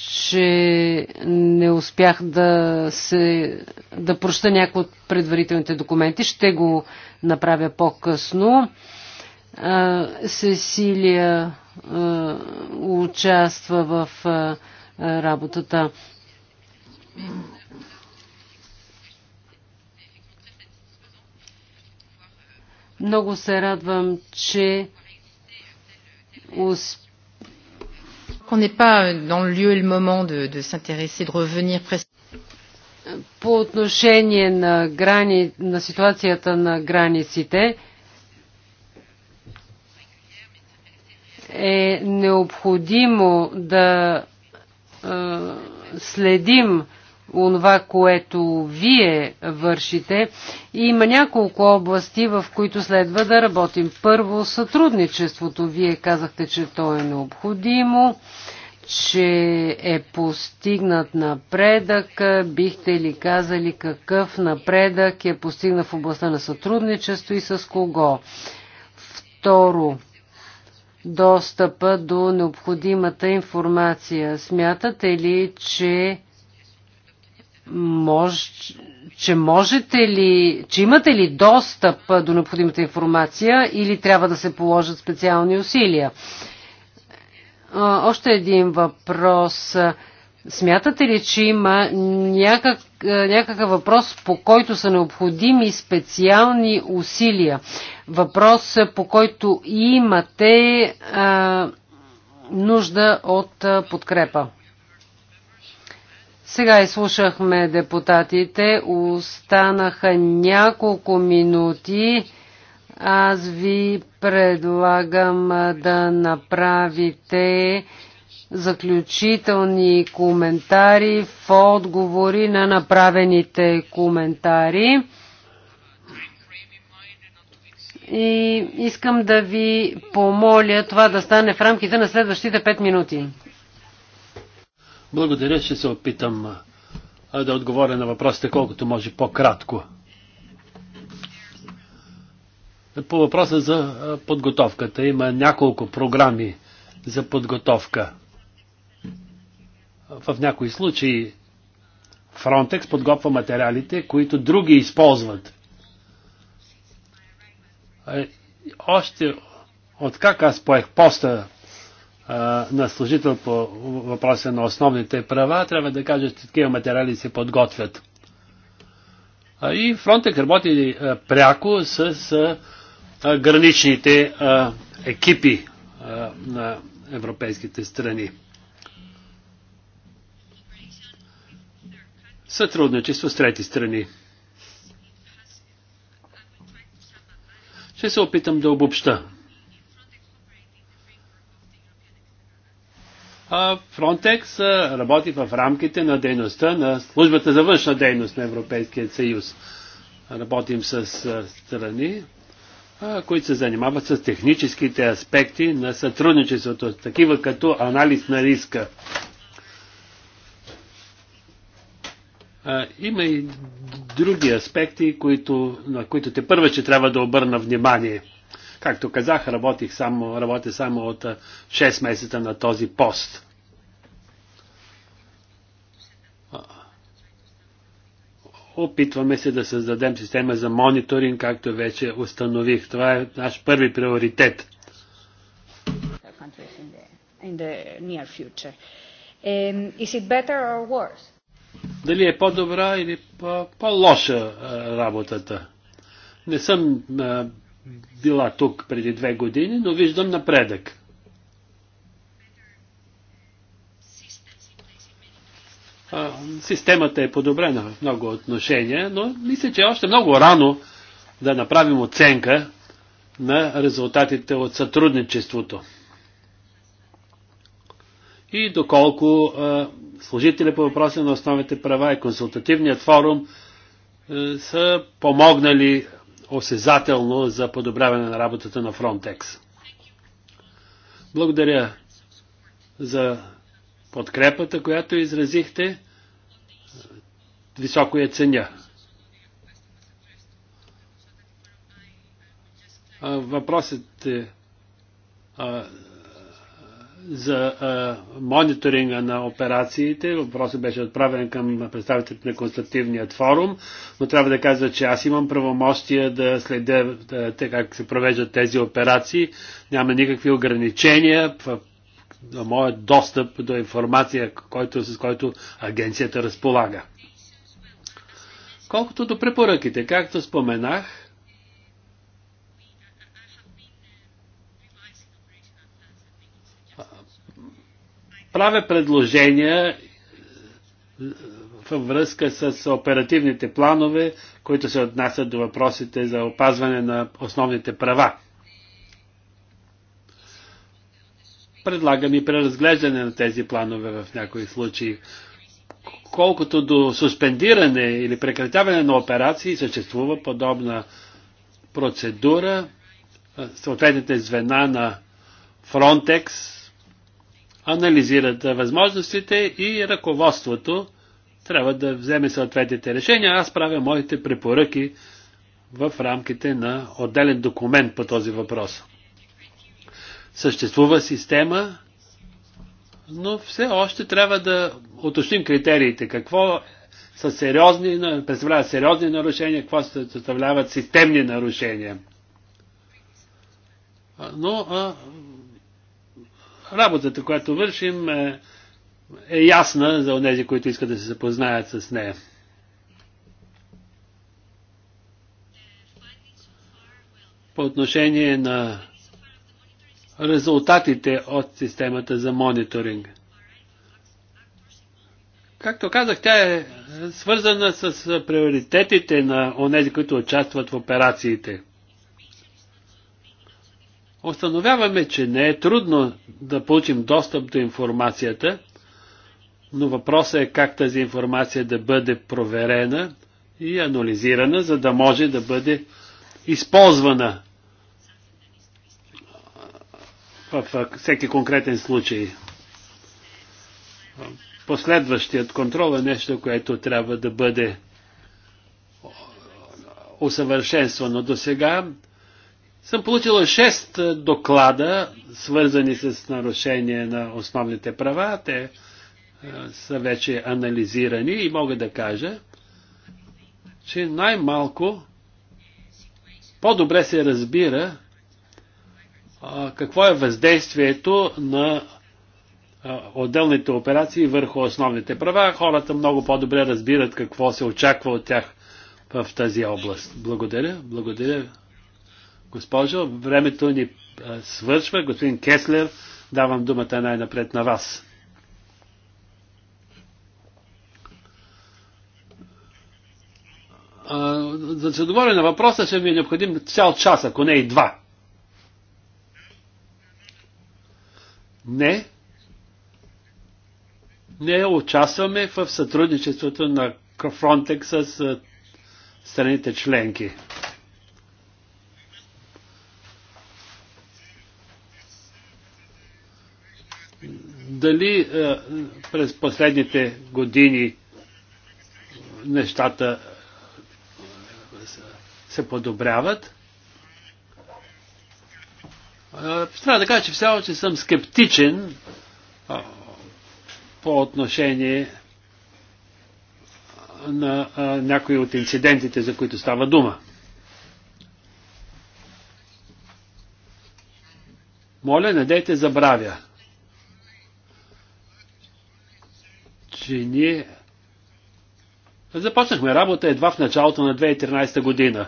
че не успях да, се, да проща някои от предварителните документи. Ще го направя по-късно. Е, Сесилия е, участва в е, работата. Много се радвам, че qu'on n'est pas dans le lieu et le moment de, de s'intéresser, de revenir По отношение на, грани, на ситуацията на границите, е необходимо да е, следим онова, което вие вършите. И има няколко области, в които следва да работим. Първо, сътрудничеството. Вие казахте, че то е необходимо, че е постигнат напредък. Бихте ли казали какъв напредък е постигнат в областта на сътрудничество и с кого? Второ, достъпа до необходимата информация. Смятате ли, че, мож, че можете ли, че имате ли достъп до необходимата информация или трябва да се положат специални усилия? Още един въпрос Смятате ли, че има някак, е, някакъв въпрос, по който са необходими специални усилия? Въпрос, по който имате а, е, нужда от е, подкрепа? Сега изслушахме депутатите. Останаха няколко минути. Аз ви предлагам да направите заключителни коментари в отговори на направените коментари. И искам да ви помоля това да стане в рамките на следващите 5 минути. Благодаря, ще се опитам да отговоря на въпросите колкото може по-кратко. По въпроса за подготовката има няколко програми за подготовка в някои случаи Фронтекс подготвя материалите, които други използват. Е, още от как аз поех поста на служител по въпроса на основните права, трябва да кажа, че такива материали се подготвят. и Фронтекс работи е, пряко с е, граничните екипи на европейските страни. сътрудничество с трети страни. Ще се опитам да обобща. А Frontex работи в рамките на дейността на службата за външна дейност на Европейския съюз. Работим с страни, които се занимават с техническите аспекти на сътрудничеството, такива като анализ на риска, има и други аспекти, които, на които те първа, че трябва да обърна внимание. Както казах, работих само, работя само от 6 месеца на този пост. Опитваме се да създадем система за мониторинг, както вече установих. Това е наш първи приоритет. In the near future. Um, is it better or worse? дали е по-добра или по-лоша е, работата. Не съм а, е, била тук преди две години, но виждам напредък. А, системата е подобрена в много отношения, но мисля, че е още много рано да направим оценка на резултатите от сътрудничеството и доколко служители по въпроса на основните права и консултативният форум са помогнали осезателно за подобряване на работата на Фронтекс. Благодаря за подкрепата, която изразихте. Високо я ценя. Въпросът е за а, мониторинга на операциите. Въпросът беше отправен към представителите на Констативният форум, но трябва да кажа, че аз имам правомощия да следя да, те, как се провеждат тези операции. Няма никакви ограничения в, в моят достъп до информация, който, с който агенцията разполага. Колкото до препоръките, както споменах, Правя предложения е, във връзка с оперативните планове, които се отнасят до въпросите за опазване на основните права. Предлагам и преразглеждане на тези планове в някои случаи. Колкото до суспендиране или прекратяване на операции, съществува подобна процедура. Съответните звена на Фронтекс анализират възможностите и ръководството трябва да вземе съответните решения. Аз правя моите препоръки в рамките на отделен документ по този въпрос. Съществува система, но все още трябва да уточним критериите. Какво са сериозни, представляват сериозни нарушения, какво се съставляват системни нарушения. Но а, работата, която вършим, е, е ясна за онези, които искат да се запознаят с нея. По отношение на резултатите от системата за мониторинг. Както казах, тя е свързана с приоритетите на онези, които участват в операциите. Остановяваме, че не е трудно да получим достъп до информацията, но въпросът е как тази информация да бъде проверена и анализирана, за да може да бъде използвана в всеки конкретен случай. Последващият контрол е нещо, което трябва да бъде усъвършенствано. До сега съм получила 6 е, доклада, свързани с нарушение на основните права. Те е, са вече анализирани и мога да кажа, че най-малко по-добре се разбира а, е, какво е въздействието на а, отделните операции върху основните права. Хората много по-добре разбират какво се очаква от тях в тази област. Благодаря, благодаря госпожо, времето ни свършва. Господин Кеслер, давам думата най-напред на вас. за да се отговоря на въпроса, ще ми е необходим цял час, ако не и два. Не. Не участваме в сътрудничеството на Frontex с страните членки. дали е, през последните години нещата се подобряват. Е, трябва да кажа, че все още съм скептичен е, по отношение на някои от инцидентите, за които става дума. Моля, не дейте забравя. че ние започнахме работа едва в началото на 2013 година.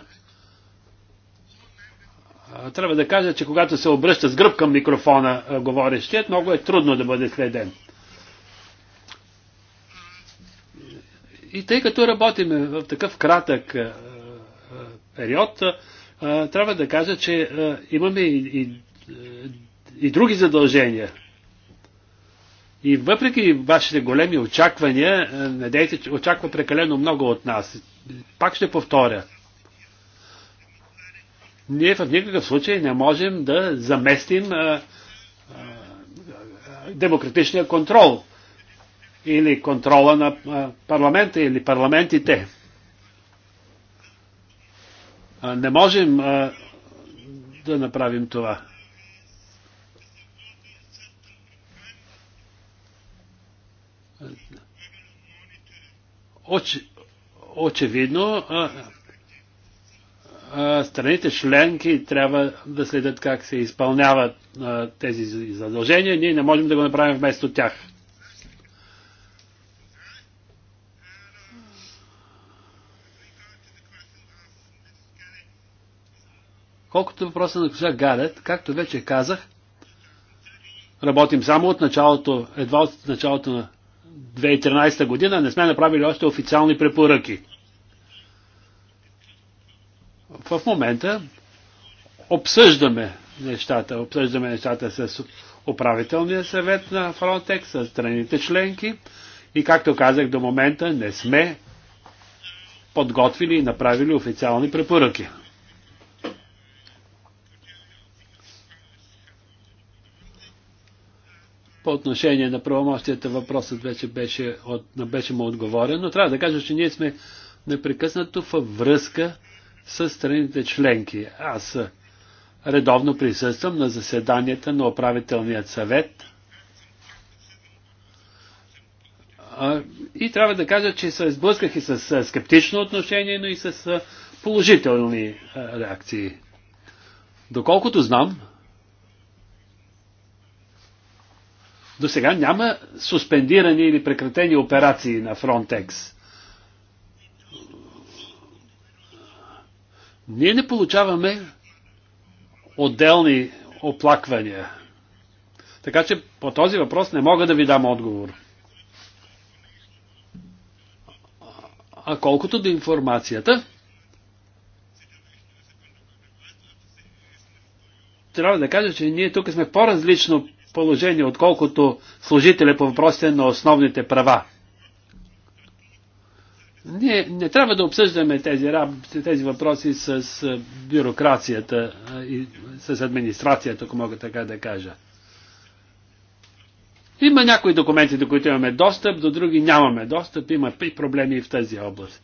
Трябва да кажа, че когато се обръща с гръб към микрофона говорещият, много е трудно да бъде следен. И тъй като работим в такъв кратък период, трябва да кажа, че имаме и, и, и други задължения – и въпреки вашите големи очаквания, е, не дейте, че очаква прекалено много от нас. Пак ще повторя. Ние в никакъв случай не можем да заместим а, е, а, е, демократичния контрол или контрола на а, парламента или парламентите. А, не можем а, да направим това. Оч, очевидно, а, а, страните членки трябва да следят как се изпълняват а, тези задължения. Ние не можем да го направим вместо тях. Колкото е въпроса на госпожа Гарет, както вече казах, работим само от началото, едва от началото на 2013 година не сме направили още официални препоръки. В момента обсъждаме нещата. Обсъждаме нещата с управителния съвет на Frontex, с страните членки и както казах до момента не сме подготвили и направили официални препоръки. По отношение на правомощията въпросът вече беше, от, беше му отговорен, но трябва да кажа, че ние сме непрекъснато във връзка с страните членки. Аз редовно присъствам на заседанията на управителният съвет и трябва да кажа, че се сблъсках и с скептично отношение, но и с положителни реакции. Доколкото знам, До сега няма суспендирани или прекратени операции на Фронтекс. Ние не получаваме отделни оплаквания. Така че по този въпрос не мога да ви дам отговор. А колкото до информацията, трябва да кажа, че ние тук сме по-различно положение, отколкото служителя по въпросите на основните права. Ние не трябва да обсъждаме тези, тези въпроси с бюрокрацията и с администрацията, ако мога така да кажа. Има някои документи, до които имаме достъп, до други нямаме достъп. Има и проблеми и в тази област.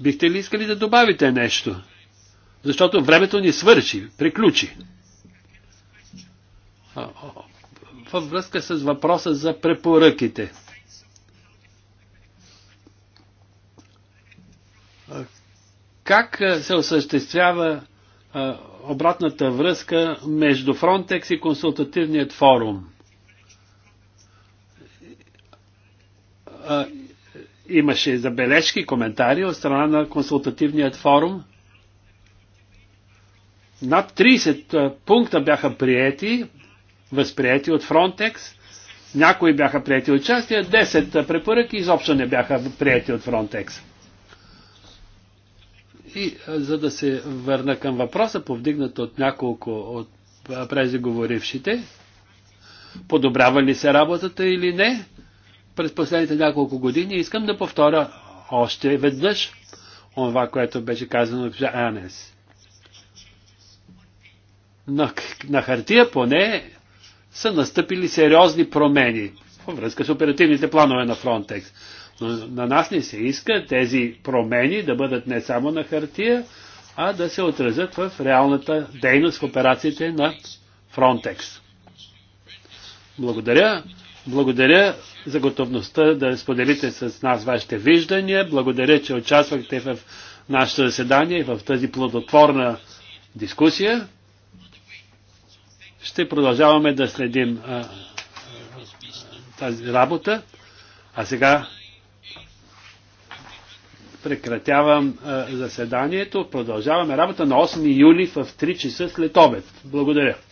Бихте ли искали да добавите нещо? Защото времето ни свърши, приключи във връзка с въпроса за препоръките. Как се осъществява обратната връзка между Фронтекс и консултативният форум? Имаше забележки, коментари от страна на консултативният форум над 30 пункта бяха приети възприяти от Фронтекс. Някои бяха прияти от частия, 10 препоръки изобщо не бяха прияти от Фронтекс. И за да се върна към въпроса, повдигнат от няколко от презиговорившите, подобрява ли се работата или не, през последните няколко години искам да повторя още веднъж това, което беше казано в Анес. На, на хартия поне са настъпили сериозни промени във връзка с оперативните планове на Frontex. Но на нас не се иска тези промени да бъдат не само на хартия, а да се отразят в реалната дейност в операциите на Frontex. Благодаря. Благодаря за готовността да споделите с нас вашите виждания. Благодаря, че участвахте в нашето заседание и в тази плодотворна дискусия. Ще продължаваме да следим а, тази работа. А сега прекратявам а, заседанието. Продължаваме работа на 8 юли в 3 часа след обед. Благодаря.